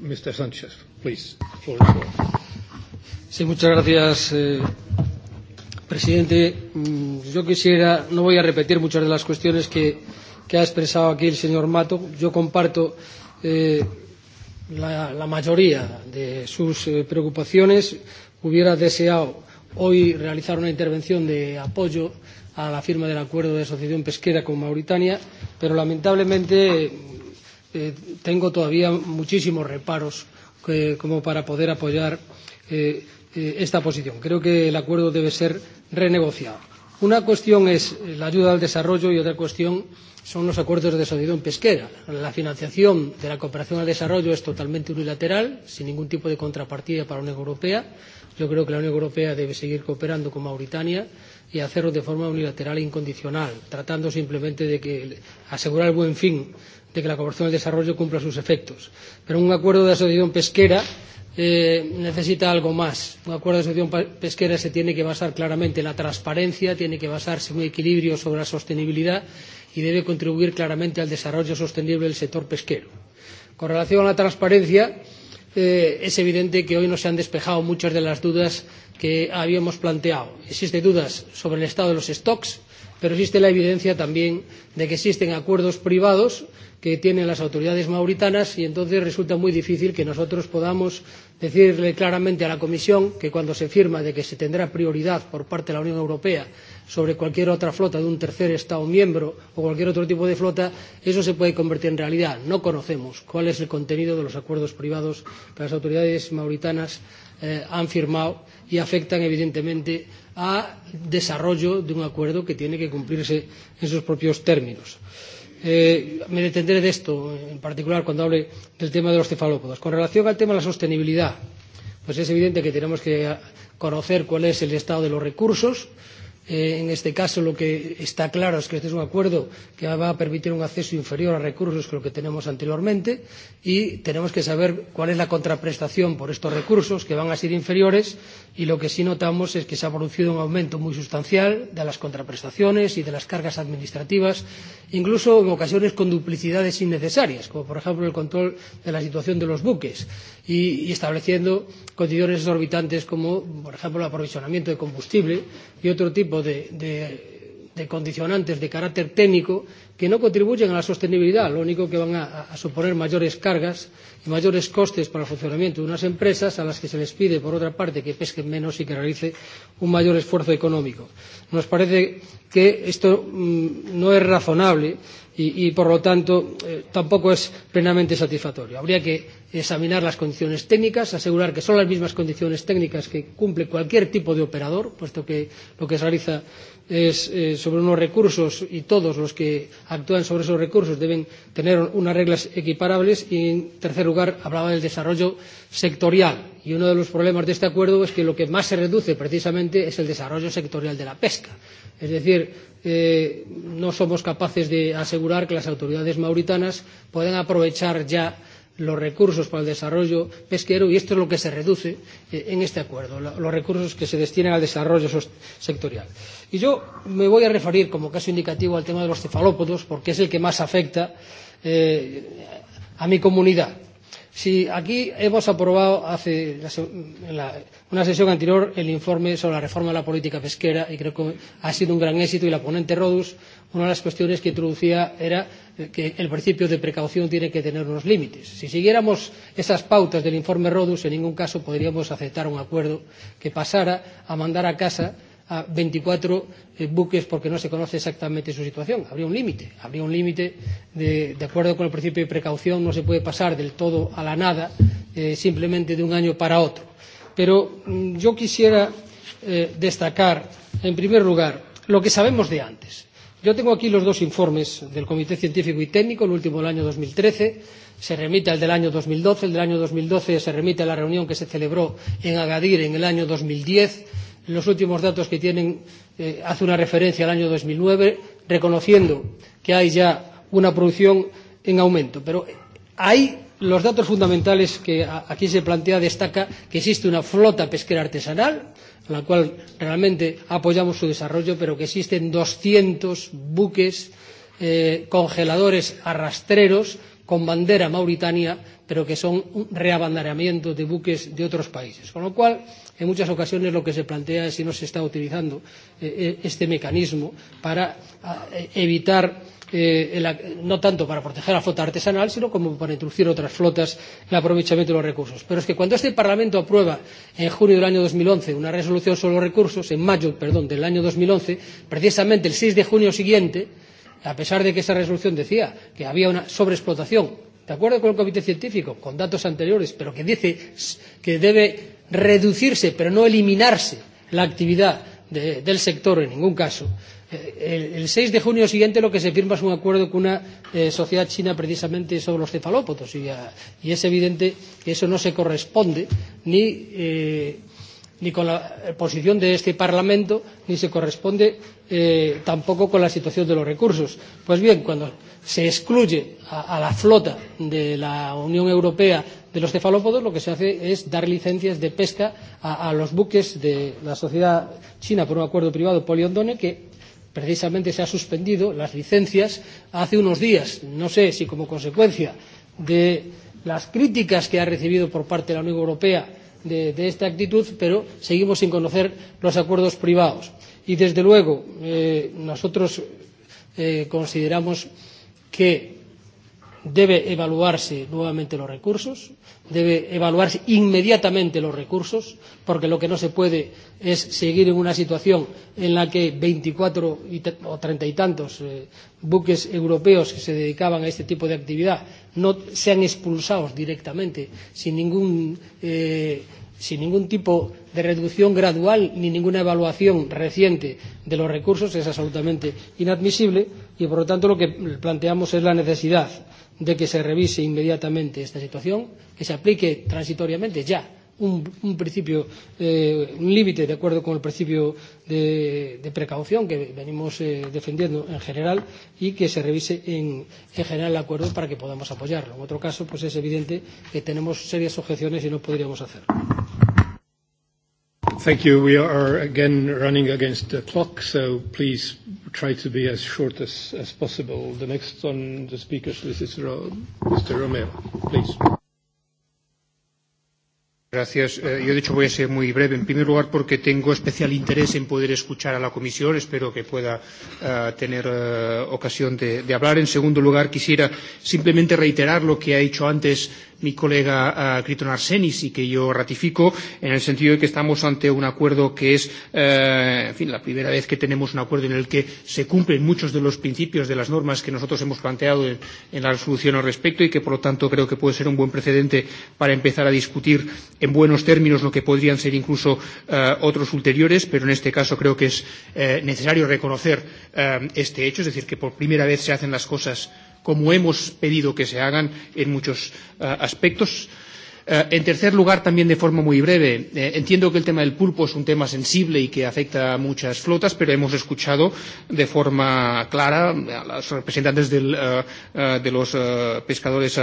Mr. Sanchez, please. Floor is Sí, muchas gracias, eh, presidente. Yo quisiera, no voy a repetir muchas de las cuestiones que, que ha expresado aquí el señor Mato. Yo comparto. Eh, la, la mayoría de sus eh, preocupaciones. Hubiera deseado hoy realizar una intervención de apoyo a la firma del acuerdo de asociación pesquera con Mauritania, pero lamentablemente eh, tengo todavía muchísimos reparos como para poder apoyar eh, esta posición. Creo que el acuerdo debe ser renegociado. Una cuestión es la ayuda al desarrollo y otra cuestión es son los acuerdos de asociación pesquera. La financiación de la cooperación al desarrollo es totalmente unilateral, sin ningún tipo de contrapartida para la Unión Europea. Yo creo que la Unión Europea debe seguir cooperando con Mauritania y hacerlo de forma unilateral e incondicional, tratando simplemente de que asegurar el buen fin de que la cooperación al desarrollo cumpla sus efectos. Pero un acuerdo de asociación pesquera eh, necesita algo más. Un acuerdo de asociación pesquera se tiene que basar claramente en la transparencia, tiene que basarse en un equilibrio sobre la sostenibilidad y debe contribuir claramente al desarrollo sostenible del sector pesquero. Con relación a la transparencia, eh, es evidente que hoy no se han despejado muchas de las dudas que habíamos planteado. Existen dudas sobre el estado de los stocks, pero existe la evidencia también de que existen acuerdos privados que tienen las autoridades mauritanas y entonces resulta muy difícil que nosotros podamos decirle claramente a la Comisión que cuando se firma de que se tendrá prioridad por parte de la Unión Europea sobre cualquier otra flota de un tercer Estado miembro o cualquier otro tipo de flota, eso se puede convertir en realidad. No conocemos cuál es el contenido de los acuerdos privados que las autoridades mauritanas han firmado y afectan evidentemente a desarrollo de un acuerdo que tiene que cumplirse en sus propios términos. Eh, me detendré de esto en particular cuando hable del tema de los cefalópodos. Con relación al tema de la sostenibilidad, pues es evidente que tenemos que conocer cuál es el estado de los recursos, en este caso lo que está claro es que este es un acuerdo que va a permitir un acceso inferior a recursos que lo que teníamos anteriormente y tenemos que saber cuál es la contraprestación por estos recursos que van a ser inferiores y lo que sí notamos es que se ha producido un aumento muy sustancial de las contraprestaciones y de las cargas administrativas, incluso en ocasiones con duplicidades innecesarias, como por ejemplo el control de la situación de los buques y, estableciendo condiciones exorbitantes como por ejemplo el aprovisionamiento de combustible y otro tipo de, de, de condicionantes de carácter técnico que no contribuyen a la sostenibilidad, lo único que van a, a suponer mayores cargas y mayores costes para el funcionamiento de unas empresas a las que se les pide, por otra parte, que pesquen menos y que realicen un mayor esfuerzo económico. Nos parece que esto no es razonable y, y por lo tanto, tampoco es plenamente satisfactorio. Habría que examinar las condiciones técnicas, asegurar que son las mismas condiciones técnicas que cumple cualquier tipo de operador, puesto que lo que se realiza es, eh, sobre unos recursos y todos los que actúan sobre esos recursos deben tener unas reglas equiparables y en tercer lugar hablaba del desarrollo sectorial y uno de los problemas de este acuerdo es que lo que más se reduce precisamente es el desarrollo sectorial de la pesca es decir eh, no somos capaces de asegurar que las autoridades mauritanas puedan aprovechar ya los recursos para el desarrollo pesquero y esto es lo que se reduce en este acuerdo, los recursos que se destinan al desarrollo sectorial. Y yo me voy a referir como caso indicativo al tema de los cefalópodos porque es el que más afecta a mi comunidad. Si aquí hemos aprobado hace en la, una sesión anterior el informe sobre la reforma de la política pesquera y creo que ha sido un gran éxito y la ponente Rodus, una de las cuestiones que introducía era que el principio de precaución tiene que tener unos límites. Si siguiéramos esas pautas del informe Rodus, en ningún caso podríamos aceptar un acuerdo que pasara a mandar a casa a veinticuatro buques porque no se conoce exactamente su situación. Habría un límite. Habría un límite de, de acuerdo con el principio de precaución. No se puede pasar del todo a la nada eh, simplemente de un año para otro. Pero yo quisiera eh, destacar, en primer lugar, lo que sabemos de antes Yo tengo aquí los dos informes del Comité Científico y Técnico, el último del año dos mil trece, se remite al del año dos mil doce, el del año dos mil doce se remite a la reunión que se celebró en Agadir en el año dos mil diez, los últimos datos que tienen eh, hace una referencia al año dos mil nueve, reconociendo que hay ya una producción en aumento. Pero hay los datos fundamentales que aquí se plantea destaca que existe una flota pesquera artesanal, a la cual realmente apoyamos su desarrollo, pero que existen doscientos buques congeladores arrastreros con bandera mauritania, pero que son un reabanderamiento de buques de otros países. Con lo cual, en muchas ocasiones lo que se plantea es si no se está utilizando este mecanismo para evitar no tanto para proteger la flota artesanal, sino como para introducir otras flotas en el aprovechamiento de los recursos. Pero es que cuando este Parlamento aprueba en junio del año dos mil once una resolución sobre los recursos, en mayo, perdón, del año dos mil once, precisamente el seis de junio siguiente, a pesar de que esa resolución decía que había una sobreexplotación, de acuerdo con el Comité Científico, con datos anteriores, pero que dice que debe reducirse, pero no eliminarse, la actividad del sector en ningún caso, el, seis de junio siguiente lo que se firma es un acuerdo con una sociedad china precisamente sobre los cefalópodos y, es evidente que eso no se corresponde ni, con la posición de este Parlamento ni se corresponde tampoco con la situación de los recursos. Pues bien, cuando se excluye a, la flota de la Unión Europea de los cefalópodos, lo que se hace es dar licencias de pesca a, los buques de la sociedad china por un acuerdo privado poliondone que precisamente se han suspendido las licencias hace unos días. No sé si como consecuencia de las críticas que ha recibido por parte de la Unión Europea de, de esta actitud, pero seguimos sin conocer los acuerdos privados. Y desde luego, eh, nosotros eh, consideramos que debe evaluarse nuevamente los recursos, debe evaluarse inmediatamente los recursos, porque lo que no se puede es seguir en una situación en la que veinticuatro o treinta y tantos buques europeos que se dedicaban a este tipo de actividad no sean expulsados directamente sin ningún sin ningún tipo de reducción gradual ni ninguna evaluación reciente de los recursos es absolutamente inadmisible y por lo tanto lo que planteamos es la necesidad de que se revise inmediatamente esta situación, que se aplique transitoriamente ya un, un principio, eh, un límite de acuerdo con el principio de, de precaución que venimos eh, defendiendo en general y que se revise en, en general el acuerdo para que podamos apoyarlo. En otro caso, pues es evidente que tenemos serias objeciones y no podríamos hacerlo. Thank you. We are again running against the clock, so please try to be as short as possible. The next on the speaker's list is Mr. Romeo, please. Gracias. Yo, de hecho, voy a ser muy breve. En primer lugar, porque tengo especial interés en poder escuchar a la comisión. Espero que pueda tener ocasión de, hablar. En segundo lugar, quisiera simplemente reiterar lo que ha dicho antes mi colega Criton Arsenis y que yo ratifico, en el sentido de que estamos ante un acuerdo que es, en fin, la primera vez que tenemos un acuerdo en el que se cumplen muchos de los principios de las normas que nosotros hemos planteado en, la resolución al respecto y que, por lo tanto, creo que puede ser un buen precedente para empezar a discutir en buenos términos lo que podrían ser incluso otros ulteriores, pero en este caso creo que es necesario reconocer este hecho, es decir, que por primera vez se hacen las cosas como hemos pedido que se hagan en muchos aspectos en tercer lugar, también de forma muy breve, entiendo que el tema del pulpo es un tema sensible y que afecta a muchas flotas, pero hemos escuchado de forma clara a los representantes del, de los pescadores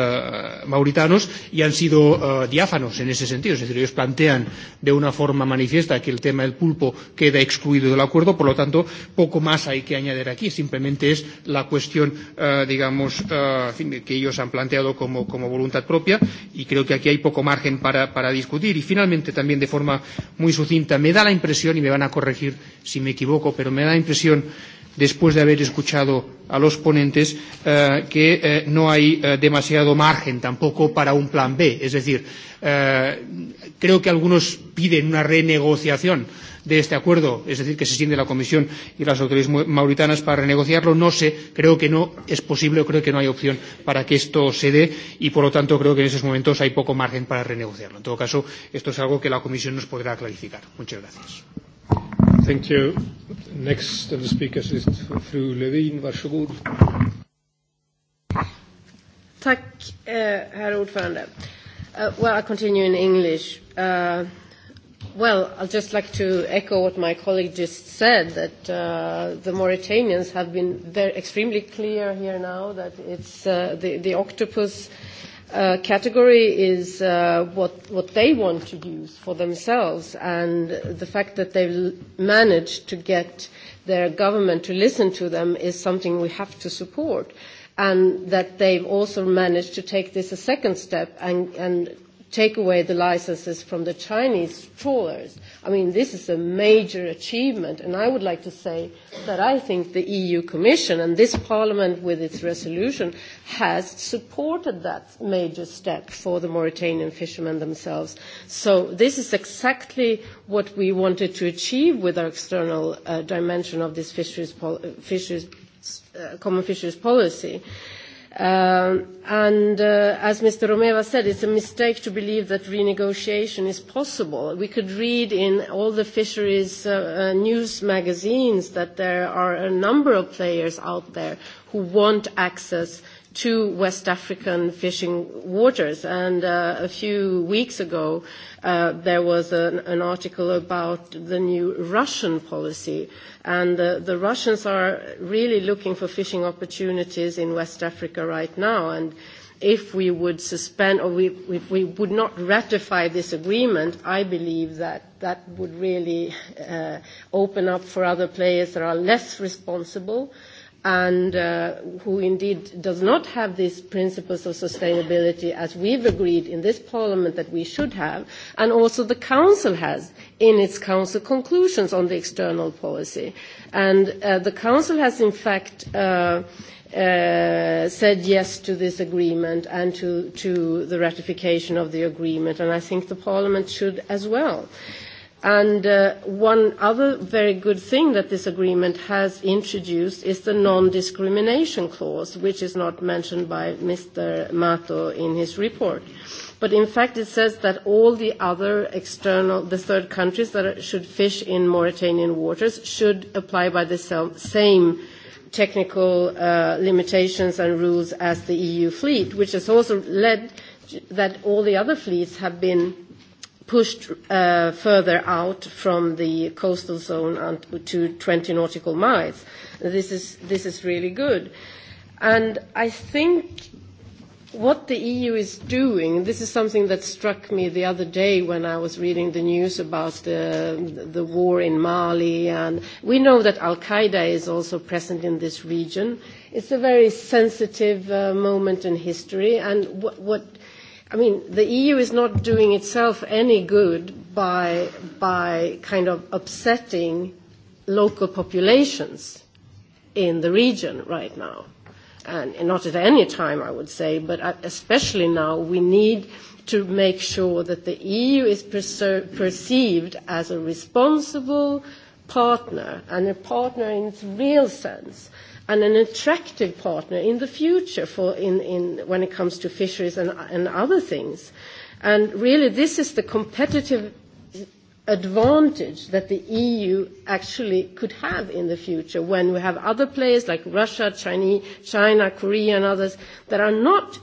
mauritanos y han sido diáfanos en ese sentido. Es decir, ellos plantean de una forma manifiesta que el tema del pulpo queda excluido del acuerdo, por lo tanto, poco más hay que añadir aquí. Simplemente es la cuestión, digamos, que ellos han planteado como, como voluntad propia y creo que aquí hay poco poco margen para, para discutir. Y finalmente, también de forma muy sucinta, me da la impresión, y me van a corregir si me equivoco, pero me da la impresión después de haber escuchado a los ponentes, eh, que eh, no hay eh, demasiado margen tampoco para un plan B. Es decir, eh, Creo que algunos piden una renegociación de este acuerdo, es decir, que se siente la Comisión y las autoridades mauritanas para renegociarlo. No sé, creo que no es posible, creo que no hay opción para que esto se dé y, por lo tanto, creo que en esos momentos hay poco margen para renegociarlo. En todo caso, esto es algo que la Comisión nos podrá clarificar. Muchas gracias. Thank you. Next on the speakers list, fru Levin, varsågod. Tack, eh, herr ordförande. Uh, well, I continue in English. Uh, well, I'd just like to echo what my colleague just said, that uh, the Mauritanians have been very, extremely clear here now that it's uh, the, the octopus uh, category is uh, what, what they want to use for themselves. And the fact that they've managed to get their government to listen to them is something we have to support. Uh, and that they've also managed to take this a second step and, and take away the licenses from the Chinese trawlers. I mean, this is a major achievement, and I would like to say that I think the EU Commission and this Parliament, with its resolution, has supported that major step for the Mauritanian fishermen themselves. So this is exactly what we wanted to achieve with our external uh, dimension of this fisheries, pol- fisheries uh common fisheries policy. and uh as Mr. Romeva said, it's a mistake to believe that renegotiation is possible. We could read in all the fisheries uh news magazines that there are a number of players out there who want access uh, to West African fishing waters. And uh, a few weeks ago, uh, there was an, an article about the new Russian policy. And uh, the Russians are really looking for fishing opportunities in West Africa right now. And if we would suspend or we, if we would not ratify this agreement, I believe that that would really uh, open up for other players that are less responsible. Uh, and uh, who indeed does not have these principles of sustainability as we've agreed in this parliament that we should have, and also the council has in its council conclusions on the external policy. And uh, the council has in fact uh, uh, said yes to this agreement and to, to the ratification of the agreement, and I think the parliament should as well. Uh, And uh, one other very good thing that this agreement has introduced is the non-discrimination clause, which is not mentioned by Mr. Mato in his report. But in fact, it says that all the other external, the third countries that are, should fish in Mauritanian waters should apply by the same technical uh, limitations and rules as the EU fleet, which has also led that all the other fleets have been pushed uh, further out from the coastal zone and to 20 nautical miles. This is, this is really good. And I think what the EU is doing, this is something that struck me the other day when I was reading the news about the, the war in Mali. And we know that Al Qaeda is also present in this region. It's a very sensitive uh, moment in history. And what, what I mean, the EU is not doing itself any good by, by kind of upsetting local populations in the region right now. And not at any time, I would say, but especially now, we need to make sure that the EU is perceived as a responsible partner and a partner in its real sense and an attractive partner in the future for in, in when it comes to fisheries and, and other things. And really, this is the competitive advantage that the EU actually could have in the future when we have other players like Russia, Chinese, China, Korea, and others that are not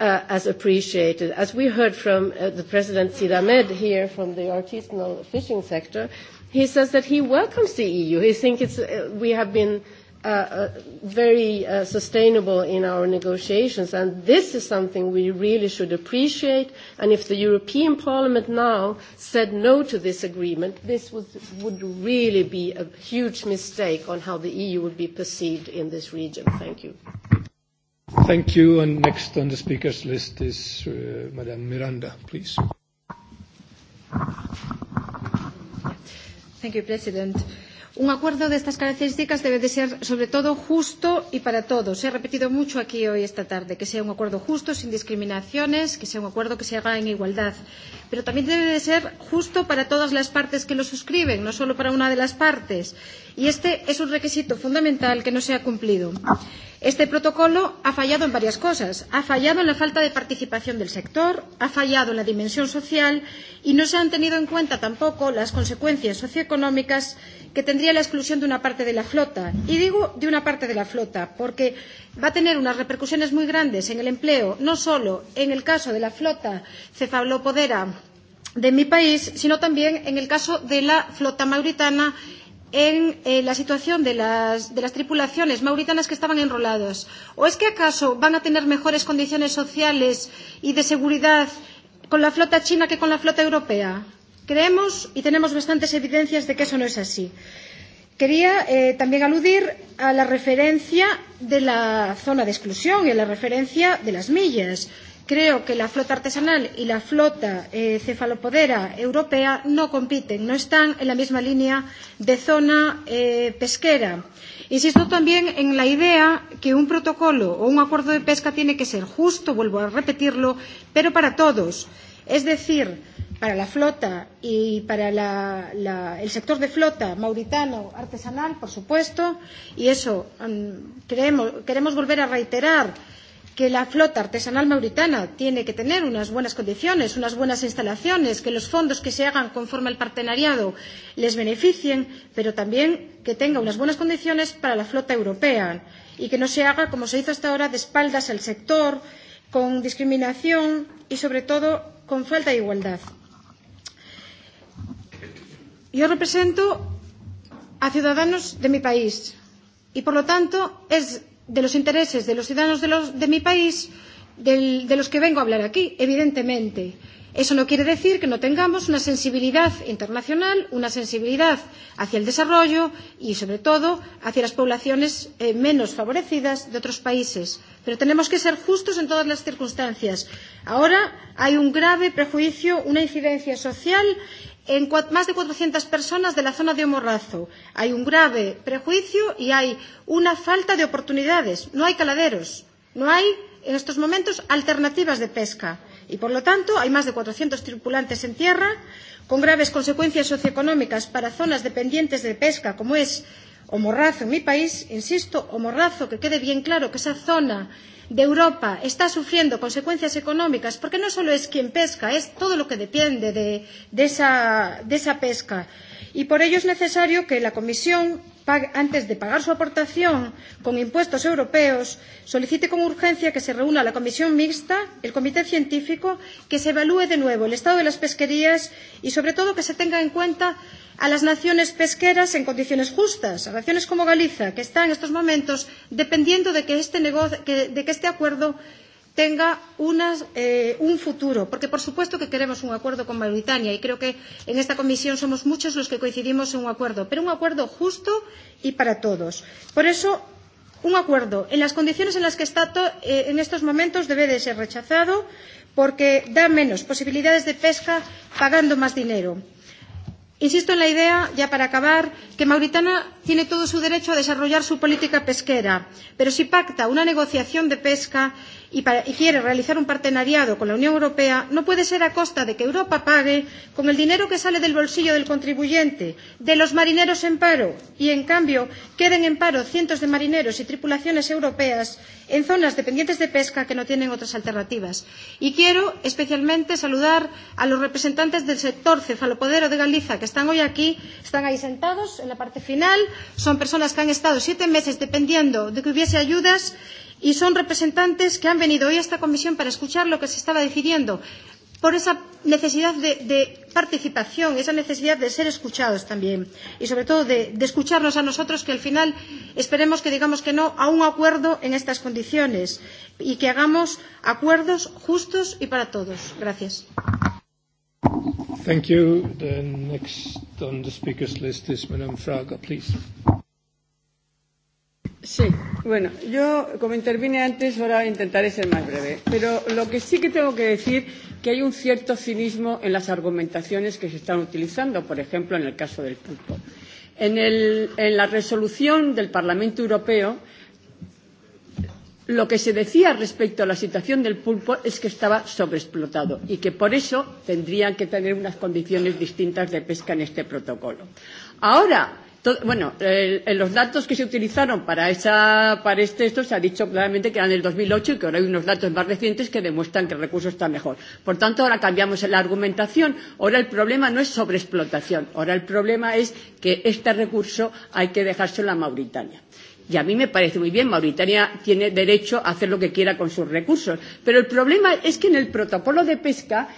uh, as appreciated. As we heard from uh, the President Sid Ahmed here from the artisanal fishing sector, he says that he welcomes the EU. He thinks it's, uh, we have been – very uh, sustainable in our negotiations. And this is something we really should appreciate. And if the European Parliament now said no to this agreement, this would, would really be a huge mistake on how the EU would be perceived in this region. Thank you. Thank you. And next on the speakers list is uh, Madame Miranda, please. Thank you, President. Un acuerdo de estas características debe de ser, sobre todo, justo y para todos. Se ha repetido mucho aquí hoy esta tarde, que sea un acuerdo justo, sin discriminaciones, que sea un acuerdo que se haga en igualdad. Pero también debe de ser justo para todas las partes que lo suscriben, no solo para una de las partes. Y este es un requisito fundamental que no se ha cumplido. Este protocolo ha fallado en varias cosas. Ha fallado en la falta de participación del sector, ha fallado en la dimensión social y no se han tenido en cuenta tampoco las consecuencias socioeconómicas que tendría la exclusión de una parte de la flota. Y digo de una parte de la flota, porque va a tener unas repercusiones muy grandes en el empleo, no solo en el caso de la flota cefalopodera de mi país, sino también en el caso de la flota mauritana en eh, la situación de las, de las tripulaciones mauritanas que estaban enroladas, ¿O es que acaso van a tener mejores condiciones sociales y de seguridad con la flota china que con la flota europea? Creemos y tenemos bastantes evidencias de que eso no es así. Quería eh, también aludir a la referencia de la zona de exclusión y a la referencia de las millas. Creo que la flota artesanal y la flota eh, cefalopodera europea no compiten, no están en la misma línea de zona eh, pesquera. Insisto también en la idea que un protocolo o un acuerdo de pesca tiene que ser justo, vuelvo a repetirlo, pero para todos. Es decir, para la flota y para la, la, el sector de flota mauritano artesanal, por supuesto, y eso creemos, queremos volver a reiterar que la flota artesanal mauritana tiene que tener unas buenas condiciones, unas buenas instalaciones, que los fondos que se hagan conforme al partenariado les beneficien, pero también que tenga unas buenas condiciones para la flota europea y que no se haga, como se hizo hasta ahora, de espaldas al sector, con discriminación y, sobre todo, con falta de igualdad. Yo represento a ciudadanos de mi país y, por lo tanto, es de los intereses de los ciudadanos de, los, de mi país del, de los que vengo a hablar aquí, evidentemente. Eso no quiere decir que no tengamos una sensibilidad internacional, una sensibilidad hacia el desarrollo y, sobre todo, hacia las poblaciones eh, menos favorecidas de otros países. Pero tenemos que ser justos en todas las circunstancias. Ahora hay un grave prejuicio, una incidencia social en más de 400 personas de la zona de Omorrazo. Hay un grave prejuicio y hay una falta de oportunidades. No hay caladeros, no hay en estos momentos alternativas de pesca y, por lo tanto, hay más de 400 tripulantes en tierra con graves consecuencias socioeconómicas para zonas dependientes de pesca, como es Omorrazo en mi país, insisto, Omorrazo, que quede bien claro que esa zona de Europa está sufriendo consecuencias económicas, porque no solo es quien pesca, es todo lo que depende de, de, esa, de esa pesca. Y por ello es necesario que la Comisión antes de pagar su aportación con impuestos europeos, solicite con urgencia que se reúna la comisión mixta, el comité científico, que se evalúe de nuevo el estado de las pesquerías y, sobre todo, que se tenga en cuenta a las naciones pesqueras en condiciones justas, a naciones como Galiza, que está en estos momentos dependiendo de que este, acuerdo tenga unas, eh, un futuro. Porque, por supuesto, que queremos un acuerdo con Mauritania y creo que en esta comisión somos muchos los que coincidimos en un acuerdo, pero un acuerdo justo y para todos. Por eso, un acuerdo en las condiciones en las que está eh, en estos momentos debe de ser rechazado porque da menos posibilidades de pesca pagando más dinero. Insisto en la idea, ya para acabar, que Mauritania tiene todo su derecho a desarrollar su política pesquera, pero si pacta una negociación de pesca y, quiere realizar un partenariado con la Unión Europea, no puede ser a costa de que Europa pague con el dinero que sale del bolsillo del contribuyente, de los marineros en paro, y en cambio queden en paro cientos de marineros y tripulaciones europeas en zonas dependientes de pesca que no tienen otras alternativas. Y quiero especialmente saludar a los representantes del sector cefalopodero de Galiza que están hoy aquí, están ahí sentados en la parte final, son personas que han estado siete meses dependiendo de que hubiese ayudas y son representantes que han venido hoy a esta comisión para escuchar lo que se estaba decidiendo por esa necesidad de, de participación, esa necesidad de ser escuchados también y sobre todo de, de escucharnos a nosotros que al final esperemos que digamos que no a un acuerdo en estas condiciones y que hagamos acuerdos justos y para todos. Gracias. Thank you. The next on the speakers list is Madame Fraga, please. Sí, bueno, yo como intervine antes, ahora intentaré ser más breve. Pero lo que sí que tengo que decir es que hay un cierto cinismo en las argumentaciones que se están utilizando, por ejemplo, en el caso del pulpo. En, el, en la resolución del Parlamento Europeo Lo que se decía respecto a la situación del pulpo es que estaba sobreexplotado y que por eso tendrían que tener unas condiciones distintas de pesca en este protocolo. Ahora, bueno, en los datos que se utilizaron para, esa, para este esto se ha dicho claramente que eran del 2008 y que ahora hay unos datos más recientes que demuestran que el recurso está mejor. Por tanto, ahora cambiamos la argumentación. Ahora el problema no es sobreexplotación. Ahora el problema es que este recurso hay que dejárselo a Mauritania Y a mí me parece muy bien, Mauritania tiene derecho a hacer lo que quiera con sus recursos. Pero el problema es que en el protocolo de pesca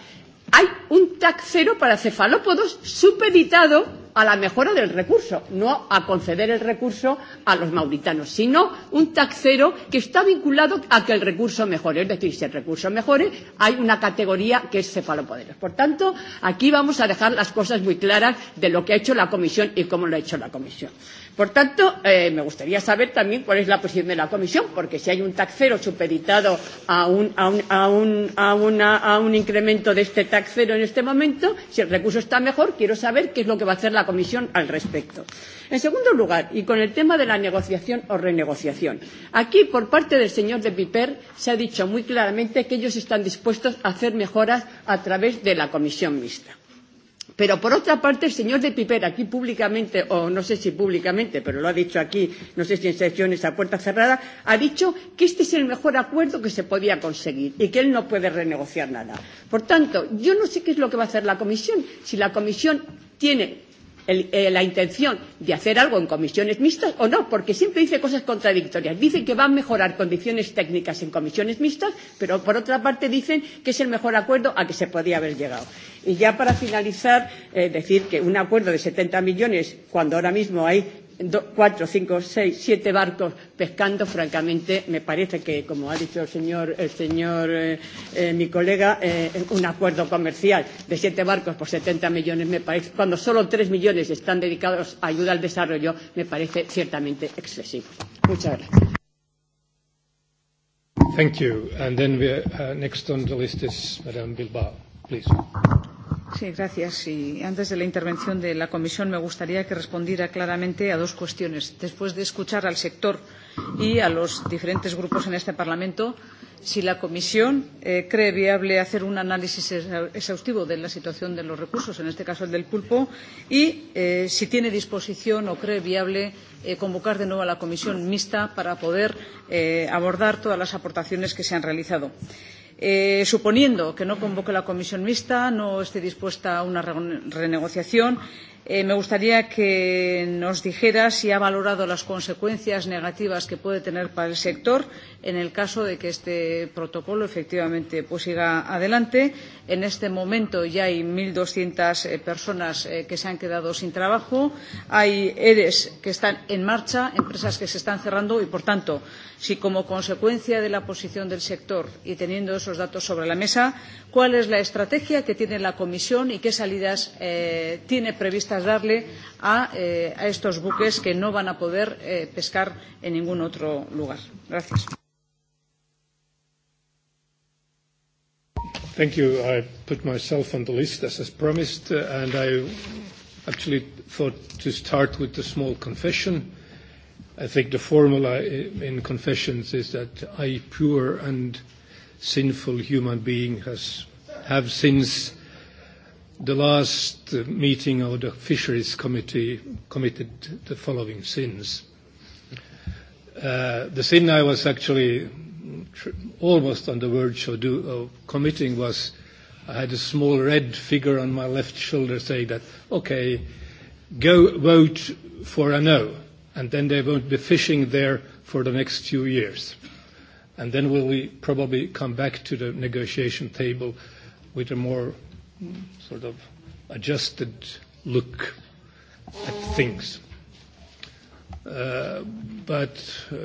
hay un TAC cero para cefalópodos supeditado a la mejora del recurso, no a conceder el recurso a los mauritanos, sino un taxero que está vinculado a que el recurso mejore. Es decir, si el recurso mejore, hay una categoría que es cefalopoderos. Por tanto, aquí vamos a dejar las cosas muy claras de lo que ha hecho la Comisión y cómo lo ha hecho la Comisión. Por tanto, eh, me gustaría saber también cuál es la posición de la Comisión, porque si hay un taxero supeditado a un, a un, a un, a una, a un incremento de este taxero en este momento, si el recurso está mejor, quiero saber qué es lo que va a hacer la la Comisión al respecto. En segundo lugar, y con el tema de la negociación o renegociación, aquí por parte del señor de Piper se ha dicho muy claramente que ellos están dispuestos a hacer mejoras a través de la Comisión mixta. Pero por otra parte, el señor de Piper, aquí públicamente, o no sé si públicamente, pero lo ha dicho aquí, no sé si en sesiones a puerta cerrada, ha dicho que este es el mejor acuerdo que se podía conseguir y que él no puede renegociar nada. Por tanto, yo no sé qué es lo que va a hacer la comisión. Si la comisión tiene el, eh, la intención de hacer algo en comisiones mixtas o no, porque siempre dice cosas contradictorias. Dice que va a mejorar condiciones técnicas en comisiones mixtas, pero por otra parte dicen que es el mejor acuerdo a que se podía haber llegado. Y ya para finalizar, eh, decir que un acuerdo de 70 millones, cuando ahora mismo hay cuatro, cinco, seis, siete barcos pescando, francamente, me parece que, como ha dicho el señor, el señor eh, eh, mi colega, eh, un acuerdo comercial de siete barcos por 70 millones, me parece, cuando solo tres millones están dedicados a ayuda al desarrollo, me parece ciertamente excesivo. Muchas gracias. Thank you. And then we, uh, next on the list is Madame Bilbao, please. Sí, gracias. Y antes de la intervención de la Comisión, me gustaría que respondiera claramente a dos cuestiones. Después de escuchar al sector y a los diferentes grupos en este Parlamento, si la Comisión cree viable hacer un análisis exhaustivo de la situación de los recursos, en este caso el del pulpo, y si tiene disposición o cree viable convocar de nuevo a la Comisión mixta para poder abordar todas las aportaciones que se han realizado suponiendo que no convoque la comisión mixta, no esté dispuesta a una renegociación, me gustaría que nos dijera si ha valorado las consecuencias negativas que puede tener para el sector en el caso de que este protocolo efectivamente siga adelante. En este momento ya hay uno doscientos personas que se han quedado sin trabajo, hay ERE que están en marcha, empresas que se están cerrando y, por tanto, si como consecuencia de la posición del sector y teniendo esos datos sobre la mesa, ¿cuál es la estrategia que tiene la Comisión y qué salidas tiene previstas respuestas darle a, estos buques que no van a poder pescar en ningún otro lugar. Gracias. Thank you. I put myself on the list as, as promised, uh, and I actually thought to start with a small confession. I think the formula in confessions is that I, pure and sinful human being, has have since The last meeting of the Fisheries Committee committed the following sins. Uh, the sin I was actually tr- almost on the verge of, do- of committing was I had a small red figure on my left shoulder saying that, okay, go vote for a no, and then they won't be fishing there for the next few years. And then will we probably come back to the negotiation table with a more sort of adjusted look at things. Uh, but uh,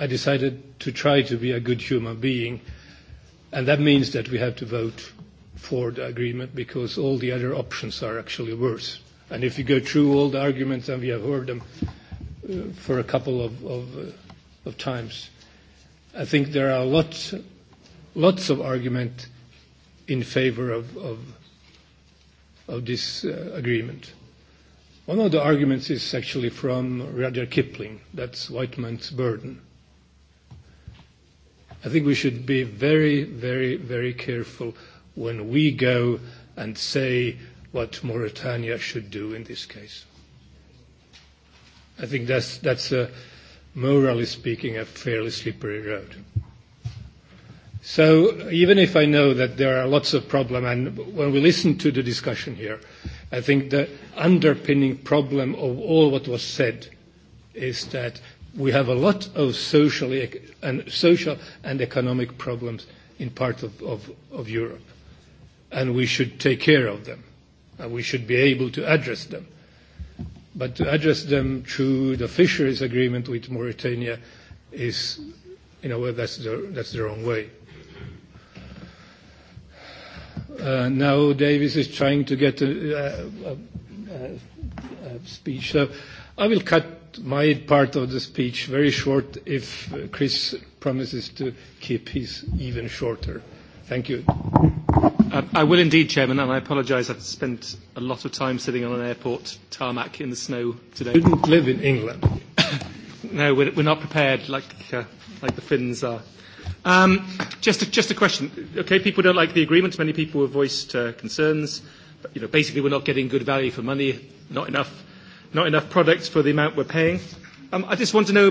I decided to try to be a good human being, and that means that we have to vote for the agreement because all the other options are actually worse. And if you go through all the arguments, and we have heard them uh, for a couple of, of, uh, of times, I think there are lots, lots of argument in favor of, of of this uh, agreement. One of the arguments is actually from Rudyard Kipling. That's White Man's Burden. I think we should be very, very, very careful when we go and say what Mauritania should do in this case. I think that's, that's a, morally speaking, a fairly slippery road. So even if I know that there are lots of problems, and when we listen to the discussion here, I think the underpinning problem of all what was said is that we have a lot of socially and, social and economic problems in part of, of, of Europe, and we should take care of them, and we should be able to address them. But to address them through the fisheries agreement with Mauritania is, you know that's the, that's the wrong way Uh, now Davis is trying to get a, a, a, a speech. So I will cut my part of the speech very short if Chris promises to keep his even shorter. Thank you. I will indeed, Chairman, and I apologise. I've spent a lot of time sitting on an airport tarmac in the snow today. You didn't live in England. no, we're, we're not prepared like, uh, like the Finns are. Um, just, a, just a question. Okay, people don't like the agreement. Many people have voiced uh, concerns. But, you know, basically, we're not getting good value for money. Not enough, not enough products for the amount we're paying. Um, I just want to know.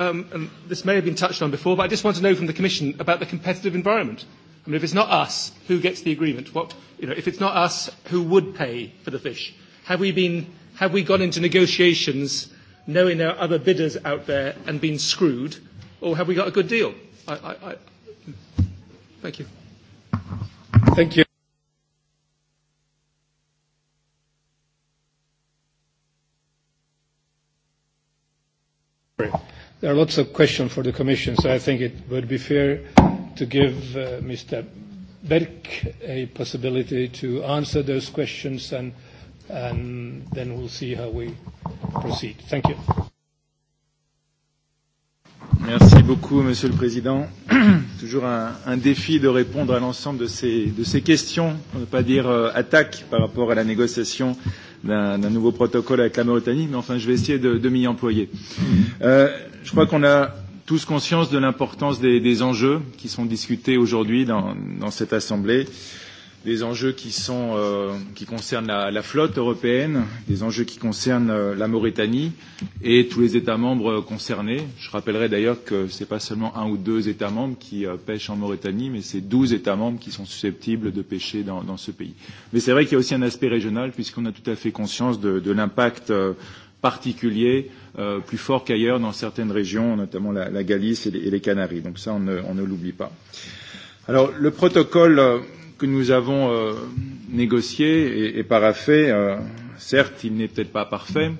Um, and this may have been touched on before, but I just want to know from the Commission about the competitive environment. I mean, if it's not us, who gets the agreement? What, you know, if it's not us, who would pay for the fish? Have we been? Have we gone into negotiations knowing there are other bidders out there and been screwed, or have we got a good deal? thank you. Thank you. There are lots of questions for the Commission, so I think it would be fair to give uh, Mr. Berg a possibility to answer those questions, and, and then we'll see how we proceed. Thank you. Merci beaucoup, Monsieur le Président. Toujours un, un défi de répondre à l'ensemble de ces, de ces questions, pour ne pas dire euh, attaques par rapport à la négociation d'un nouveau protocole avec la Mauritanie, mais enfin, je vais essayer de, de m'y employer. Euh, je crois qu'on a tous conscience de l'importance des, des enjeux qui sont discutés aujourd'hui dans, dans cette Assemblée. Euh, des enjeux qui, sont, euh, qui concernent la, la flotte européenne, des enjeux qui concernent euh, la Maurétanie et tous les États membres concernés. Je rappellerai d'ailleurs que ce n'est pas seulement un ou deux États membres qui euh, pêchent en Mauritanie, mais c'est douze États membres qui sont susceptibles de pêcher dans, dans ce pays. Mais c'est vrai qu'il y a aussi un aspect régional, puisqu'on a tout à fait conscience de, de l'impact euh, particulier, euh, plus fort qu'ailleurs dans certaines régions, notamment la, la Galice et les, et les Canaries. Donc ça, on ne, ne l'oublie pas. Alors, le protocole. Euh, que nous avons euh, négocié et, et paraffé, euh, certes, il n'est peut-être pas parfait,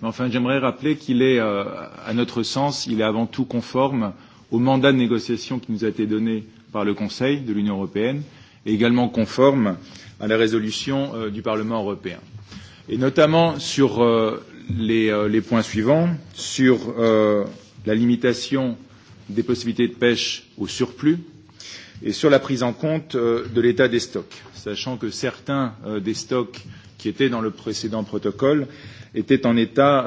mais enfin, j'aimerais rappeler qu'il est, euh, à notre sens, il est avant tout conforme au mandat de négociation qui nous a été donné par le Conseil de l'Union européenne et également conforme à la résolution euh, du Parlement européen. Et notamment sur euh, les, euh, les points suivants, sur euh, la limitation des possibilités de pêche au surplus, et sur la prise en compte de l'état des stocks, sachant que certains des stocks qui étaient dans le précédent protocole étaient en état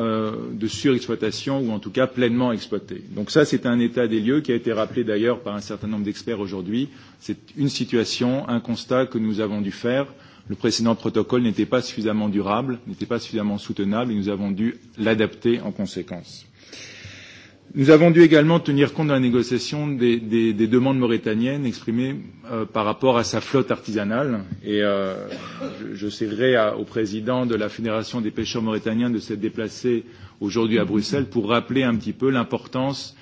de surexploitation ou en tout cas pleinement exploités. Donc ça, c'est un état des lieux qui a été rappelé d'ailleurs par un certain nombre d'experts aujourd'hui. C'est une situation, un constat que nous avons dû faire. Le précédent protocole n'était pas suffisamment durable, n'était pas suffisamment soutenable et nous avons dû l'adapter en conséquence. Euh, Nous avons dû également tenir compte dans la négociation des, des, des demandes mauritaniennes exprimées euh, par rapport à sa flotte artisanale. Et euh, je, je serai à, au président de la Fédération des pêcheurs mauritaniens de s'être déplacé aujourd'hui à Bruxelles pour rappeler un petit peu l'importance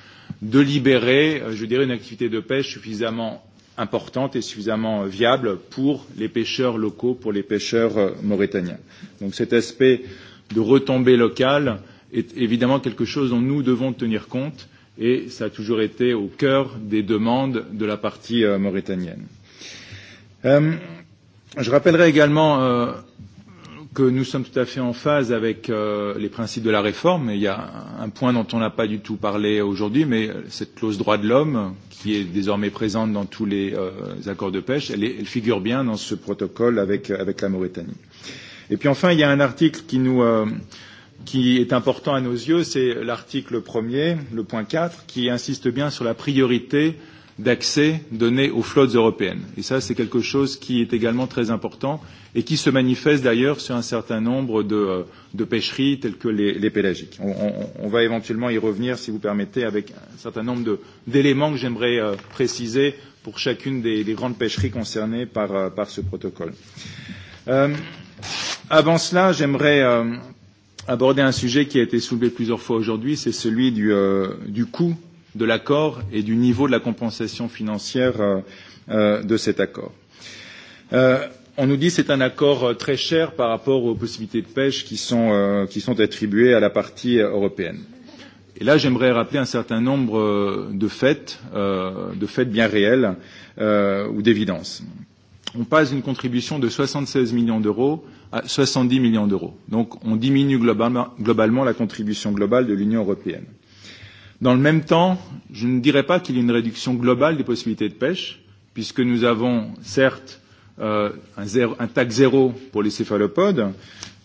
de libérer, je dirais, une activité de pêche suffisamment importante et suffisamment viable pour les pêcheurs locaux, pour les pêcheurs mauritaniens. Donc cet aspect de retombée locale euh, est évidemment quelque chose dont nous devons tenir compte et ça a toujours été au cœur des demandes de la partie euh, mauritanienne. Euh, je rappellerai également euh, que nous sommes tout à fait en phase avec euh, les principes de la réforme. Et il y a un point dont on n'a pas du tout parlé aujourd'hui, mais cette clause droit de l'homme, qui est désormais présente dans tous les euh, accords de pêche, elle, est, elle figure bien dans ce protocole avec, avec la Mauritanie. Et puis enfin, il y a un article qui nous. Euh, qui est important à nos yeux, c'est l'article premier, le point quatre, qui insiste bien sur la priorité d'accès donné aux flottes européennes. Et ça, c'est quelque chose qui est également très important et qui se manifeste d'ailleurs sur un certain nombre de, de pêcheries telles que les, les pélagiques. On, on, on va éventuellement y revenir, si vous permettez, avec un certain nombre d'éléments que j'aimerais euh, préciser pour chacune des, des grandes pêcheries concernées par, euh, par ce protocole. Euh, avant cela, j'aimerais euh, aborder un sujet qui a été soulevé plusieurs fois aujourd'hui, c'est celui du, euh, du coût de l'accord et du niveau de la compensation financière euh, euh, de cet accord. Euh, on nous dit que c'est un accord très cher par rapport aux possibilités de pêche qui sont, euh, qui sont attribuées à la partie européenne. Et là, j'aimerais rappeler un certain nombre de faits, euh, de faits bien réels euh, ou d'évidence. On passe d'une contribution de 76 millions d'euros à 70 millions d'euros. Donc on diminue globalement, globalement la contribution globale de l'Union européenne. Dans le même temps, je ne dirais pas qu'il y ait une réduction globale des possibilités de pêche, puisque nous avons certes euh, un, zéro, un tac zéro pour les céphalopodes,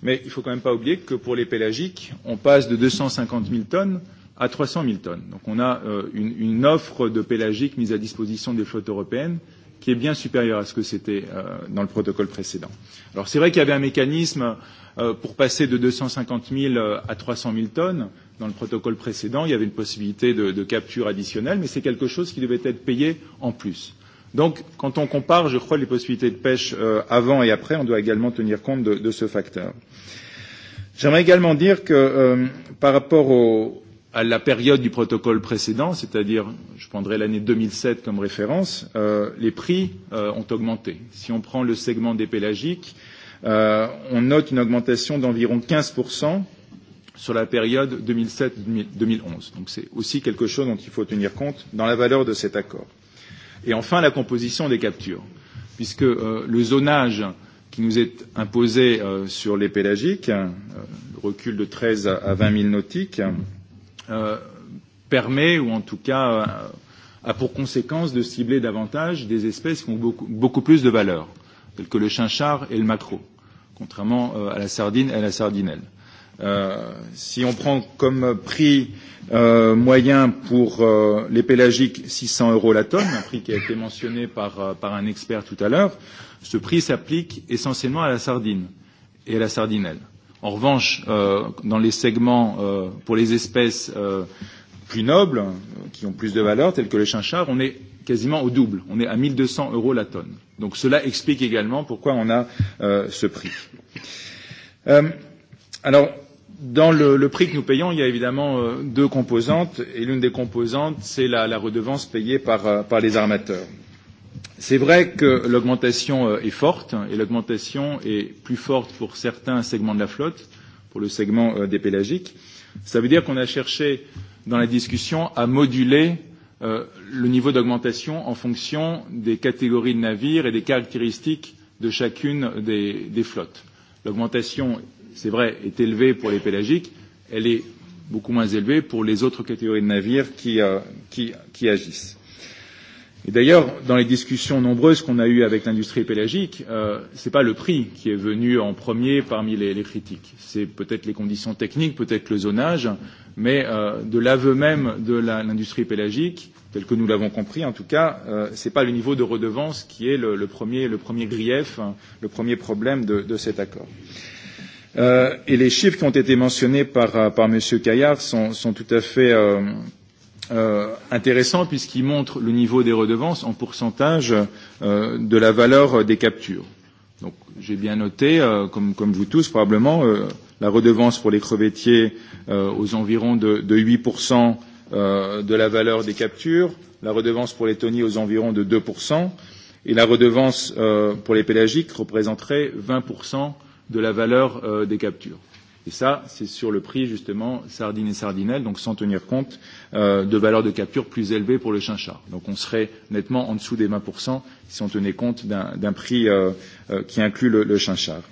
mais il ne faut quand même pas oublier que pour les pélagiques, on passe de 250 000 tonnes à 300 000 tonnes. Donc on a euh, une, une offre de pélagiques mise à disposition des flottes européennes qui est bien supérieur à ce que c'était dans le protocole précédent. Alors c'est vrai qu'il y avait un mécanisme pour passer de 250 000 à 300 000 tonnes. Dans le protocole précédent, il y avait une possibilité de, de capture additionnelle, mais c'est quelque chose qui devait être payé en plus. Donc, quand on compare, je crois, les possibilités de pêche euh, avant et après, on doit également tenir compte de, de ce facteur. J'aimerais également dire que euh, par rapport au, à la période du protocole précédent, c'est-à-dire, je prendrai l'année 2007 comme référence, euh, les prix euh, ont augmenté. Si on prend le segment des pélagiques, euh, on note une augmentation d'environ 15% sur la période 2007-2011. Donc c'est aussi quelque chose dont il faut tenir compte dans la valeur de cet accord. Et enfin, la composition des captures, puisque euh, le zonage qui nous est imposé euh, sur les pélagiques, euh, recul de 13 à 20 000 nautiques, euh, permet, ou en tout cas a pour conséquence de cibler davantage des espèces qui ont beaucoup, beaucoup plus de valeur, telles que le chinchard et le macro, contrairement à la sardine et à la sardinelle. Euh, si on prend comme prix euh, moyen pour euh, les pélagiques 600 euros la tonne, un prix qui a été mentionné par, par un expert tout à l'heure, ce prix s'applique essentiellement à la sardine et à la sardinelle. En revanche, euh, dans les segments euh, pour les espèces euh, plus nobles, qui ont plus de valeur, telles que les chinchards, on est quasiment au double. On est à 1200 euros la tonne. Donc cela explique également pourquoi on a euh, ce prix. Euh, alors, dans le, le prix que nous payons, il y a évidemment euh, deux composantes, et l'une des composantes, c'est la, la redevance payée par, euh, par les armateurs. C'est vrai que l'augmentation est forte et l'augmentation est plus forte pour certains segments de la flotte, pour le segment des pélagiques. Ça veut dire qu'on a cherché dans la discussion à moduler le niveau d'augmentation en fonction des catégories de navires et des caractéristiques de chacune des, des flottes. L'augmentation, c'est vrai, est élevée pour les pélagiques, elle est beaucoup moins élevée pour les autres catégories de navires qui, qui, qui agissent. Et d'ailleurs, dans les discussions nombreuses qu'on a eues avec l'industrie pélagique, euh, ce n'est pas le prix qui est venu en premier parmi les, les critiques. C'est peut-être les conditions techniques, peut-être le zonage, mais euh, de l'aveu même de l'industrie pélagique, tel que nous l'avons compris en tout cas, euh, ce n'est pas le niveau de redevance qui est le, le, premier, le premier grief, le premier problème de, de cet accord. Euh, et les chiffres qui ont été mentionnés par, par M. Caillard sont, sont tout à fait. Euh, euh, intéressant puisqu'il montre le niveau des redevances en pourcentage euh, de la valeur des captures. Donc j'ai bien noté, euh, comme, comme vous tous probablement, euh, la redevance pour les crevettiers euh, aux environs de, de 8% euh, de la valeur des captures, la redevance pour les tonniers aux environs de 2%, et la redevance euh, pour les pélagiques représenterait 20% de la valeur euh, des captures. Et ça, c'est sur le prix justement sardine et sardinelle, donc sans tenir compte euh, de valeurs de capture plus élevées pour le chinchard. Donc on serait nettement en dessous des 20% si on tenait compte d'un prix euh, euh, qui inclut le, le chinchard.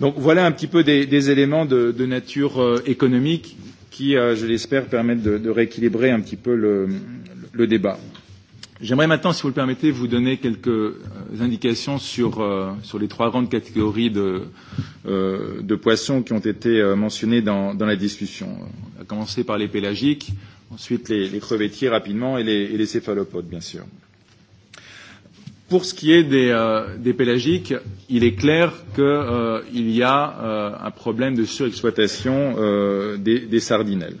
Donc voilà un petit peu des, des éléments de, de nature euh, économique qui, euh, je l'espère, permettent de, de rééquilibrer un petit peu le, le débat. J'aimerais maintenant, si vous le permettez, vous donner quelques indications sur, euh, sur les trois grandes catégories de, euh, de poissons qui ont été euh, mentionnées dans, dans la discussion. On a commencer par les pélagiques, ensuite les, les crevettiers rapidement et les, et les céphalopodes, bien sûr. Pour ce qui est des, euh, des pélagiques, il est clair qu'il euh, y a euh, un problème de surexploitation euh, des, des sardinelles.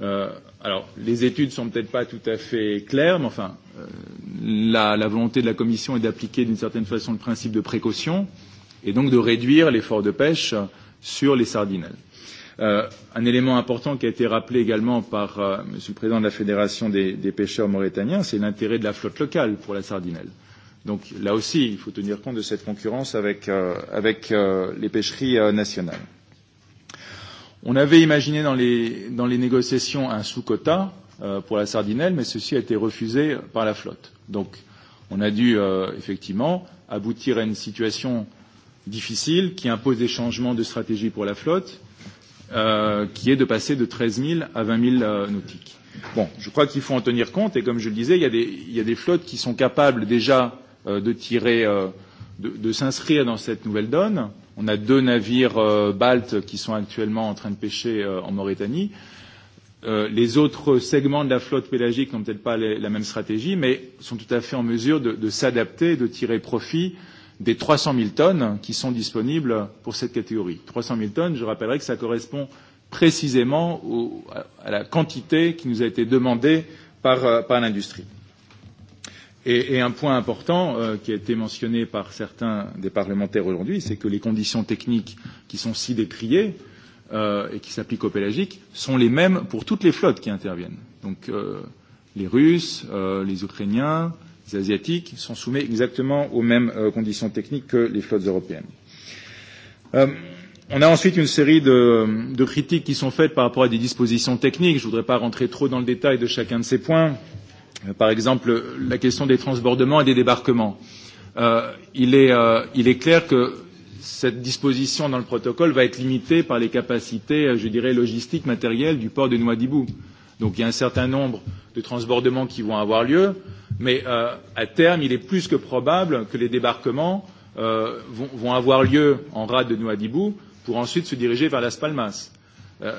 Euh, Alors, les études ne sont peut-être pas tout à fait claires, mais enfin, euh, la, la volonté de la Commission est d'appliquer d'une certaine façon le principe de précaution et donc de réduire l'effort de pêche sur les sardinelles. Euh, un élément important qui a été rappelé également par euh, M. le Président de la Fédération des, des pêcheurs mauritaniens, c'est l'intérêt de la flotte locale pour la sardinelle. Donc là aussi, il faut tenir compte de cette concurrence avec, euh, avec euh, les pêcheries euh, nationales. On avait imaginé dans les, dans les négociations un sous-quota euh, pour la sardinelle, mais ceci a été refusé par la flotte. Donc, on a dû euh, effectivement aboutir à une situation difficile qui impose des changements de stratégie pour la flotte, euh, qui est de passer de 13 000 à 20 000 euh, nautiques. Bon, je crois qu'il faut en tenir compte, et comme je le disais, il y a des, il y a des flottes qui sont capables déjà euh, de tirer, euh, de, de s'inscrire dans cette nouvelle donne, On a deux navires euh, baltes qui sont actuellement en train de pêcher euh, en Mauritanie. Euh, les autres segments de la flotte pélagique n'ont peut-être pas les, la même stratégie, mais sont tout à fait en mesure de, de s'adapter, de tirer profit des 300 000 tonnes qui sont disponibles pour cette catégorie. 300 000 tonnes, je rappellerai que ça correspond précisément au, à la quantité qui nous a été demandée par, par l'industrie. Et, et un point important euh, qui a été mentionné par certains des parlementaires aujourd'hui, c'est que les conditions techniques qui sont si décriées euh, et qui s'appliquent aux pélagiques sont les mêmes pour toutes les flottes qui interviennent. Donc euh, les Russes, euh, les Ukrainiens, les Asiatiques sont soumis exactement aux mêmes euh, conditions techniques que les flottes européennes. Euh, on a ensuite une série de, de critiques qui sont faites par rapport à des dispositions techniques. Je ne voudrais pas rentrer trop dans le détail de chacun de ces points. Euh, par exemple la question des transbordements et des débarquements. Euh, il, est, euh, il est clair que cette disposition dans le protocole va être limitée par les capacités, je dirais, logistiques, matérielles du port de Nouadhibou. Donc il y a un certain nombre de transbordements qui vont avoir lieu, mais euh, à terme, il est plus que probable que les débarquements euh, vont, vont avoir lieu en rade de Nouadhibou pour ensuite se diriger vers Las Palmas. Euh,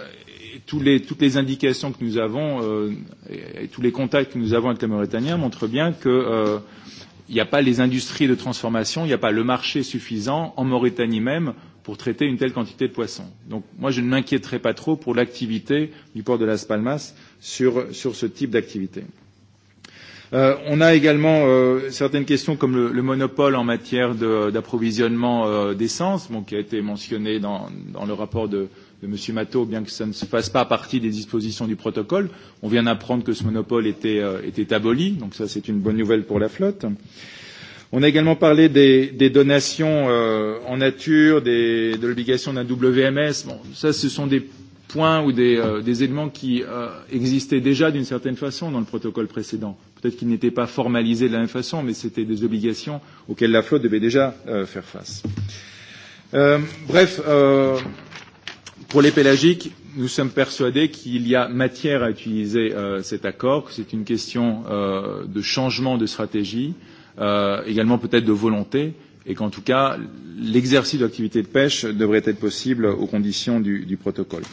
tous les, toutes les indications que nous avons euh, et, et tous les contacts que nous avons avec les Mauritaniens montrent bien que euh, il n'y a pas les industries de transformation, il n'y a pas le marché suffisant en Mauritanie même pour traiter une telle quantité de poissons. Donc moi, je ne m'inquiéterai pas trop pour l'activité du port de Las Palmas sur, sur ce type d'activité. Euh, on a également euh, certaines questions comme le, le monopole en matière d'approvisionnement de, euh, d'essence, bon, qui a été mentionné dans, dans le rapport de, de M. Matteau, bien que ça ne fasse pas partie des dispositions du protocole. On vient d'apprendre que ce monopole était, euh, était aboli, donc ça c'est une bonne nouvelle pour la flotte. On a également parlé des, des donations euh, en nature, des, de l'obligation d'un WMS. Bon, ça ce sont des points ou des, euh, des éléments qui euh, existaient déjà d'une certaine façon dans le protocole précédent. Peut-être qu'ils n'étaient pas formalisés de la même façon, mais c'était des obligations auxquelles la flotte devait déjà euh, faire face. Euh, bref, euh, Pour les pélagiques, nous sommes persuadés qu'il y a matière à utiliser euh, cet accord, que c'est une question euh, de changement de stratégie, euh, également peut-être de volonté, et qu'en tout cas, l'exercice d'activité de pêche devrait être possible aux conditions du, du protocole.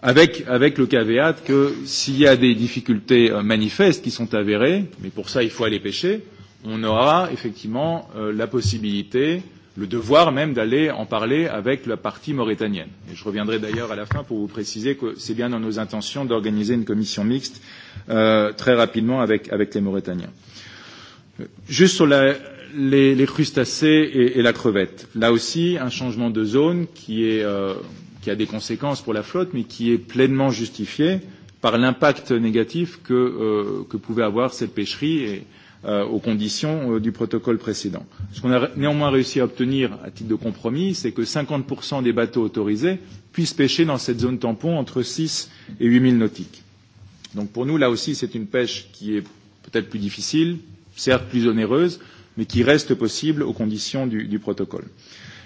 Avec, avec le caveat que s'il y a des difficultés euh, manifestes qui sont avérées, mais pour ça il faut aller pêcher, on aura effectivement euh, la possibilité euh, le devoir même d'aller en parler avec la partie mauritanienne. Et je reviendrai d'ailleurs à la fin pour vous préciser que c'est bien dans nos intentions d'organiser une commission mixte euh, très rapidement avec, avec les Mauritaniens. Juste sur la, les, les crustacés et, et la crevette, là aussi un changement de zone qui, est, euh, qui a des conséquences pour la flotte, mais qui est pleinement justifié par l'impact négatif que, euh, que pouvait avoir cette pêcherie. Et, aux conditions du protocole précédent. Ce qu'on a néanmoins réussi à obtenir à titre de compromis, c'est que 50% des bateaux autorisés puissent pêcher dans cette zone tampon entre 6 et 8 000 nautiques. Donc pour nous, là aussi, c'est une pêche qui est peut-être plus difficile, certes plus onéreuse, mais qui reste possible aux conditions du, du protocole.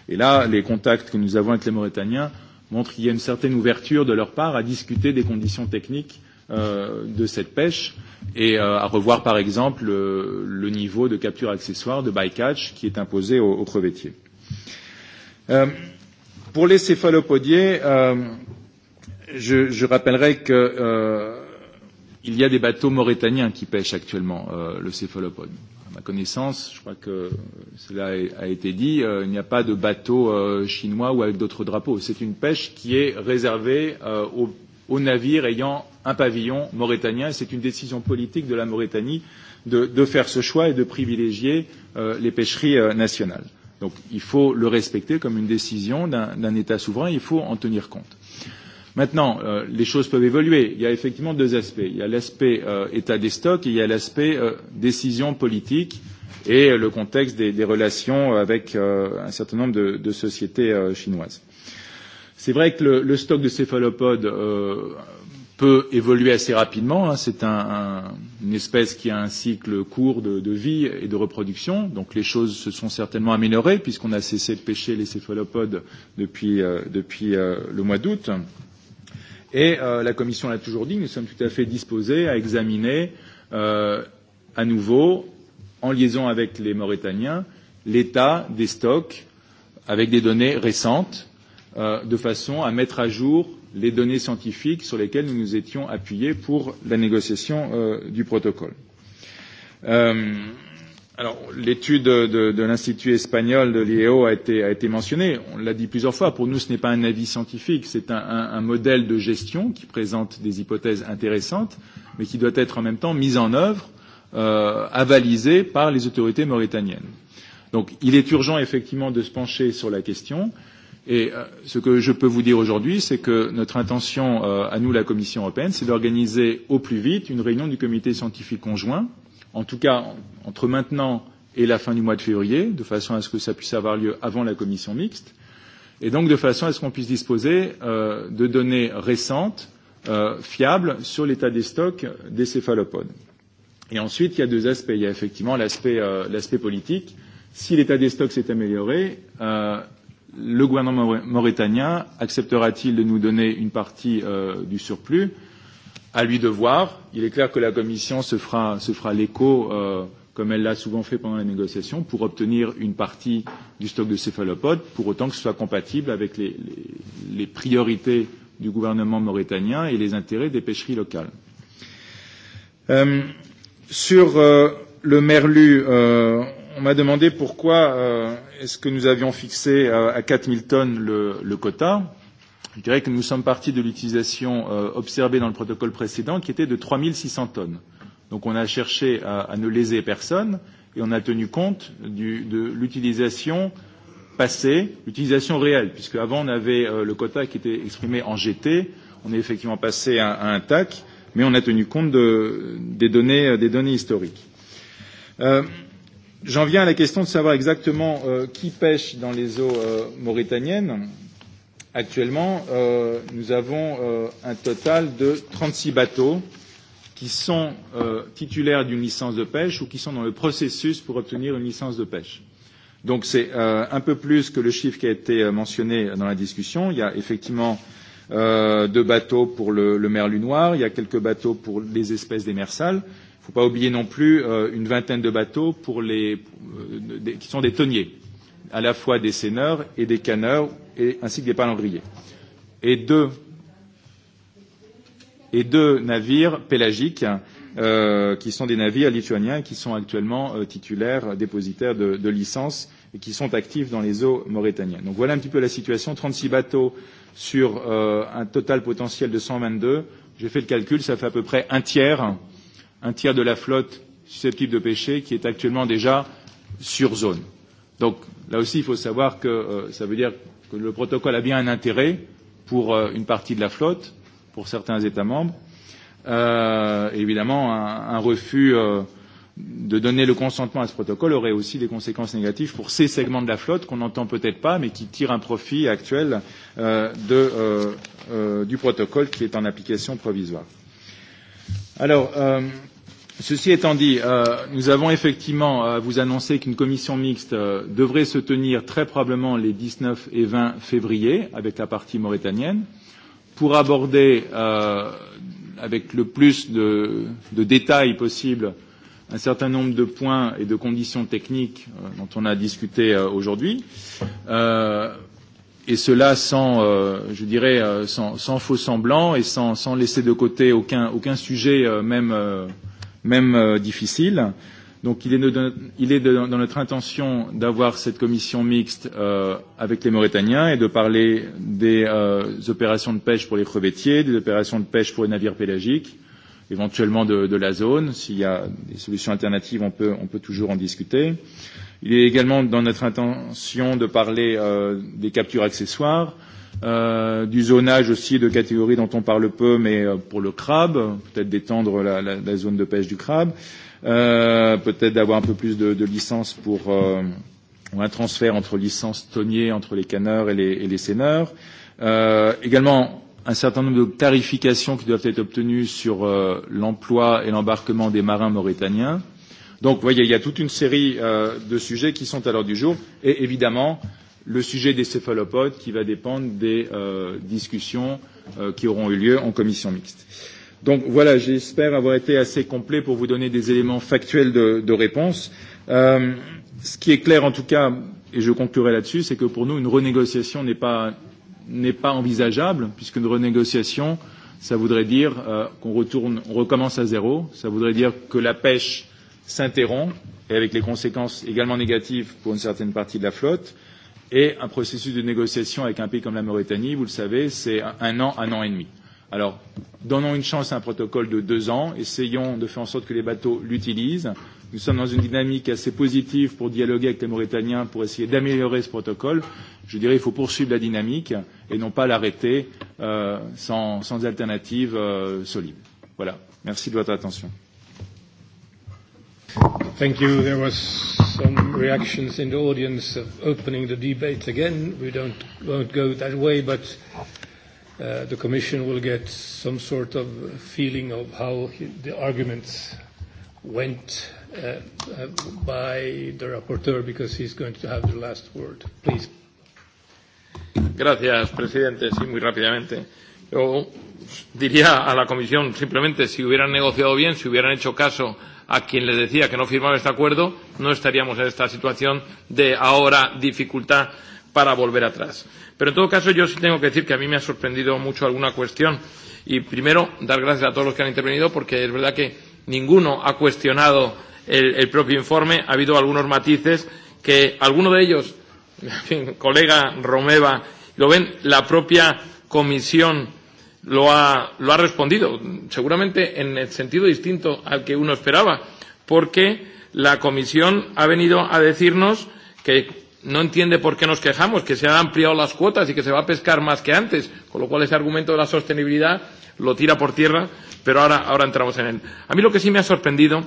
Et là, les contacts que nous avons avec les Mauritaniens montrent qu'il y a une certaine ouverture de leur part à discuter des conditions techniques de cette pêche et à revoir par exemple le niveau de capture accessoire de bycatch qui est imposé aux, crevettiers. pour les céphalopodiers, je, je rappellerai que euh, il y a des bateaux mauritaniens qui pêchent actuellement euh, le céphalopode. À ma connaissance, je crois que cela a été dit, euh, il n'y a pas de bateau euh, chinois ou avec d'autres drapeaux. C'est une pêche qui est réservée euh, aux aux navires ayant un pavillon mauritanien. C'est une décision politique de la Mauritanie de, de faire ce choix et de privilégier euh, les pêcheries euh, nationales. Donc il faut le respecter comme une décision d'un un État souverain, il faut en tenir compte. Maintenant, euh, les choses peuvent évoluer. Il y a effectivement deux aspects. Il y a l'aspect euh, état des stocks et il y a l'aspect euh, décision politique et le contexte des, des relations avec euh, un certain nombre de, de sociétés euh, chinoises. C'est vrai que le, le stock de céphalopodes euh, peut évoluer assez rapidement. Hein. C'est un, un, une espèce qui a un cycle court de, de vie et de reproduction. Donc les choses se sont certainement améliorées puisqu'on a cessé de pêcher les céphalopodes depuis, euh, depuis euh, le mois d'août. Et euh, la Commission l'a toujours dit, nous sommes tout à fait disposés à examiner euh, à nouveau, en liaison avec les Mauritaniens, l'état des stocks avec des données récentes de façon à mettre à jour les données scientifiques sur lesquelles nous nous étions appuyés pour la négociation euh, du protocole. Euh, alors, l'étude de, de l'Institut espagnol de l'IEO a été, a été mentionnée. On l'a dit plusieurs fois. Pour nous, ce n'est pas un avis scientifique. C'est un, un, un modèle de gestion qui présente des hypothèses intéressantes, mais qui doit être en même temps mise en œuvre, euh, avalisée par les autorités mauritaniennes. Donc, il est urgent effectivement de se pencher sur la question. Euh, Et ce que je peux vous dire aujourd'hui, c'est que notre intention à nous, la Commission européenne, c'est d'organiser au plus vite une réunion du comité scientifique conjoint, en tout cas entre maintenant et la fin du mois de février, de façon à ce que ça puisse avoir lieu avant la commission mixte, et donc de façon à ce qu'on puisse disposer de données récentes, fiables, sur l'état des stocks des céphalopodes. Et ensuite, il y a deux aspects. Il y a effectivement l'aspect politique. Si l'état des stocks s'est amélioré, le gouvernement mauritanien acceptera-t-il de nous donner une partie euh, du surplus À lui de voir. Il est clair que la Commission se fera, se fera l'écho, euh, comme elle l'a souvent fait pendant les négociations, pour obtenir une partie du stock de céphalopodes, pour autant que ce soit compatible avec les, les, les priorités du gouvernement mauritanien et les intérêts des pêcheries locales. Euh, sur euh, le merlu, euh, on m'a demandé pourquoi euh, est-ce que nous avions fixé euh, à 4000 tonnes le, le quota. Je dirais que nous sommes partis de l'utilisation euh, observée dans le protocole précédent qui était de 3600 tonnes. Donc on a cherché à, à ne léser personne et on a tenu compte du, de l'utilisation passée, l'utilisation réelle, puisque avant on avait euh, le quota qui était exprimé en GT, on est effectivement passé à, à un TAC, mais on a tenu compte de, des, données, des données historiques. Euh, J'en viens à la question de savoir exactement euh, qui pêche dans les eaux euh, mauritaniennes. Actuellement, euh, nous avons euh, un total de 36 bateaux qui sont euh, titulaires d'une licence de pêche ou qui sont dans le processus pour obtenir une licence de pêche. Donc c'est euh, un peu plus que le chiffre qui a été mentionné dans la discussion. Il y a effectivement euh, deux bateaux pour le, le merlu noir, il y a quelques bateaux pour les espèces des mersales, faut pas oublier non plus euh, une vingtaine de bateaux pour les, euh, des, qui sont des tonniers, à la fois des seineurs et des canneurs, et, ainsi que des palangriers. Et deux, et deux navires pélagiques euh, qui sont des navires lituaniens qui sont actuellement euh, titulaires, dépositaires de, de licences et qui sont actifs dans les eaux mauritaniennes. Donc voilà un petit peu la situation. 36 bateaux sur euh, un total potentiel de 122. J'ai fait le calcul, ça fait à peu près un tiers euh, un tiers de la flotte susceptible de pêcher qui est actuellement déjà sur zone. Donc là aussi, il faut savoir que euh, ça veut dire que le protocole a bien un intérêt pour euh, une partie de la flotte, pour certains États membres. Euh, évidemment, un, un refus euh, de donner le consentement à ce protocole aurait aussi des conséquences négatives pour ces segments de la flotte qu'on n'entend peut-être pas, mais qui tirent un profit actuel euh, de, euh, euh, du protocole qui est en application provisoire. Alors, euh, ceci étant dit, euh, nous avons effectivement euh, vous annoncer qu'une commission mixte euh, devrait se tenir très probablement les 19 et 20 février avec la partie mauritanienne pour aborder euh, avec le plus de, de détails possible un certain nombre de points et de conditions techniques euh, dont on a discuté euh, aujourd'hui. Euh, et cela sans, euh, je dirais, sans, sans faux semblant et sans, sans laisser de côté aucun, aucun sujet, euh, même, euh, même euh, difficile. Donc il est, de, il est de, dans notre intention d'avoir cette commission mixte euh, avec les Mauritaniens et de parler des euh, opérations de pêche pour les crevettiers, des opérations de pêche pour les navires pélagiques, éventuellement de, de la zone. S'il y a des solutions alternatives, on peut, on peut toujours en discuter. Euh, Il est également dans notre intention de parler euh, des captures accessoires, euh, du zonage aussi de catégories dont on parle peu, mais euh, pour le crabe, peut-être d'étendre la, la, la zone de pêche du crabe, euh, peut-être d'avoir un peu plus de, de licences pour euh, ou un transfert entre licences tonniers entre les canneurs et les, et les seineurs. Euh, également, un certain nombre de tarifications qui doivent être obtenues sur euh, l'emploi et l'embarquement des marins mauritaniens. Donc, vous voyez, il y a toute une série euh, de sujets qui sont à l'ordre du jour. Et évidemment, le sujet des céphalopodes qui va dépendre des euh, discussions euh, qui auront eu lieu en commission mixte. Donc voilà, j'espère avoir été assez complet pour vous donner des éléments factuels de, de réponse. Euh, ce qui est clair en tout cas, et je conclurai là-dessus, c'est que pour nous, une renégociation n'est pas, n'est pas envisageable, puisqu'une renégociation, ça voudrait dire euh, qu'on retourne, on recommence à zéro, ça voudrait dire que la pêche s'interrompt, et avec les conséquences également négatives pour une certaine partie de la flotte, et un processus de négociation avec un pays comme la Mauritanie, vous le savez, c'est un an, un an et demi. Alors, donnons une chance à un protocole de deux ans, essayons de faire en sorte que les bateaux l'utilisent. Nous sommes dans une dynamique assez positive pour dialoguer avec les Mauritaniens, pour essayer d'améliorer ce protocole. Je dirais qu'il faut poursuivre la dynamique et non pas l'arrêter euh, sans, sans alternative euh, solide. Voilà. Merci de votre attention. Thank you. There was some reactions in the audience of opening the debate again. We don't won't go that way, but uh, the Commission will get some sort of feeling of how the arguments went uh, uh, by the rapporteur because he's going to have the last word. Please. Gracias, presidente. Sí, muy rápidamente. Yo diría a la Comisión simplemente si hubieran negociado bien, si hubieran hecho caso a quien les decía que no firmaba este acuerdo, no estaríamos en esta situación de ahora dificultad para volver atrás. Pero en todo caso yo sí tengo que decir que a mí me ha sorprendido mucho alguna cuestión y primero dar gracias a todos los que han intervenido porque es verdad que ninguno ha cuestionado el, el propio informe, ha habido algunos matices que alguno de ellos, en fin, colega Romeva, lo ven, la propia comisión lo ha, lo ha respondido, seguramente en el sentido distinto al que uno esperaba, porque la Comisión ha venido a decirnos que no entiende por qué nos quejamos, que se han ampliado las cuotas y que se va a pescar más que antes, con lo cual ese argumento de la sostenibilidad lo tira por tierra, pero ahora, ahora entramos en él. A mí lo que sí me ha sorprendido,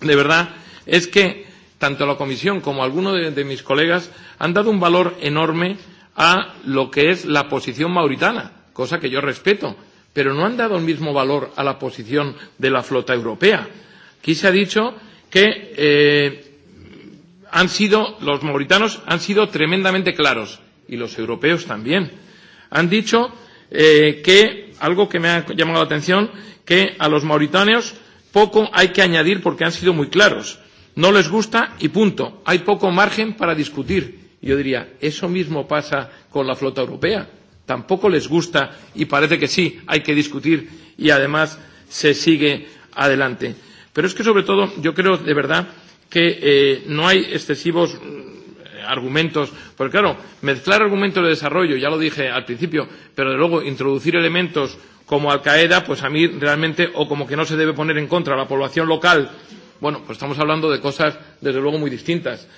de verdad, es que tanto la Comisión como algunos de, de mis colegas han dado un valor enorme a lo que es la posición mauritana cosa que yo respeto, pero no han dado el mismo valor a la posición de la flota europea. Aquí se ha dicho que eh, han sido, los mauritanos han sido tremendamente claros, y los europeos también. Han dicho eh, que, algo que me ha llamado la atención, que a los mauritanos poco hay que añadir porque han sido muy claros. No les gusta y punto. Hay poco margen para discutir. Yo diría, eso mismo pasa con la flota europea tampoco les gusta y parece que sí, hay que discutir y además se sigue adelante. Pero es que sobre todo yo creo de verdad que eh, no hay excesivos argumentos, porque claro, mezclar argumentos de desarrollo, ya lo dije al principio, pero de luego introducir elementos como Al Qaeda, pues a mí realmente, o como que no se debe poner en contra a la población local, bueno, pues estamos hablando de cosas desde luego muy distintas.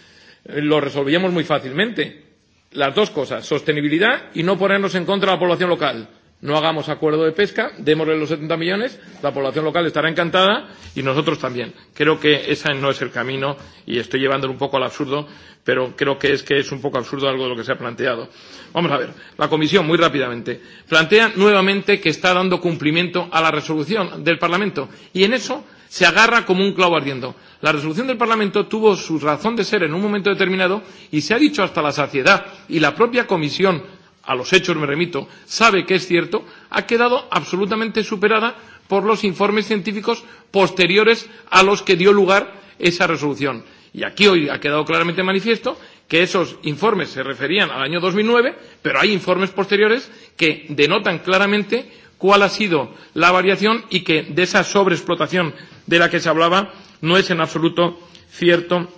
Lo resolvíamos muy fácilmente las dos cosas, sostenibilidad y no ponernos en contra de la población local. No hagamos acuerdo de pesca, démosle los 70 millones, la población local estará encantada y nosotros también. Creo que ese no es el camino y estoy llevándolo un poco al absurdo, pero creo que es que es un poco absurdo algo de lo que se ha planteado. Vamos a ver, la Comisión, muy rápidamente, plantea nuevamente que está dando cumplimiento a la resolución del Parlamento y en eso se agarra como un clavo ardiendo. La resolución del Parlamento tuvo su razón de ser en un momento determinado y se ha dicho hasta la saciedad y la propia Comisión a los hechos me remito sabe que es cierto ha quedado absolutamente superada por los informes científicos posteriores a los que dio lugar esa resolución. Y aquí hoy ha quedado claramente manifiesto que esos informes se referían al año 2009, pero hay informes posteriores que denotan claramente cuál ha sido la variación y que de esa sobreexplotación de la que se hablaba no es en absoluto cierto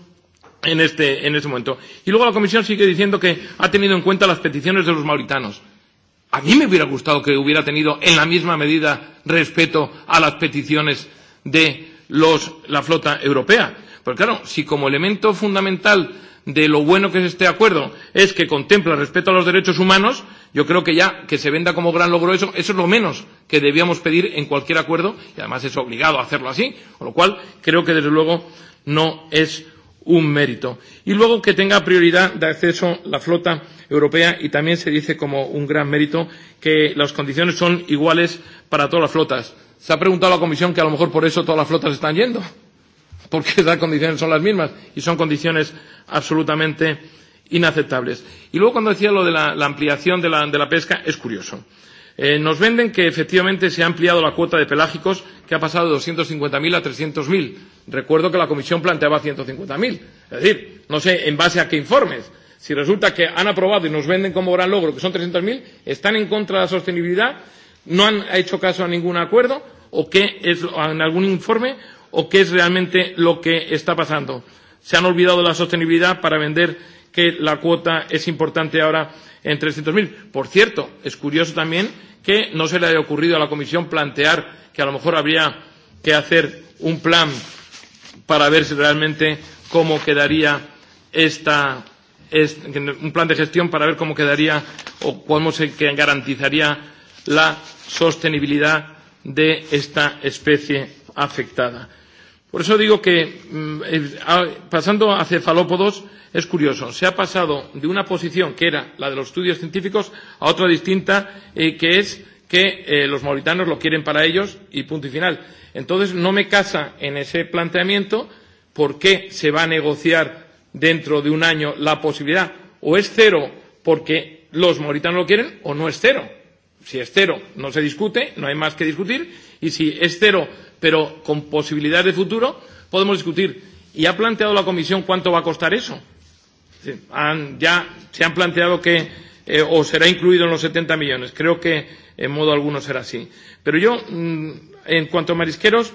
en este, en este momento. Y luego la Comisión sigue diciendo que ha tenido en cuenta las peticiones de los mauritanos. A mí me hubiera gustado que hubiera tenido en la misma medida respeto a las peticiones de los, la flota europea. porque claro, si como elemento fundamental de lo bueno que es este acuerdo es que contempla respeto a los derechos humanos, Yo creo que ya que se venda como gran logro eso, eso es lo menos que debíamos pedir en cualquier acuerdo, y además es obligado a hacerlo así, con lo cual creo que desde luego no es un mérito. Y luego que tenga prioridad de acceso la flota europea y también se dice como un gran mérito que las condiciones son iguales para todas las flotas. Se ha preguntado a la Comisión que a lo mejor por eso todas las flotas están yendo, porque las condiciones son las mismas y son condiciones absolutamente inaceptables. Y luego cuando decía lo de la, la ampliación de la, de la pesca, es curioso. Eh, nos venden que efectivamente se ha ampliado la cuota de pelágicos, que ha pasado de 250.000 a 300.000. Recuerdo que la Comisión planteaba 150.000. Es decir, no sé en base a qué informes. Si resulta que han aprobado y nos venden como gran logro que son 300.000, están en contra de la sostenibilidad, no han hecho caso a ningún acuerdo, o qué es en algún informe, o qué es realmente lo que está pasando. Se han olvidado de la sostenibilidad para vender que la cuota es importante ahora en 300.000. Por cierto, es curioso también que no se le haya ocurrido a la Comisión plantear que a lo mejor habría que hacer un plan para ver si realmente cómo quedaría esta, un plan de gestión para ver cómo quedaría o cómo se garantizaría la sostenibilidad de esta especie afectada. Por eso digo que, pasando a cefalópodos, es curioso. Se ha pasado de una posición que era la de los estudios científicos a otra distinta, eh, que es que eh, los mauritanos lo quieren para ellos y punto y final. Entonces, no me casa en ese planteamiento por qué se va a negociar dentro de un año la posibilidad. O es cero porque los mauritanos lo quieren o no es cero. Si es cero, no se discute, no hay más que discutir. Y si es cero pero con posibilidades de futuro podemos discutir. ¿Y ha planteado la Comisión cuánto va a costar eso? Han, ya se han planteado que eh, o será incluido en los 70 millones. Creo que en modo alguno será así. Pero yo, en cuanto a marisqueros,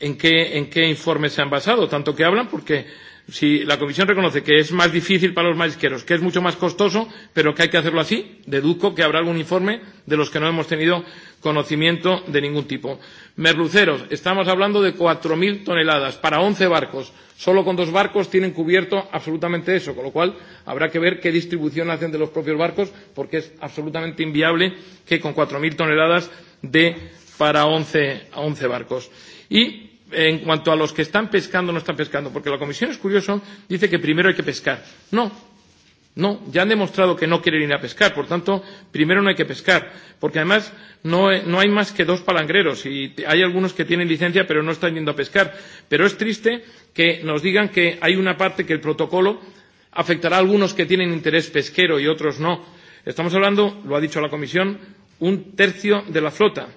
¿en qué, en qué informes se han basado? Tanto que hablan, porque si la Comisión reconoce que es más difícil para los marisqueros, que es mucho más costoso, pero que hay que hacerlo así, deduzco que habrá algún informe de los que no hemos tenido conocimiento de ningún tipo. Merluceros, estamos hablando de 4.000 toneladas para 11 barcos. Solo con dos barcos tienen cubierto absolutamente eso, con lo cual habrá que ver qué distribución hacen de los propios barcos, porque es absolutamente inviable que con 4.000 toneladas dé para 11, 11 barcos. Y en cuanto a los que están pescando o no están pescando, porque la Comisión es curioso, dice que primero hay que pescar. No, No, ya han demostrado que no quieren ir a pescar, por tanto, primero no hay que pescar, porque además no, no hay más que dos palangreros y hay algunos que tienen licencia pero no están yendo a pescar. Pero es triste que nos digan que hay una parte que el protocolo afectará a algunos que tienen interés pesquero y otros no. Estamos hablando, lo ha dicho la Comisión, un tercio de la flota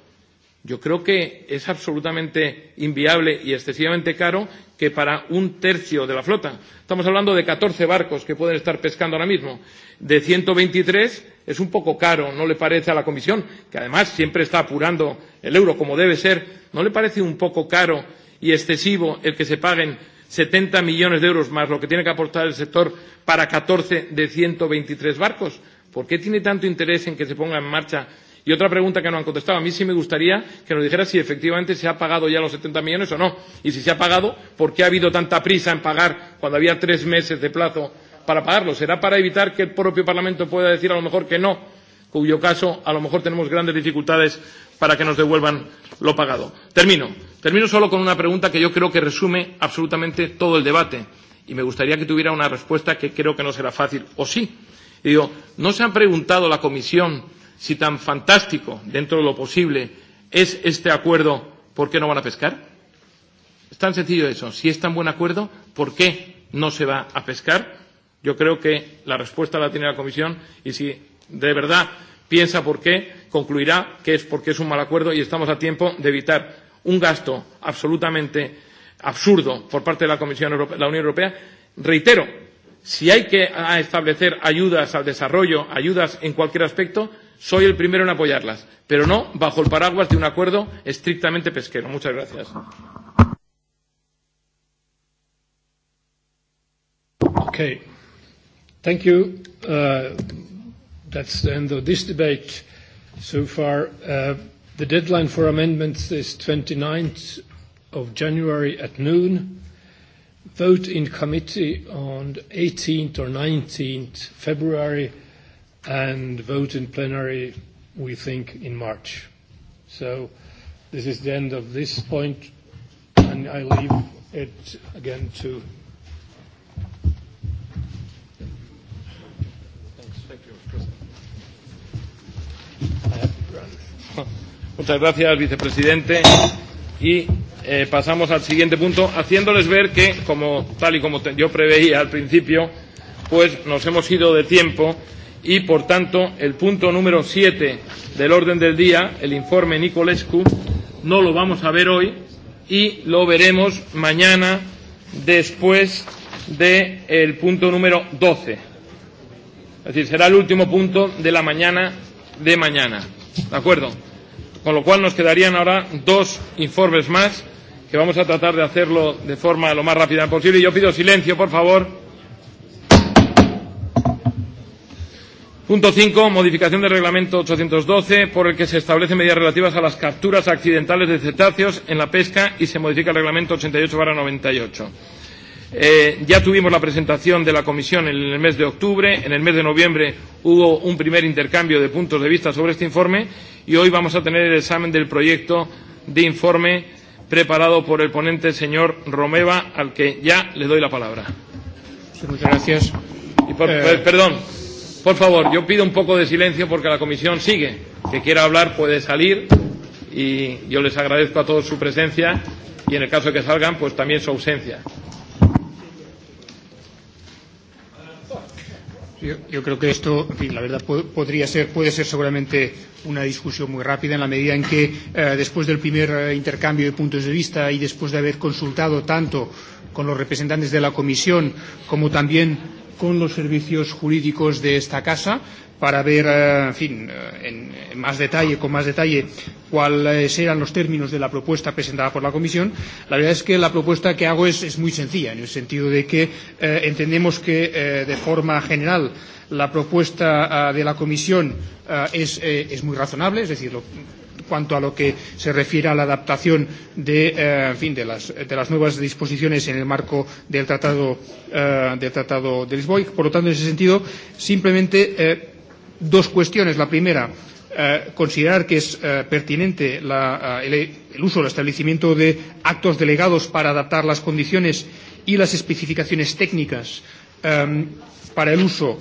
Yo creo que es absolutamente inviable y excesivamente caro que para un tercio de la flota, estamos hablando de 14 barcos que pueden estar pescando ahora mismo, de 123 es un poco caro, ¿no le parece a la Comisión, que además siempre está apurando el euro como debe ser, ¿no le parece un poco caro y excesivo el que se paguen 70 millones de euros más lo que tiene que aportar el sector para 14 de 123 barcos? ¿Por qué tiene tanto interés en que se ponga en marcha Y otra pregunta que no han contestado. A mí sí me gustaría que nos dijera si efectivamente se ha pagado ya los 70 millones o no. Y si se ha pagado, ¿por qué ha habido tanta prisa en pagar cuando había tres meses de plazo para pagarlo? ¿Será para evitar que el propio Parlamento pueda decir a lo mejor que no, cuyo caso a lo mejor tenemos grandes dificultades para que nos devuelvan lo pagado? Termino. Termino solo con una pregunta que yo creo que resume absolutamente todo el debate. Y me gustaría que tuviera una respuesta que creo que no será fácil. ¿O sí? Y digo, ¿no se han preguntado la Comisión si tan fantástico, dentro de lo posible, es este acuerdo, ¿por qué no van a pescar? Es tan sencillo eso. Si es tan buen acuerdo, ¿por qué no se va a pescar? Yo creo que la respuesta la tiene la Comisión y si de verdad piensa por qué, concluirá que es porque es un mal acuerdo y estamos a tiempo de evitar un gasto absolutamente absurdo por parte de la Comisión Europea, la Unión Europea. Reitero, si hay que establecer ayudas al desarrollo, ayudas en cualquier aspecto, soy el primero en apoyarlas, pero no bajo el paraguas de un acuerdo estrictamente pesquero. Muchas gracias. Okay. Thank you. Uh, that's the end of this debate so far. Uh, the deadline for amendments is 29th of January at noon. Vote in committee on 18th or 19th February and vote in plenary, we think, in March. So this is the end of this point, and I leave it again to. Muchas gracias, vicepresidente. Y eh, pasamos al siguiente punto, haciéndoles ver que, como tal y como yo preveía al principio, pues nos hemos ido de tiempo y, por tanto, el punto número 7 del orden del día, el informe Nicolescu, no lo vamos a ver hoy y lo veremos mañana después del el punto número 12. Es decir, será el último punto de la mañana de mañana. ¿De acuerdo? Con lo cual nos quedarían ahora dos informes más que vamos a tratar de hacerlo de forma lo más rápida posible. Yo pido silencio, por favor Punto 5. Modificación del reglamento 812 por el que se establecen medidas relativas a las capturas accidentales de cetáceos en la pesca y se modifica el reglamento 88-98. Eh, ya tuvimos la presentación de la comisión en el mes de octubre. En el mes de noviembre hubo un primer intercambio de puntos de vista sobre este informe y hoy vamos a tener el examen del proyecto de informe preparado por el ponente señor Romeva, al que ya le doy la palabra. Sí, muchas gracias. Y por, eh... Perdón Por favor, yo pido un poco de silencio porque la comisión sigue. Que quiera hablar puede salir y yo les agradezco a todos su presencia y en el caso de que salgan, pues también su ausencia. Yo, yo creo que esto, en fin, la verdad, podría ser, puede ser seguramente una discusión muy rápida en la medida en que eh, después del primer eh, intercambio de puntos de vista y después de haber consultado tanto con los representantes de la Comisión como también con los servicios jurídicos de esta casa para ver, en fin, en, más detalle, con más detalle, cuáles eran los términos de la propuesta presentada por la Comisión. La verdad es que la propuesta que hago es, es muy sencilla, en el sentido de que eh, entendemos que, eh, de forma general, la propuesta eh, de la Comisión eh, es, eh, es muy razonable, es decir, lo, cuanto a lo que se refiere a la adaptación de, eh, en fin, de, las, de las nuevas disposiciones en el marco del Tratado, eh, del tratado de Lisboa. Y, por lo tanto, en ese sentido, simplemente eh, dos cuestiones. La primera, eh, considerar que es eh, pertinente la, el, el uso, el establecimiento de actos delegados para adaptar las condiciones y las especificaciones técnicas eh, para el uso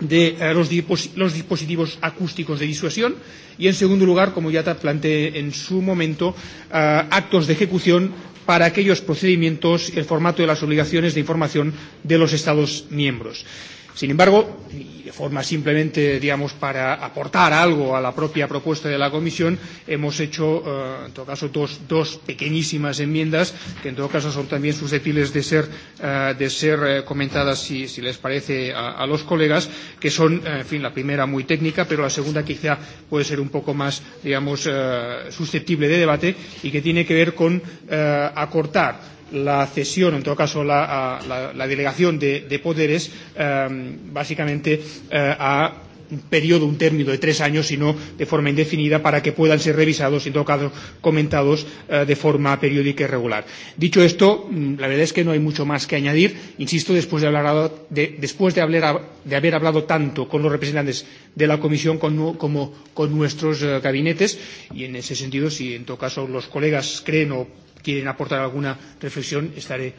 de los, los dispositivos acústicos de disuasión y, en segundo lugar, como ya planteé en su momento, uh, actos de ejecución para aquellos procedimientos, el formato de las obligaciones de información de los Estados miembros. Sin embargo, y de forma simplemente, digamos, para aportar algo a la propia propuesta de la Comisión, hemos hecho, eh, en todo caso, dos, dos pequeñísimas enmiendas que, en todo caso, son también susceptibles de ser, eh, de ser eh, comentadas, si, si les parece, a, a los colegas, que son, en fin, la primera muy técnica, pero la segunda quizá puede ser un poco más, digamos, eh, susceptible de debate y que tiene que ver con eh, acortar la cesión, en todo caso la, la, la delegación de, de poderes, eh, básicamente eh, a un periodo, un término de tres años, sino de forma indefinida, para que puedan ser revisados y, en todo caso, comentados eh, de forma periódica y regular. Dicho esto, la verdad es que no hay mucho más que añadir. Insisto, después de, hablar, de, después de, hablar, de haber hablado tanto con los representantes de la Comisión con, como con nuestros eh, gabinetes, y en ese sentido, si en todo caso los colegas creen o quieren aportar alguna reflexión, estaré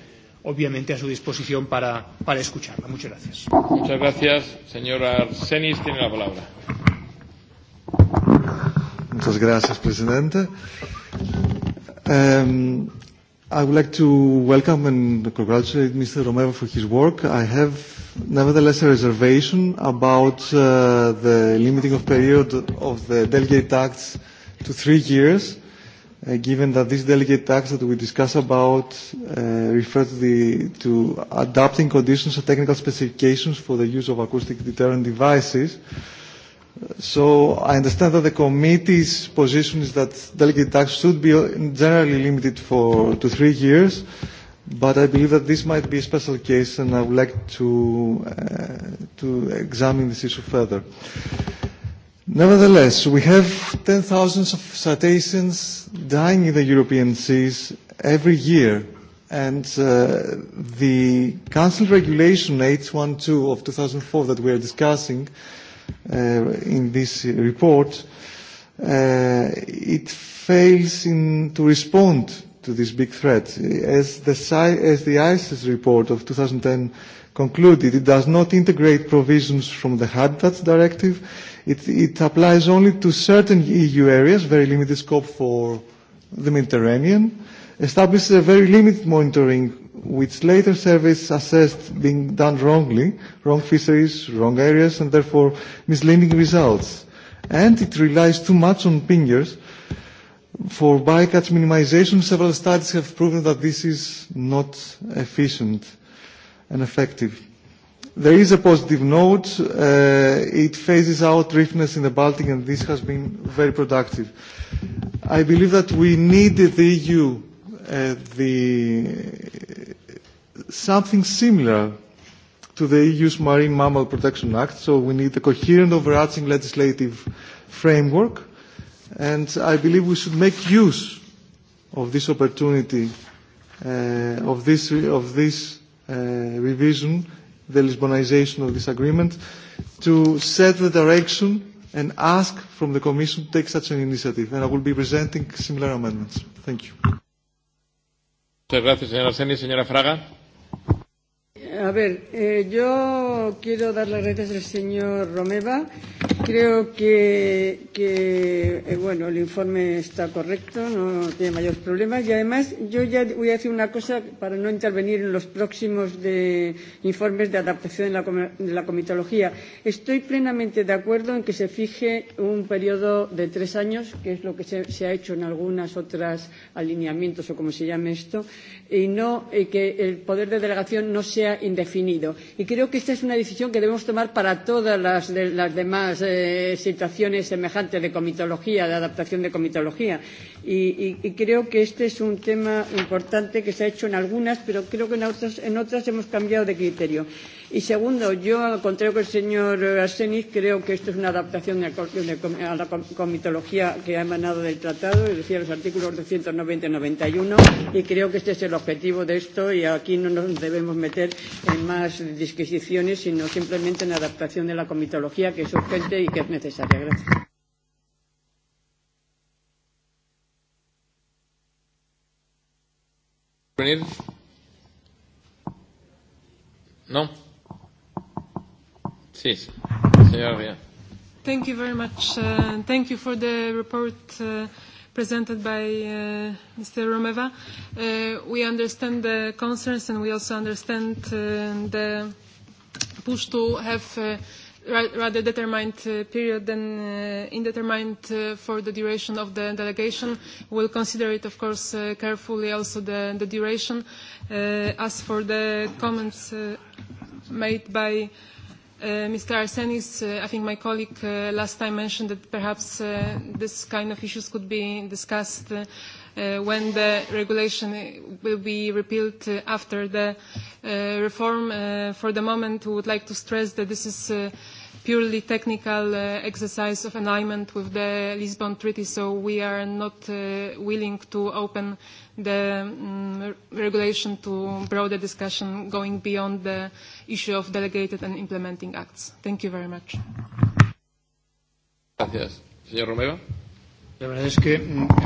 obviamente a su disposición para, para escucharla. Muchas gracias. Muchas gracias. Arsenis tiene la palabra. Muchas gracias, Presidente. Um, I would like to welcome and congratulate Mr. Romero for his work. I have nevertheless a reservation about uh, the limiting of period of the delegate acts to three years uh, given that this delegate tax that we discuss about uh, refers to, the, to adapting conditions and technical specifications for the use of acoustic deterrent devices. So I understand that the committee's position is that delegate tax should be generally limited for, to three years, but I believe that this might be a special case and I would like to, uh, to examine this issue further. Uh, Nevertheless, we have ten thousands of cetaceans dying in the European seas every year, and uh, the Council Regulation 812 of 2004 that we are discussing uh, in this report, uh, it fails in, to respond to this big threat. As the, as the ISIS report of 2010 concluded, it does not integrate provisions from the Habitats Directive, It, it applies only to certain EU areas, very limited scope for the Mediterranean, establishes a very limited monitoring which later surveys assessed being done wrongly, wrong fisheries, wrong areas, and therefore misleading results. And it relies too much on pingers. For bycatch minimization, several studies have proven that this is not efficient and effective. There is a positive note. it phases out driftness in the Baltic, and this has been very productive. I believe that we need the EU, the something similar to the EU's Marine Mammal Protection Act. So we need a coherent, overarching legislative framework, and I believe we should make use of this opportunity, of this revision the Lisbonization of this agreement, to set the direction and ask from the Commission to take such an initiative. And I will be presenting similar amendments. Thank you. Muchas gracias, señora Seni. Señora Fraga a ver, eh, yo quiero dar las gracias al señor Romeva. Creo que, que eh, bueno, el informe está correcto, no tiene mayores problemas. Y además, yo ya voy a decir una cosa para no intervenir en los próximos de, informes de adaptación de la, de la comitología. Estoy plenamente de acuerdo en que se fije un periodo de tres años, que es lo que se, se ha hecho en algunas otras alineamientos o como se llame esto, y no y que el poder de delegación no sea indefinido. Y creo que esta es una decisión que debemos tomar para todas las, de, las demás eh, situaciones semejantes de comitología, de adaptación de comitología. Y, y, y creo que este es un tema importante que se ha hecho en algunas, pero creo que en otras, en otras hemos cambiado de criterio. Y segundo, yo, al contrario que el señor Arsenis, creo que esto es una adaptación a la comitología que ha emanado del tratado, es decir, los artículos 290 y 91, y creo que este es el objetivo de esto, y aquí no nos debemos meter en más disquisiciones, sino simplemente en adaptación de la comitología, que es urgente y que es necesaria. Gracias. No Thank you very much. Uh, thank you for the report uh, presented by uh, Mr. Romeva. Uh, we understand the concerns and we also understand uh, the push to have uh, rather determined uh, period than uh, indetermined uh, for the duration of the delegation. We'll consider it, of course, uh, carefully also the, the duration. Uh, as for the comments uh, made by uh, Mr. Arsenis, I think my colleague last time mentioned that perhaps this kind of issues could be discussed when the regulation will be repealed after the reform. for the moment, we would like to stress that this is purely technical exercise of alignment with the Lisbon Treaty, so we are not willing to open the regulation to broader discussion going beyond the issue of delegated and implementing acts. Thank you very much. Gracias. Señor Romero. La verdad es que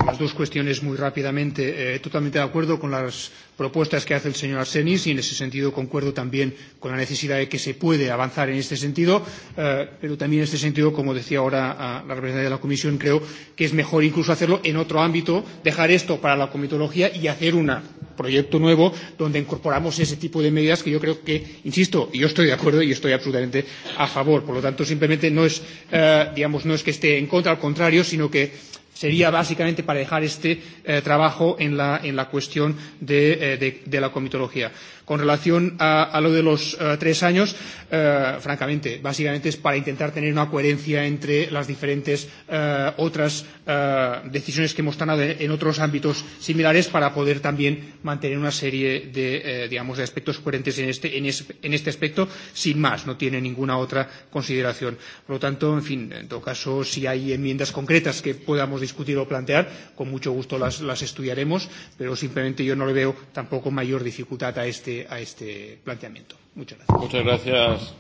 las dos cuestiones muy rápidamente. Eh, totalmente de acuerdo con las propuestas que hace el señor Arsenis y en ese sentido concuerdo también con la necesidad de que se puede avanzar en este sentido, eh, pero también en este sentido, como decía ahora la representante de la Comisión, creo que es mejor incluso hacerlo en otro ámbito, dejar esto para la comitología y hacer un proyecto nuevo donde incorporamos ese tipo de medidas que yo creo que, insisto, y yo estoy de acuerdo y estoy absolutamente a favor. Por lo tanto, simplemente no es, eh, digamos, no es que esté en contra, al contrario, sino que Sería básicamente para dejar este eh, trabajo en la, en la cuestión de, eh, de, de la comitología. Con relación a, a lo de los uh, tres años, uh, francamente, básicamente es para intentar tener una coherencia entre las diferentes uh, otras uh, decisiones que hemos tomado en otros ámbitos similares para poder también mantener una serie de, uh, digamos, de aspectos coherentes en este, en, es, en este aspecto, sin más, no tiene ninguna otra consideración. Por lo tanto, en fin, en todo caso, si hay enmiendas concretas que podamos discutir o plantear, con mucho gusto las, las estudiaremos, pero simplemente yo no le veo tampoco mayor dificultad a este a este planteamiento. Muchas gracias. Muchas gracias,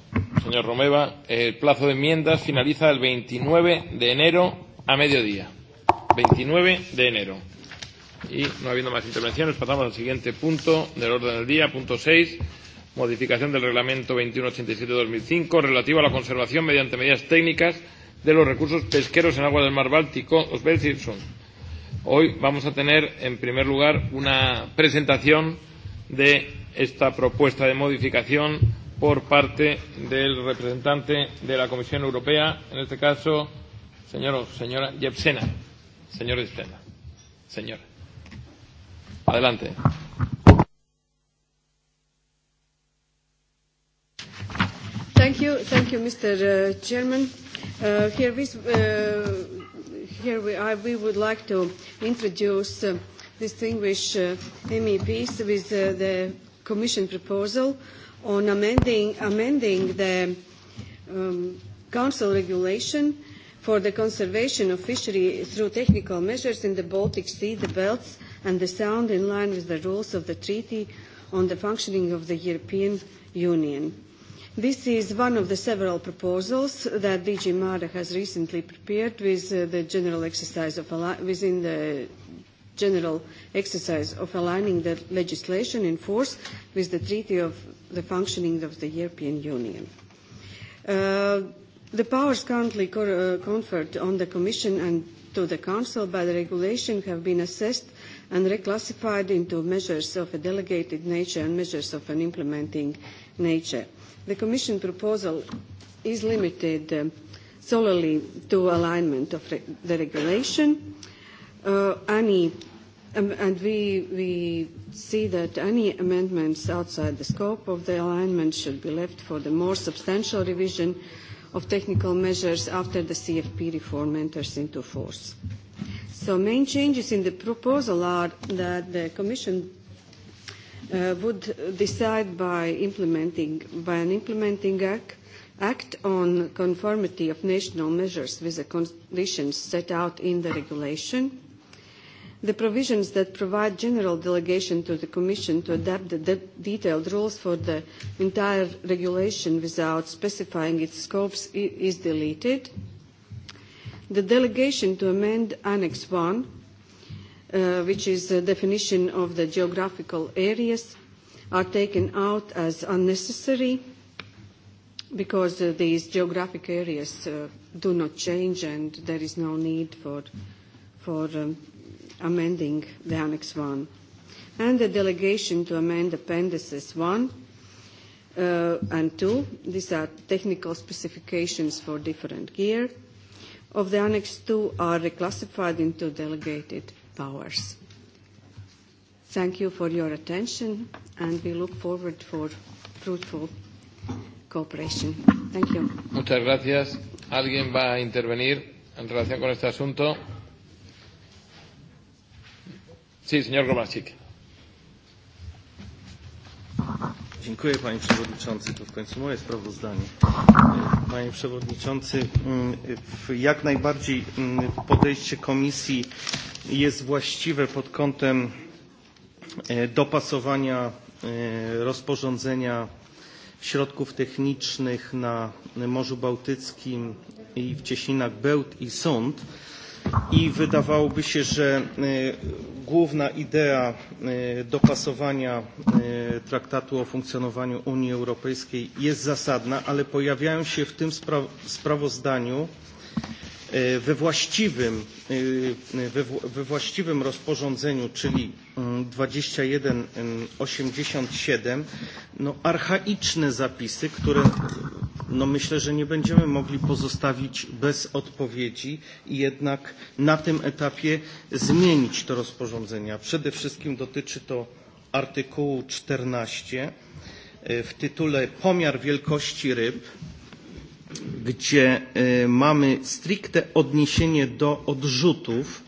señor Romeva. El plazo de enmiendas finaliza el 29 de enero a mediodía. 29 de enero. Y no habiendo más intervenciones, pasamos al siguiente punto del orden del día, punto 6, modificación del reglamento 2187-2005 relativo a la conservación mediante medidas técnicas de los recursos pesqueros en agua del mar Báltico. Os voy a decir son. Hoy vamos a tener, en primer lugar, una presentación de esta propuesta de modificación por parte del representante de la Comisión Europea, en este caso, señor señora Yevsena. Señor Yevsena. Señor. Adelante. Thank you, thank you, Mr. Uh, Chairman. Uh, here, we, uh, here we, I, we would like to introduce uh, distinguished uh, MEPs with uh, the Commission proposal on amending, amending the um, Council regulation for the conservation of fishery through technical measures in the Baltic Sea, the belts and the sound in line with the rules of the Treaty on the Functioning of the European Union. This is one of the several proposals that DG MARA has recently prepared with the general exercise of within the general exercise of aligning the legislation in force with the Treaty of the Functioning of the European Union. the powers currently conferred on the Commission and to the Council by the regulation have been assessed and reclassified into measures of a delegated nature and measures of an implementing nature. The Commission proposal is limited solely to alignment of the regulation. Uh, any, and we, we see that any amendments outside the scope of the alignment should be left for the more substantial revision of technical measures after the CFP reform enters into force. So main changes in the proposal are that the Commission uh, would decide by implementing by an implementing act, act on conformity of national measures with the conditions set out in the regulation. The provisions that provide general delegation to the Commission to adapt the detailed rules for the entire regulation without specifying its scopes is deleted. The delegation to amend Annex I, which is the definition of the geographical areas, are taken out as unnecessary because these geographic areas do not change and there is no need for amending the Annex 1, and the delegation to amend appendices 1 uh, and 2, these are technical specifications for different gear, of the Annex 2 are reclassified into delegated powers. Thank you for your attention, and we look forward for fruitful cooperation. Thank you. Muchas gracias. ¿Alguien va a intervenir en relación con este asunto? Sí, señor Gromaczyk. Dziękuję Panie Przewodniczący. To w końcu moje sprawozdanie. Panie Przewodniczący, jak najbardziej podejście Komisji jest właściwe pod kątem dopasowania rozporządzenia środków technicznych na Morzu Bałtyckim i w cieśninach Bełt i Sąd i wydawałoby się, że główna idea dopasowania traktatu o funkcjonowaniu Unii Europejskiej jest zasadna, ale pojawiają się w tym sprawozdaniu we właściwym, we właściwym rozporządzeniu, czyli 2187, no, archaiczne zapisy, które no myślę, że nie będziemy mogli pozostawić bez odpowiedzi i jednak na tym etapie zmienić to rozporządzenie. Przede wszystkim dotyczy to artykułu 14 w tytule Pomiar wielkości ryb, gdzie mamy stricte odniesienie do odrzutów,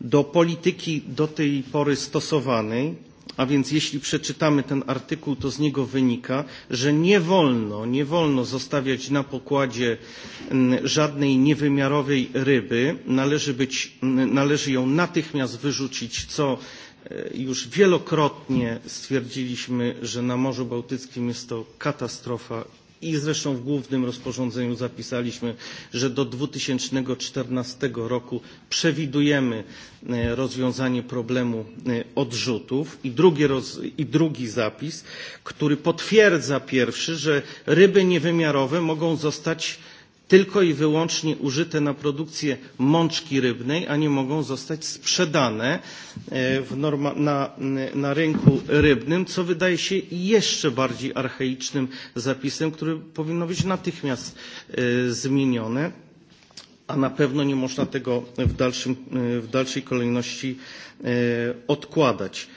do polityki do tej pory stosowanej A więc jeśli przeczytamy ten artykuł, to z niego wynika, że nie wolno, nie wolno zostawiać na pokładzie żadnej niewymiarowej ryby. Należy, być, należy ją natychmiast wyrzucić, co już wielokrotnie stwierdziliśmy, że na Morzu Bałtyckim jest to katastrofa i zresztą w głównym rozporządzeniu zapisaliśmy, że do 2014 roku przewidujemy rozwiązanie problemu odrzutów i drugi, roz, i drugi zapis, który potwierdza pierwszy, że ryby niewymiarowe mogą zostać tylko i wyłącznie użyte na produkcję mączki rybnej, a nie mogą zostać sprzedane w norma, na, na rynku rybnym, co wydaje się jeszcze bardziej archaicznym zapisem, który powinno być natychmiast zmienione, a na pewno nie można tego w, dalszym, w dalszej kolejności odkładać.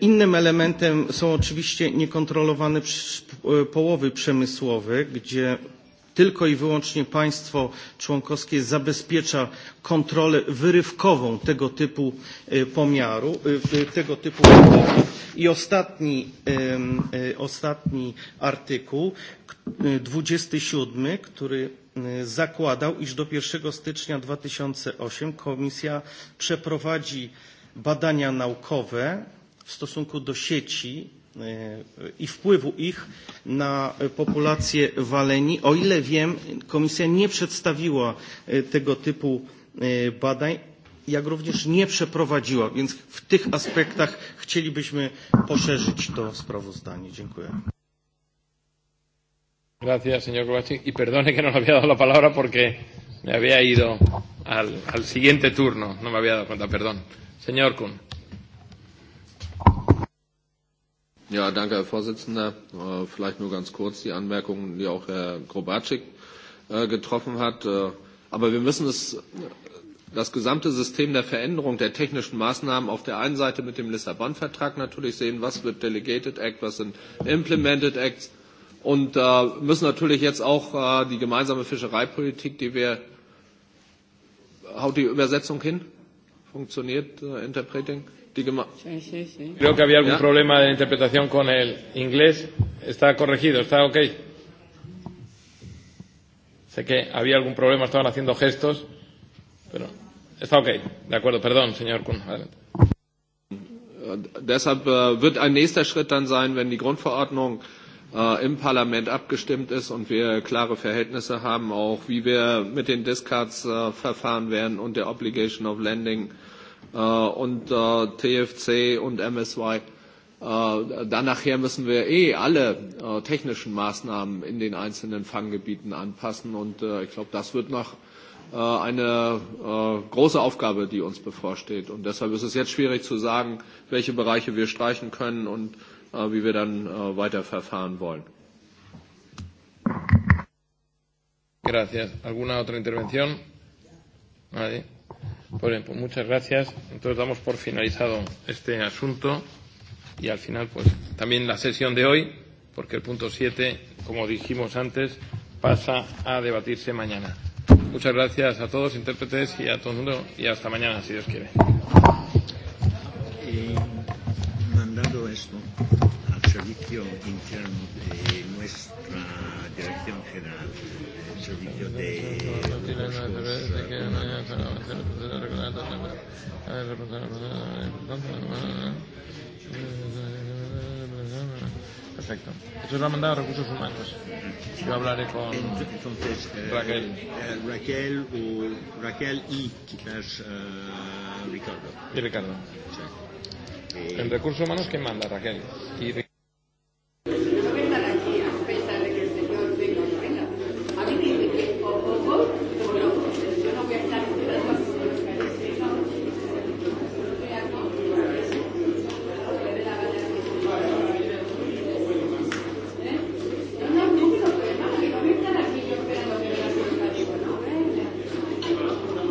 Innym elementem są oczywiście niekontrolowane połowy przemysłowe, gdzie tylko i wyłącznie państwo członkowskie zabezpiecza kontrolę wyrywkową tego typu pomiaru, tego typu pomiarów. I ostatni, ostatni artykuł, 27, który zakładał, iż do 1 stycznia 2008 Komisja przeprowadzi badania naukowe w stosunku do sieci i wpływu ich na populację waleni. O ile wiem, komisja nie przedstawiła tego typu badań, jak również nie przeprowadziła, więc w tych aspektach chcielibyśmy poszerzyć to sprawozdanie. Dziękuję. Gracias, señor perdone que no le había dado la palabra porque me había ido al, al siguiente turno. No me había dado cuenta, perdón. Señor Kuhn. Ja, danke, Herr Vorsitzender. Vielleicht nur ganz kurz die Anmerkungen, die auch Herr Grobacik getroffen hat. Aber wir müssen es, das gesamte System der Veränderung der technischen Maßnahmen auf der einen Seite mit dem Lissabon-Vertrag natürlich sehen, was wird Delegated Act, was sind Implemented Acts und müssen natürlich jetzt auch die gemeinsame Fischereipolitik, die wir, haut die Übersetzung hin? Funktioniert Interpreting? Creo que había algún problema de interpretación con el inglés. Está corregido, está ok. Sé que había algún problema, estaban haciendo gestos, pero está ok. De acuerdo, perdón, señor Kuhn. Adelante. Deshalb wird ein nächster Schritt dann sein, wenn die Grundverordnung im Parlament abgestimmt ist und wir klare Verhältnisse haben, auch wie wir mit den Discards verfahren werden und der Obligation of Lending und TFC und MSY. Dann nachher müssen wir eh alle technischen Maßnahmen in den einzelnen Fanggebieten anpassen. Und ich glaube, das wird noch eine große Aufgabe, die uns bevorsteht. Und deshalb ist es jetzt schwierig zu sagen, welche Bereiche wir streichen können und wie wir dann weiter verfahren wollen. Gracias. ¿Alguna otra intervención? Nadie. Bueno, pues muchas gracias. Entonces damos por finalizado este asunto y al final pues también la sesión de hoy, porque el punto 7, como dijimos antes, pasa a debatirse mañana. Muchas gracias a todos, intérpretes y a todo el mundo y hasta mañana, si Dios quiere. Eh, mandando esto al servicio interno de nuestra Dirección General del servicio de Perfecto. Eso es la mandada de recursos humanos. Yo hablaré con Entonces, eh, Raquel. Eh, Raquel, o Raquel y quizás uh, Ricardo. Y Ricardo. Sí. Eh, en recursos humanos, ¿quién manda? Raquel. Y Ricardo.